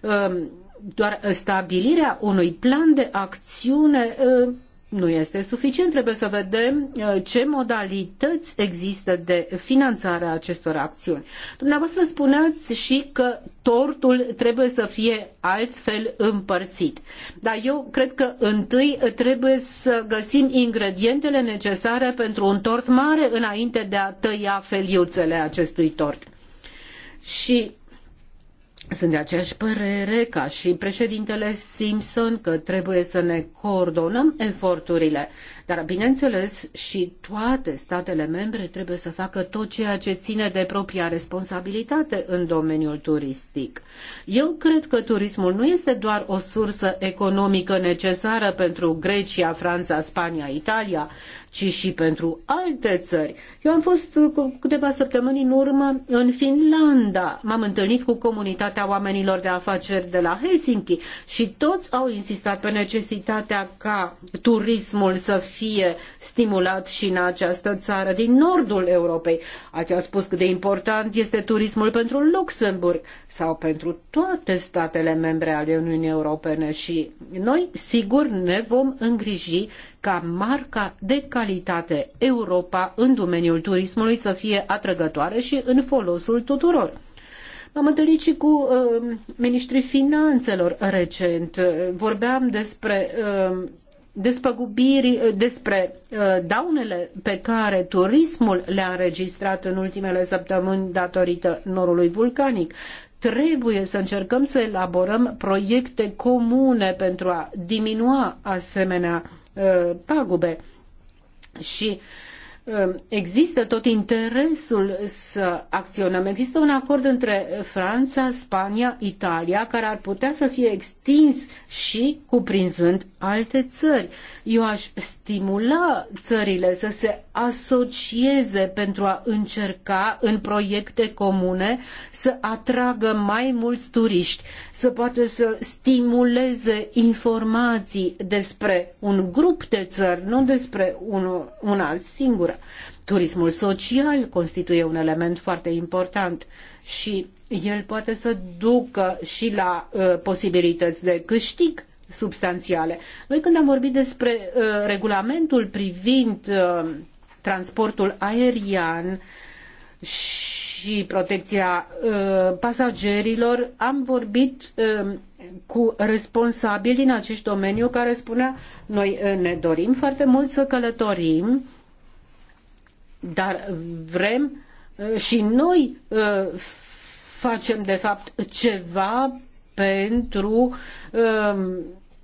um, doar stabilirea unui plan de acțiune uh, nu este suficient. Trebuie să vedem uh, ce modalități există de finanțare a acestor acțiuni. Dumneavoastră spuneați și că tortul trebuie să fie altfel împărțit. Dar eu cred că întâi trebuie să găsim ingredientele necesare pentru un tort mare înainte de a tăia feliuțele acestui tort. Și sunt de aceeași părere ca și președintele Simpson că trebuie să ne coordonăm eforturile, dar bineînțeles și toate statele membre trebuie să facă tot ceea ce ține de propria responsabilitate în domeniul turistic. Eu cred că turismul nu este doar o sursă economică necesară pentru Grecia, Franța, Spania, Italia, ci și pentru alte țări. Eu am fost uh, cu câteva săptămâni în urmă în Finlanda. M-am întâlnit cu comunitatea oamenilor de afaceri de la Helsinki și toți au insistat pe necesitatea ca turismul să fie stimulat și în această țară din nordul Europei. Ați spus cât de important este turismul pentru Luxemburg sau pentru toate statele membre ale Uniunii Europene și noi, sigur, ne vom îngriji ca marca de calitate Europa în domeniul turismului să fie atrăgătoare și în folosul tuturor. M-am întâlnit și cu uh, ministrii finanțelor recent. Vorbeam despre uh, despăgubiri, uh, despre uh, daunele pe care turismul le-a înregistrat în ultimele săptămâni datorită norului vulcanic. Trebuie să încercăm să elaborăm proiecte comune pentru a diminua asemenea Uh, pagube. Și uh, există tot interesul să acționăm. Există un acord între Franța, Spania, Italia, care ar putea să fie extins și cuprinzând alte țări. Eu aș stimula țările să se asocieze pentru a încerca în proiecte comune să atragă mai mulți turiști, să poată să stimuleze informații despre un grup de țări, nu despre una singură. Turismul social constituie un element foarte important și el poate să ducă și la uh, posibilități de câștig substanțiale. Noi când am vorbit despre uh, regulamentul privind uh, transportul aerian și protecția uh, pasagerilor, am vorbit uh, cu responsabili din acest domeniu care spunea noi uh, ne dorim foarte mult să călătorim, dar vrem uh, și noi uh, facem de fapt ceva pentru uh,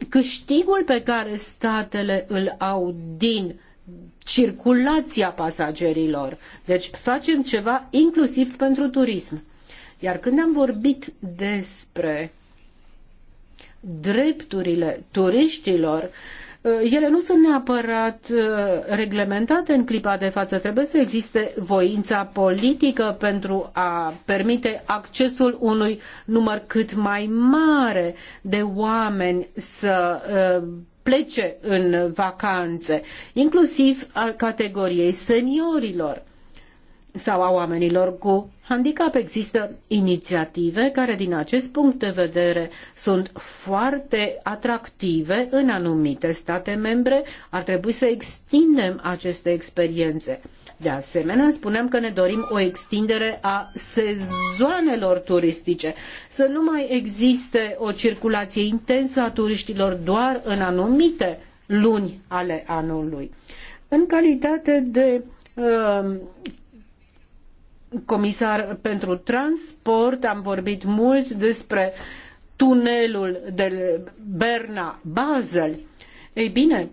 câștigul pe care statele îl au din circulația pasagerilor. Deci facem ceva inclusiv pentru turism. Iar când am vorbit despre drepturile turiștilor, eh, ele nu sunt neapărat eh, reglementate în clipa de față. Trebuie să existe voința politică pentru a permite accesul unui număr cât mai mare de oameni să eh, plece în vacanțe, inclusiv al categoriei seniorilor sau a oamenilor cu handicap. Există inițiative care, din acest punct de vedere, sunt foarte atractive în anumite state membre. Ar trebui să extindem aceste experiențe. De asemenea, spuneam că ne dorim o extindere a sezoanelor turistice, să nu mai existe o circulație intensă a turiștilor doar în anumite luni ale anului. În calitate de uh, comisar pentru transport, am vorbit mult despre tunelul de Berna Basel. Ei bine,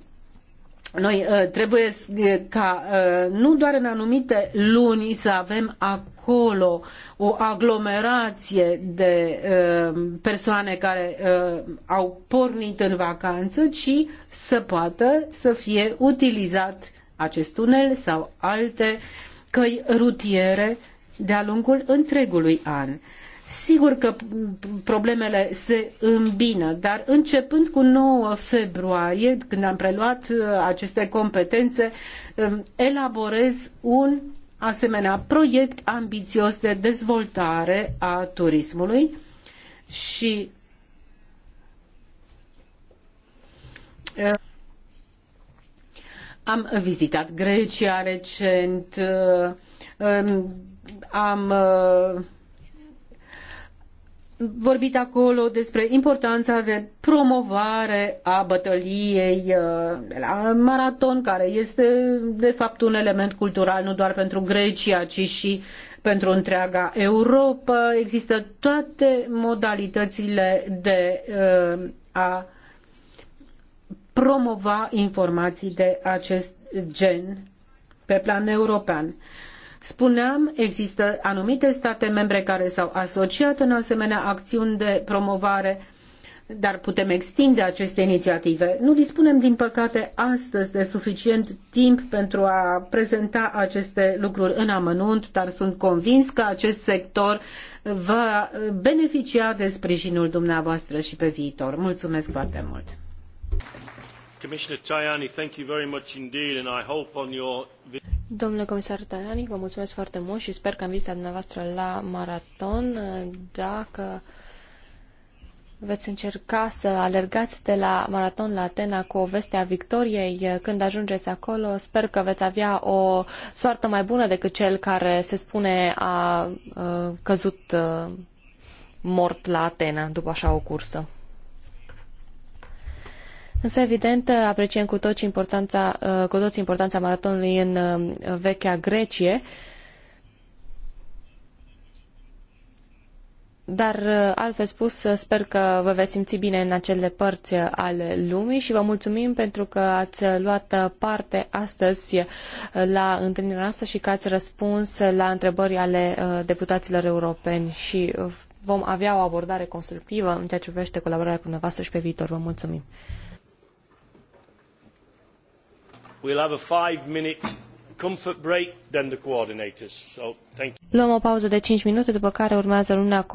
noi uh, trebuie uh, ca uh, nu doar în anumite luni să avem acolo o aglomerație de persoane care au pornit în vacanță, ci să poată să fie utilizat acest tunel sau alte uh, căi rutiere de-a lungul întregului an. Sigur că problemele se îmbină, dar începând cu 9 februarie, când am preluat uh, aceste competențe, um, elaborez un asemenea proiect ambițios de dezvoltare a turismului și uh, am vizitat Grecia recent, uh, um, am uh, vorbit acolo despre importanța de promovare a bătăliei uh, la maraton, care este de fapt un element cultural nu doar pentru Grecia, ci și pentru întreaga Europa. Există toate modalitățile de a promova informații de acest gen pe plan european. Spuneam, există anumite state membre care s-au asociat în asemenea acțiuni de promovare, dar putem extinde aceste inițiative. Nu dispunem, din păcate, astăzi de suficient timp pentru a prezenta aceste lucruri în amănunt, dar sunt convins că acest sector va beneficia de sprijinul dumneavoastră și pe viitor. Mulțumesc foarte mult! Domnule comisar Tajani, vă mulțumesc foarte mult și sper că în vizita dumneavoastră la maraton, dacă veți încerca să alergați de la maraton la Atena cu o veste a victoriei când ajungeți acolo. Sper că veți avea o soartă mai bună decât cel care se spune a, uh, căzut uh, mort la Atena după așa o cursă. Însă, evident, apreciem cu toți importanța, uh, cu toți importanța maratonului în uh, vechea Grecie, dar uh, altfel spus, sper că vă veți simți bine în acele părți ale lumii și vă mulțumim pentru că ați luat parte astăzi la întâlnirea noastră și că ați răspuns la întrebări ale deputaților europeni și vom avea o abordare constructivă în ceea ce privește colaborarea cu dumneavoastră și pe viitor. Vă mulțumim! We'll have a five minute comfort break, then the coordinators. Luăm o pauză de cinci minute, după care urmează luna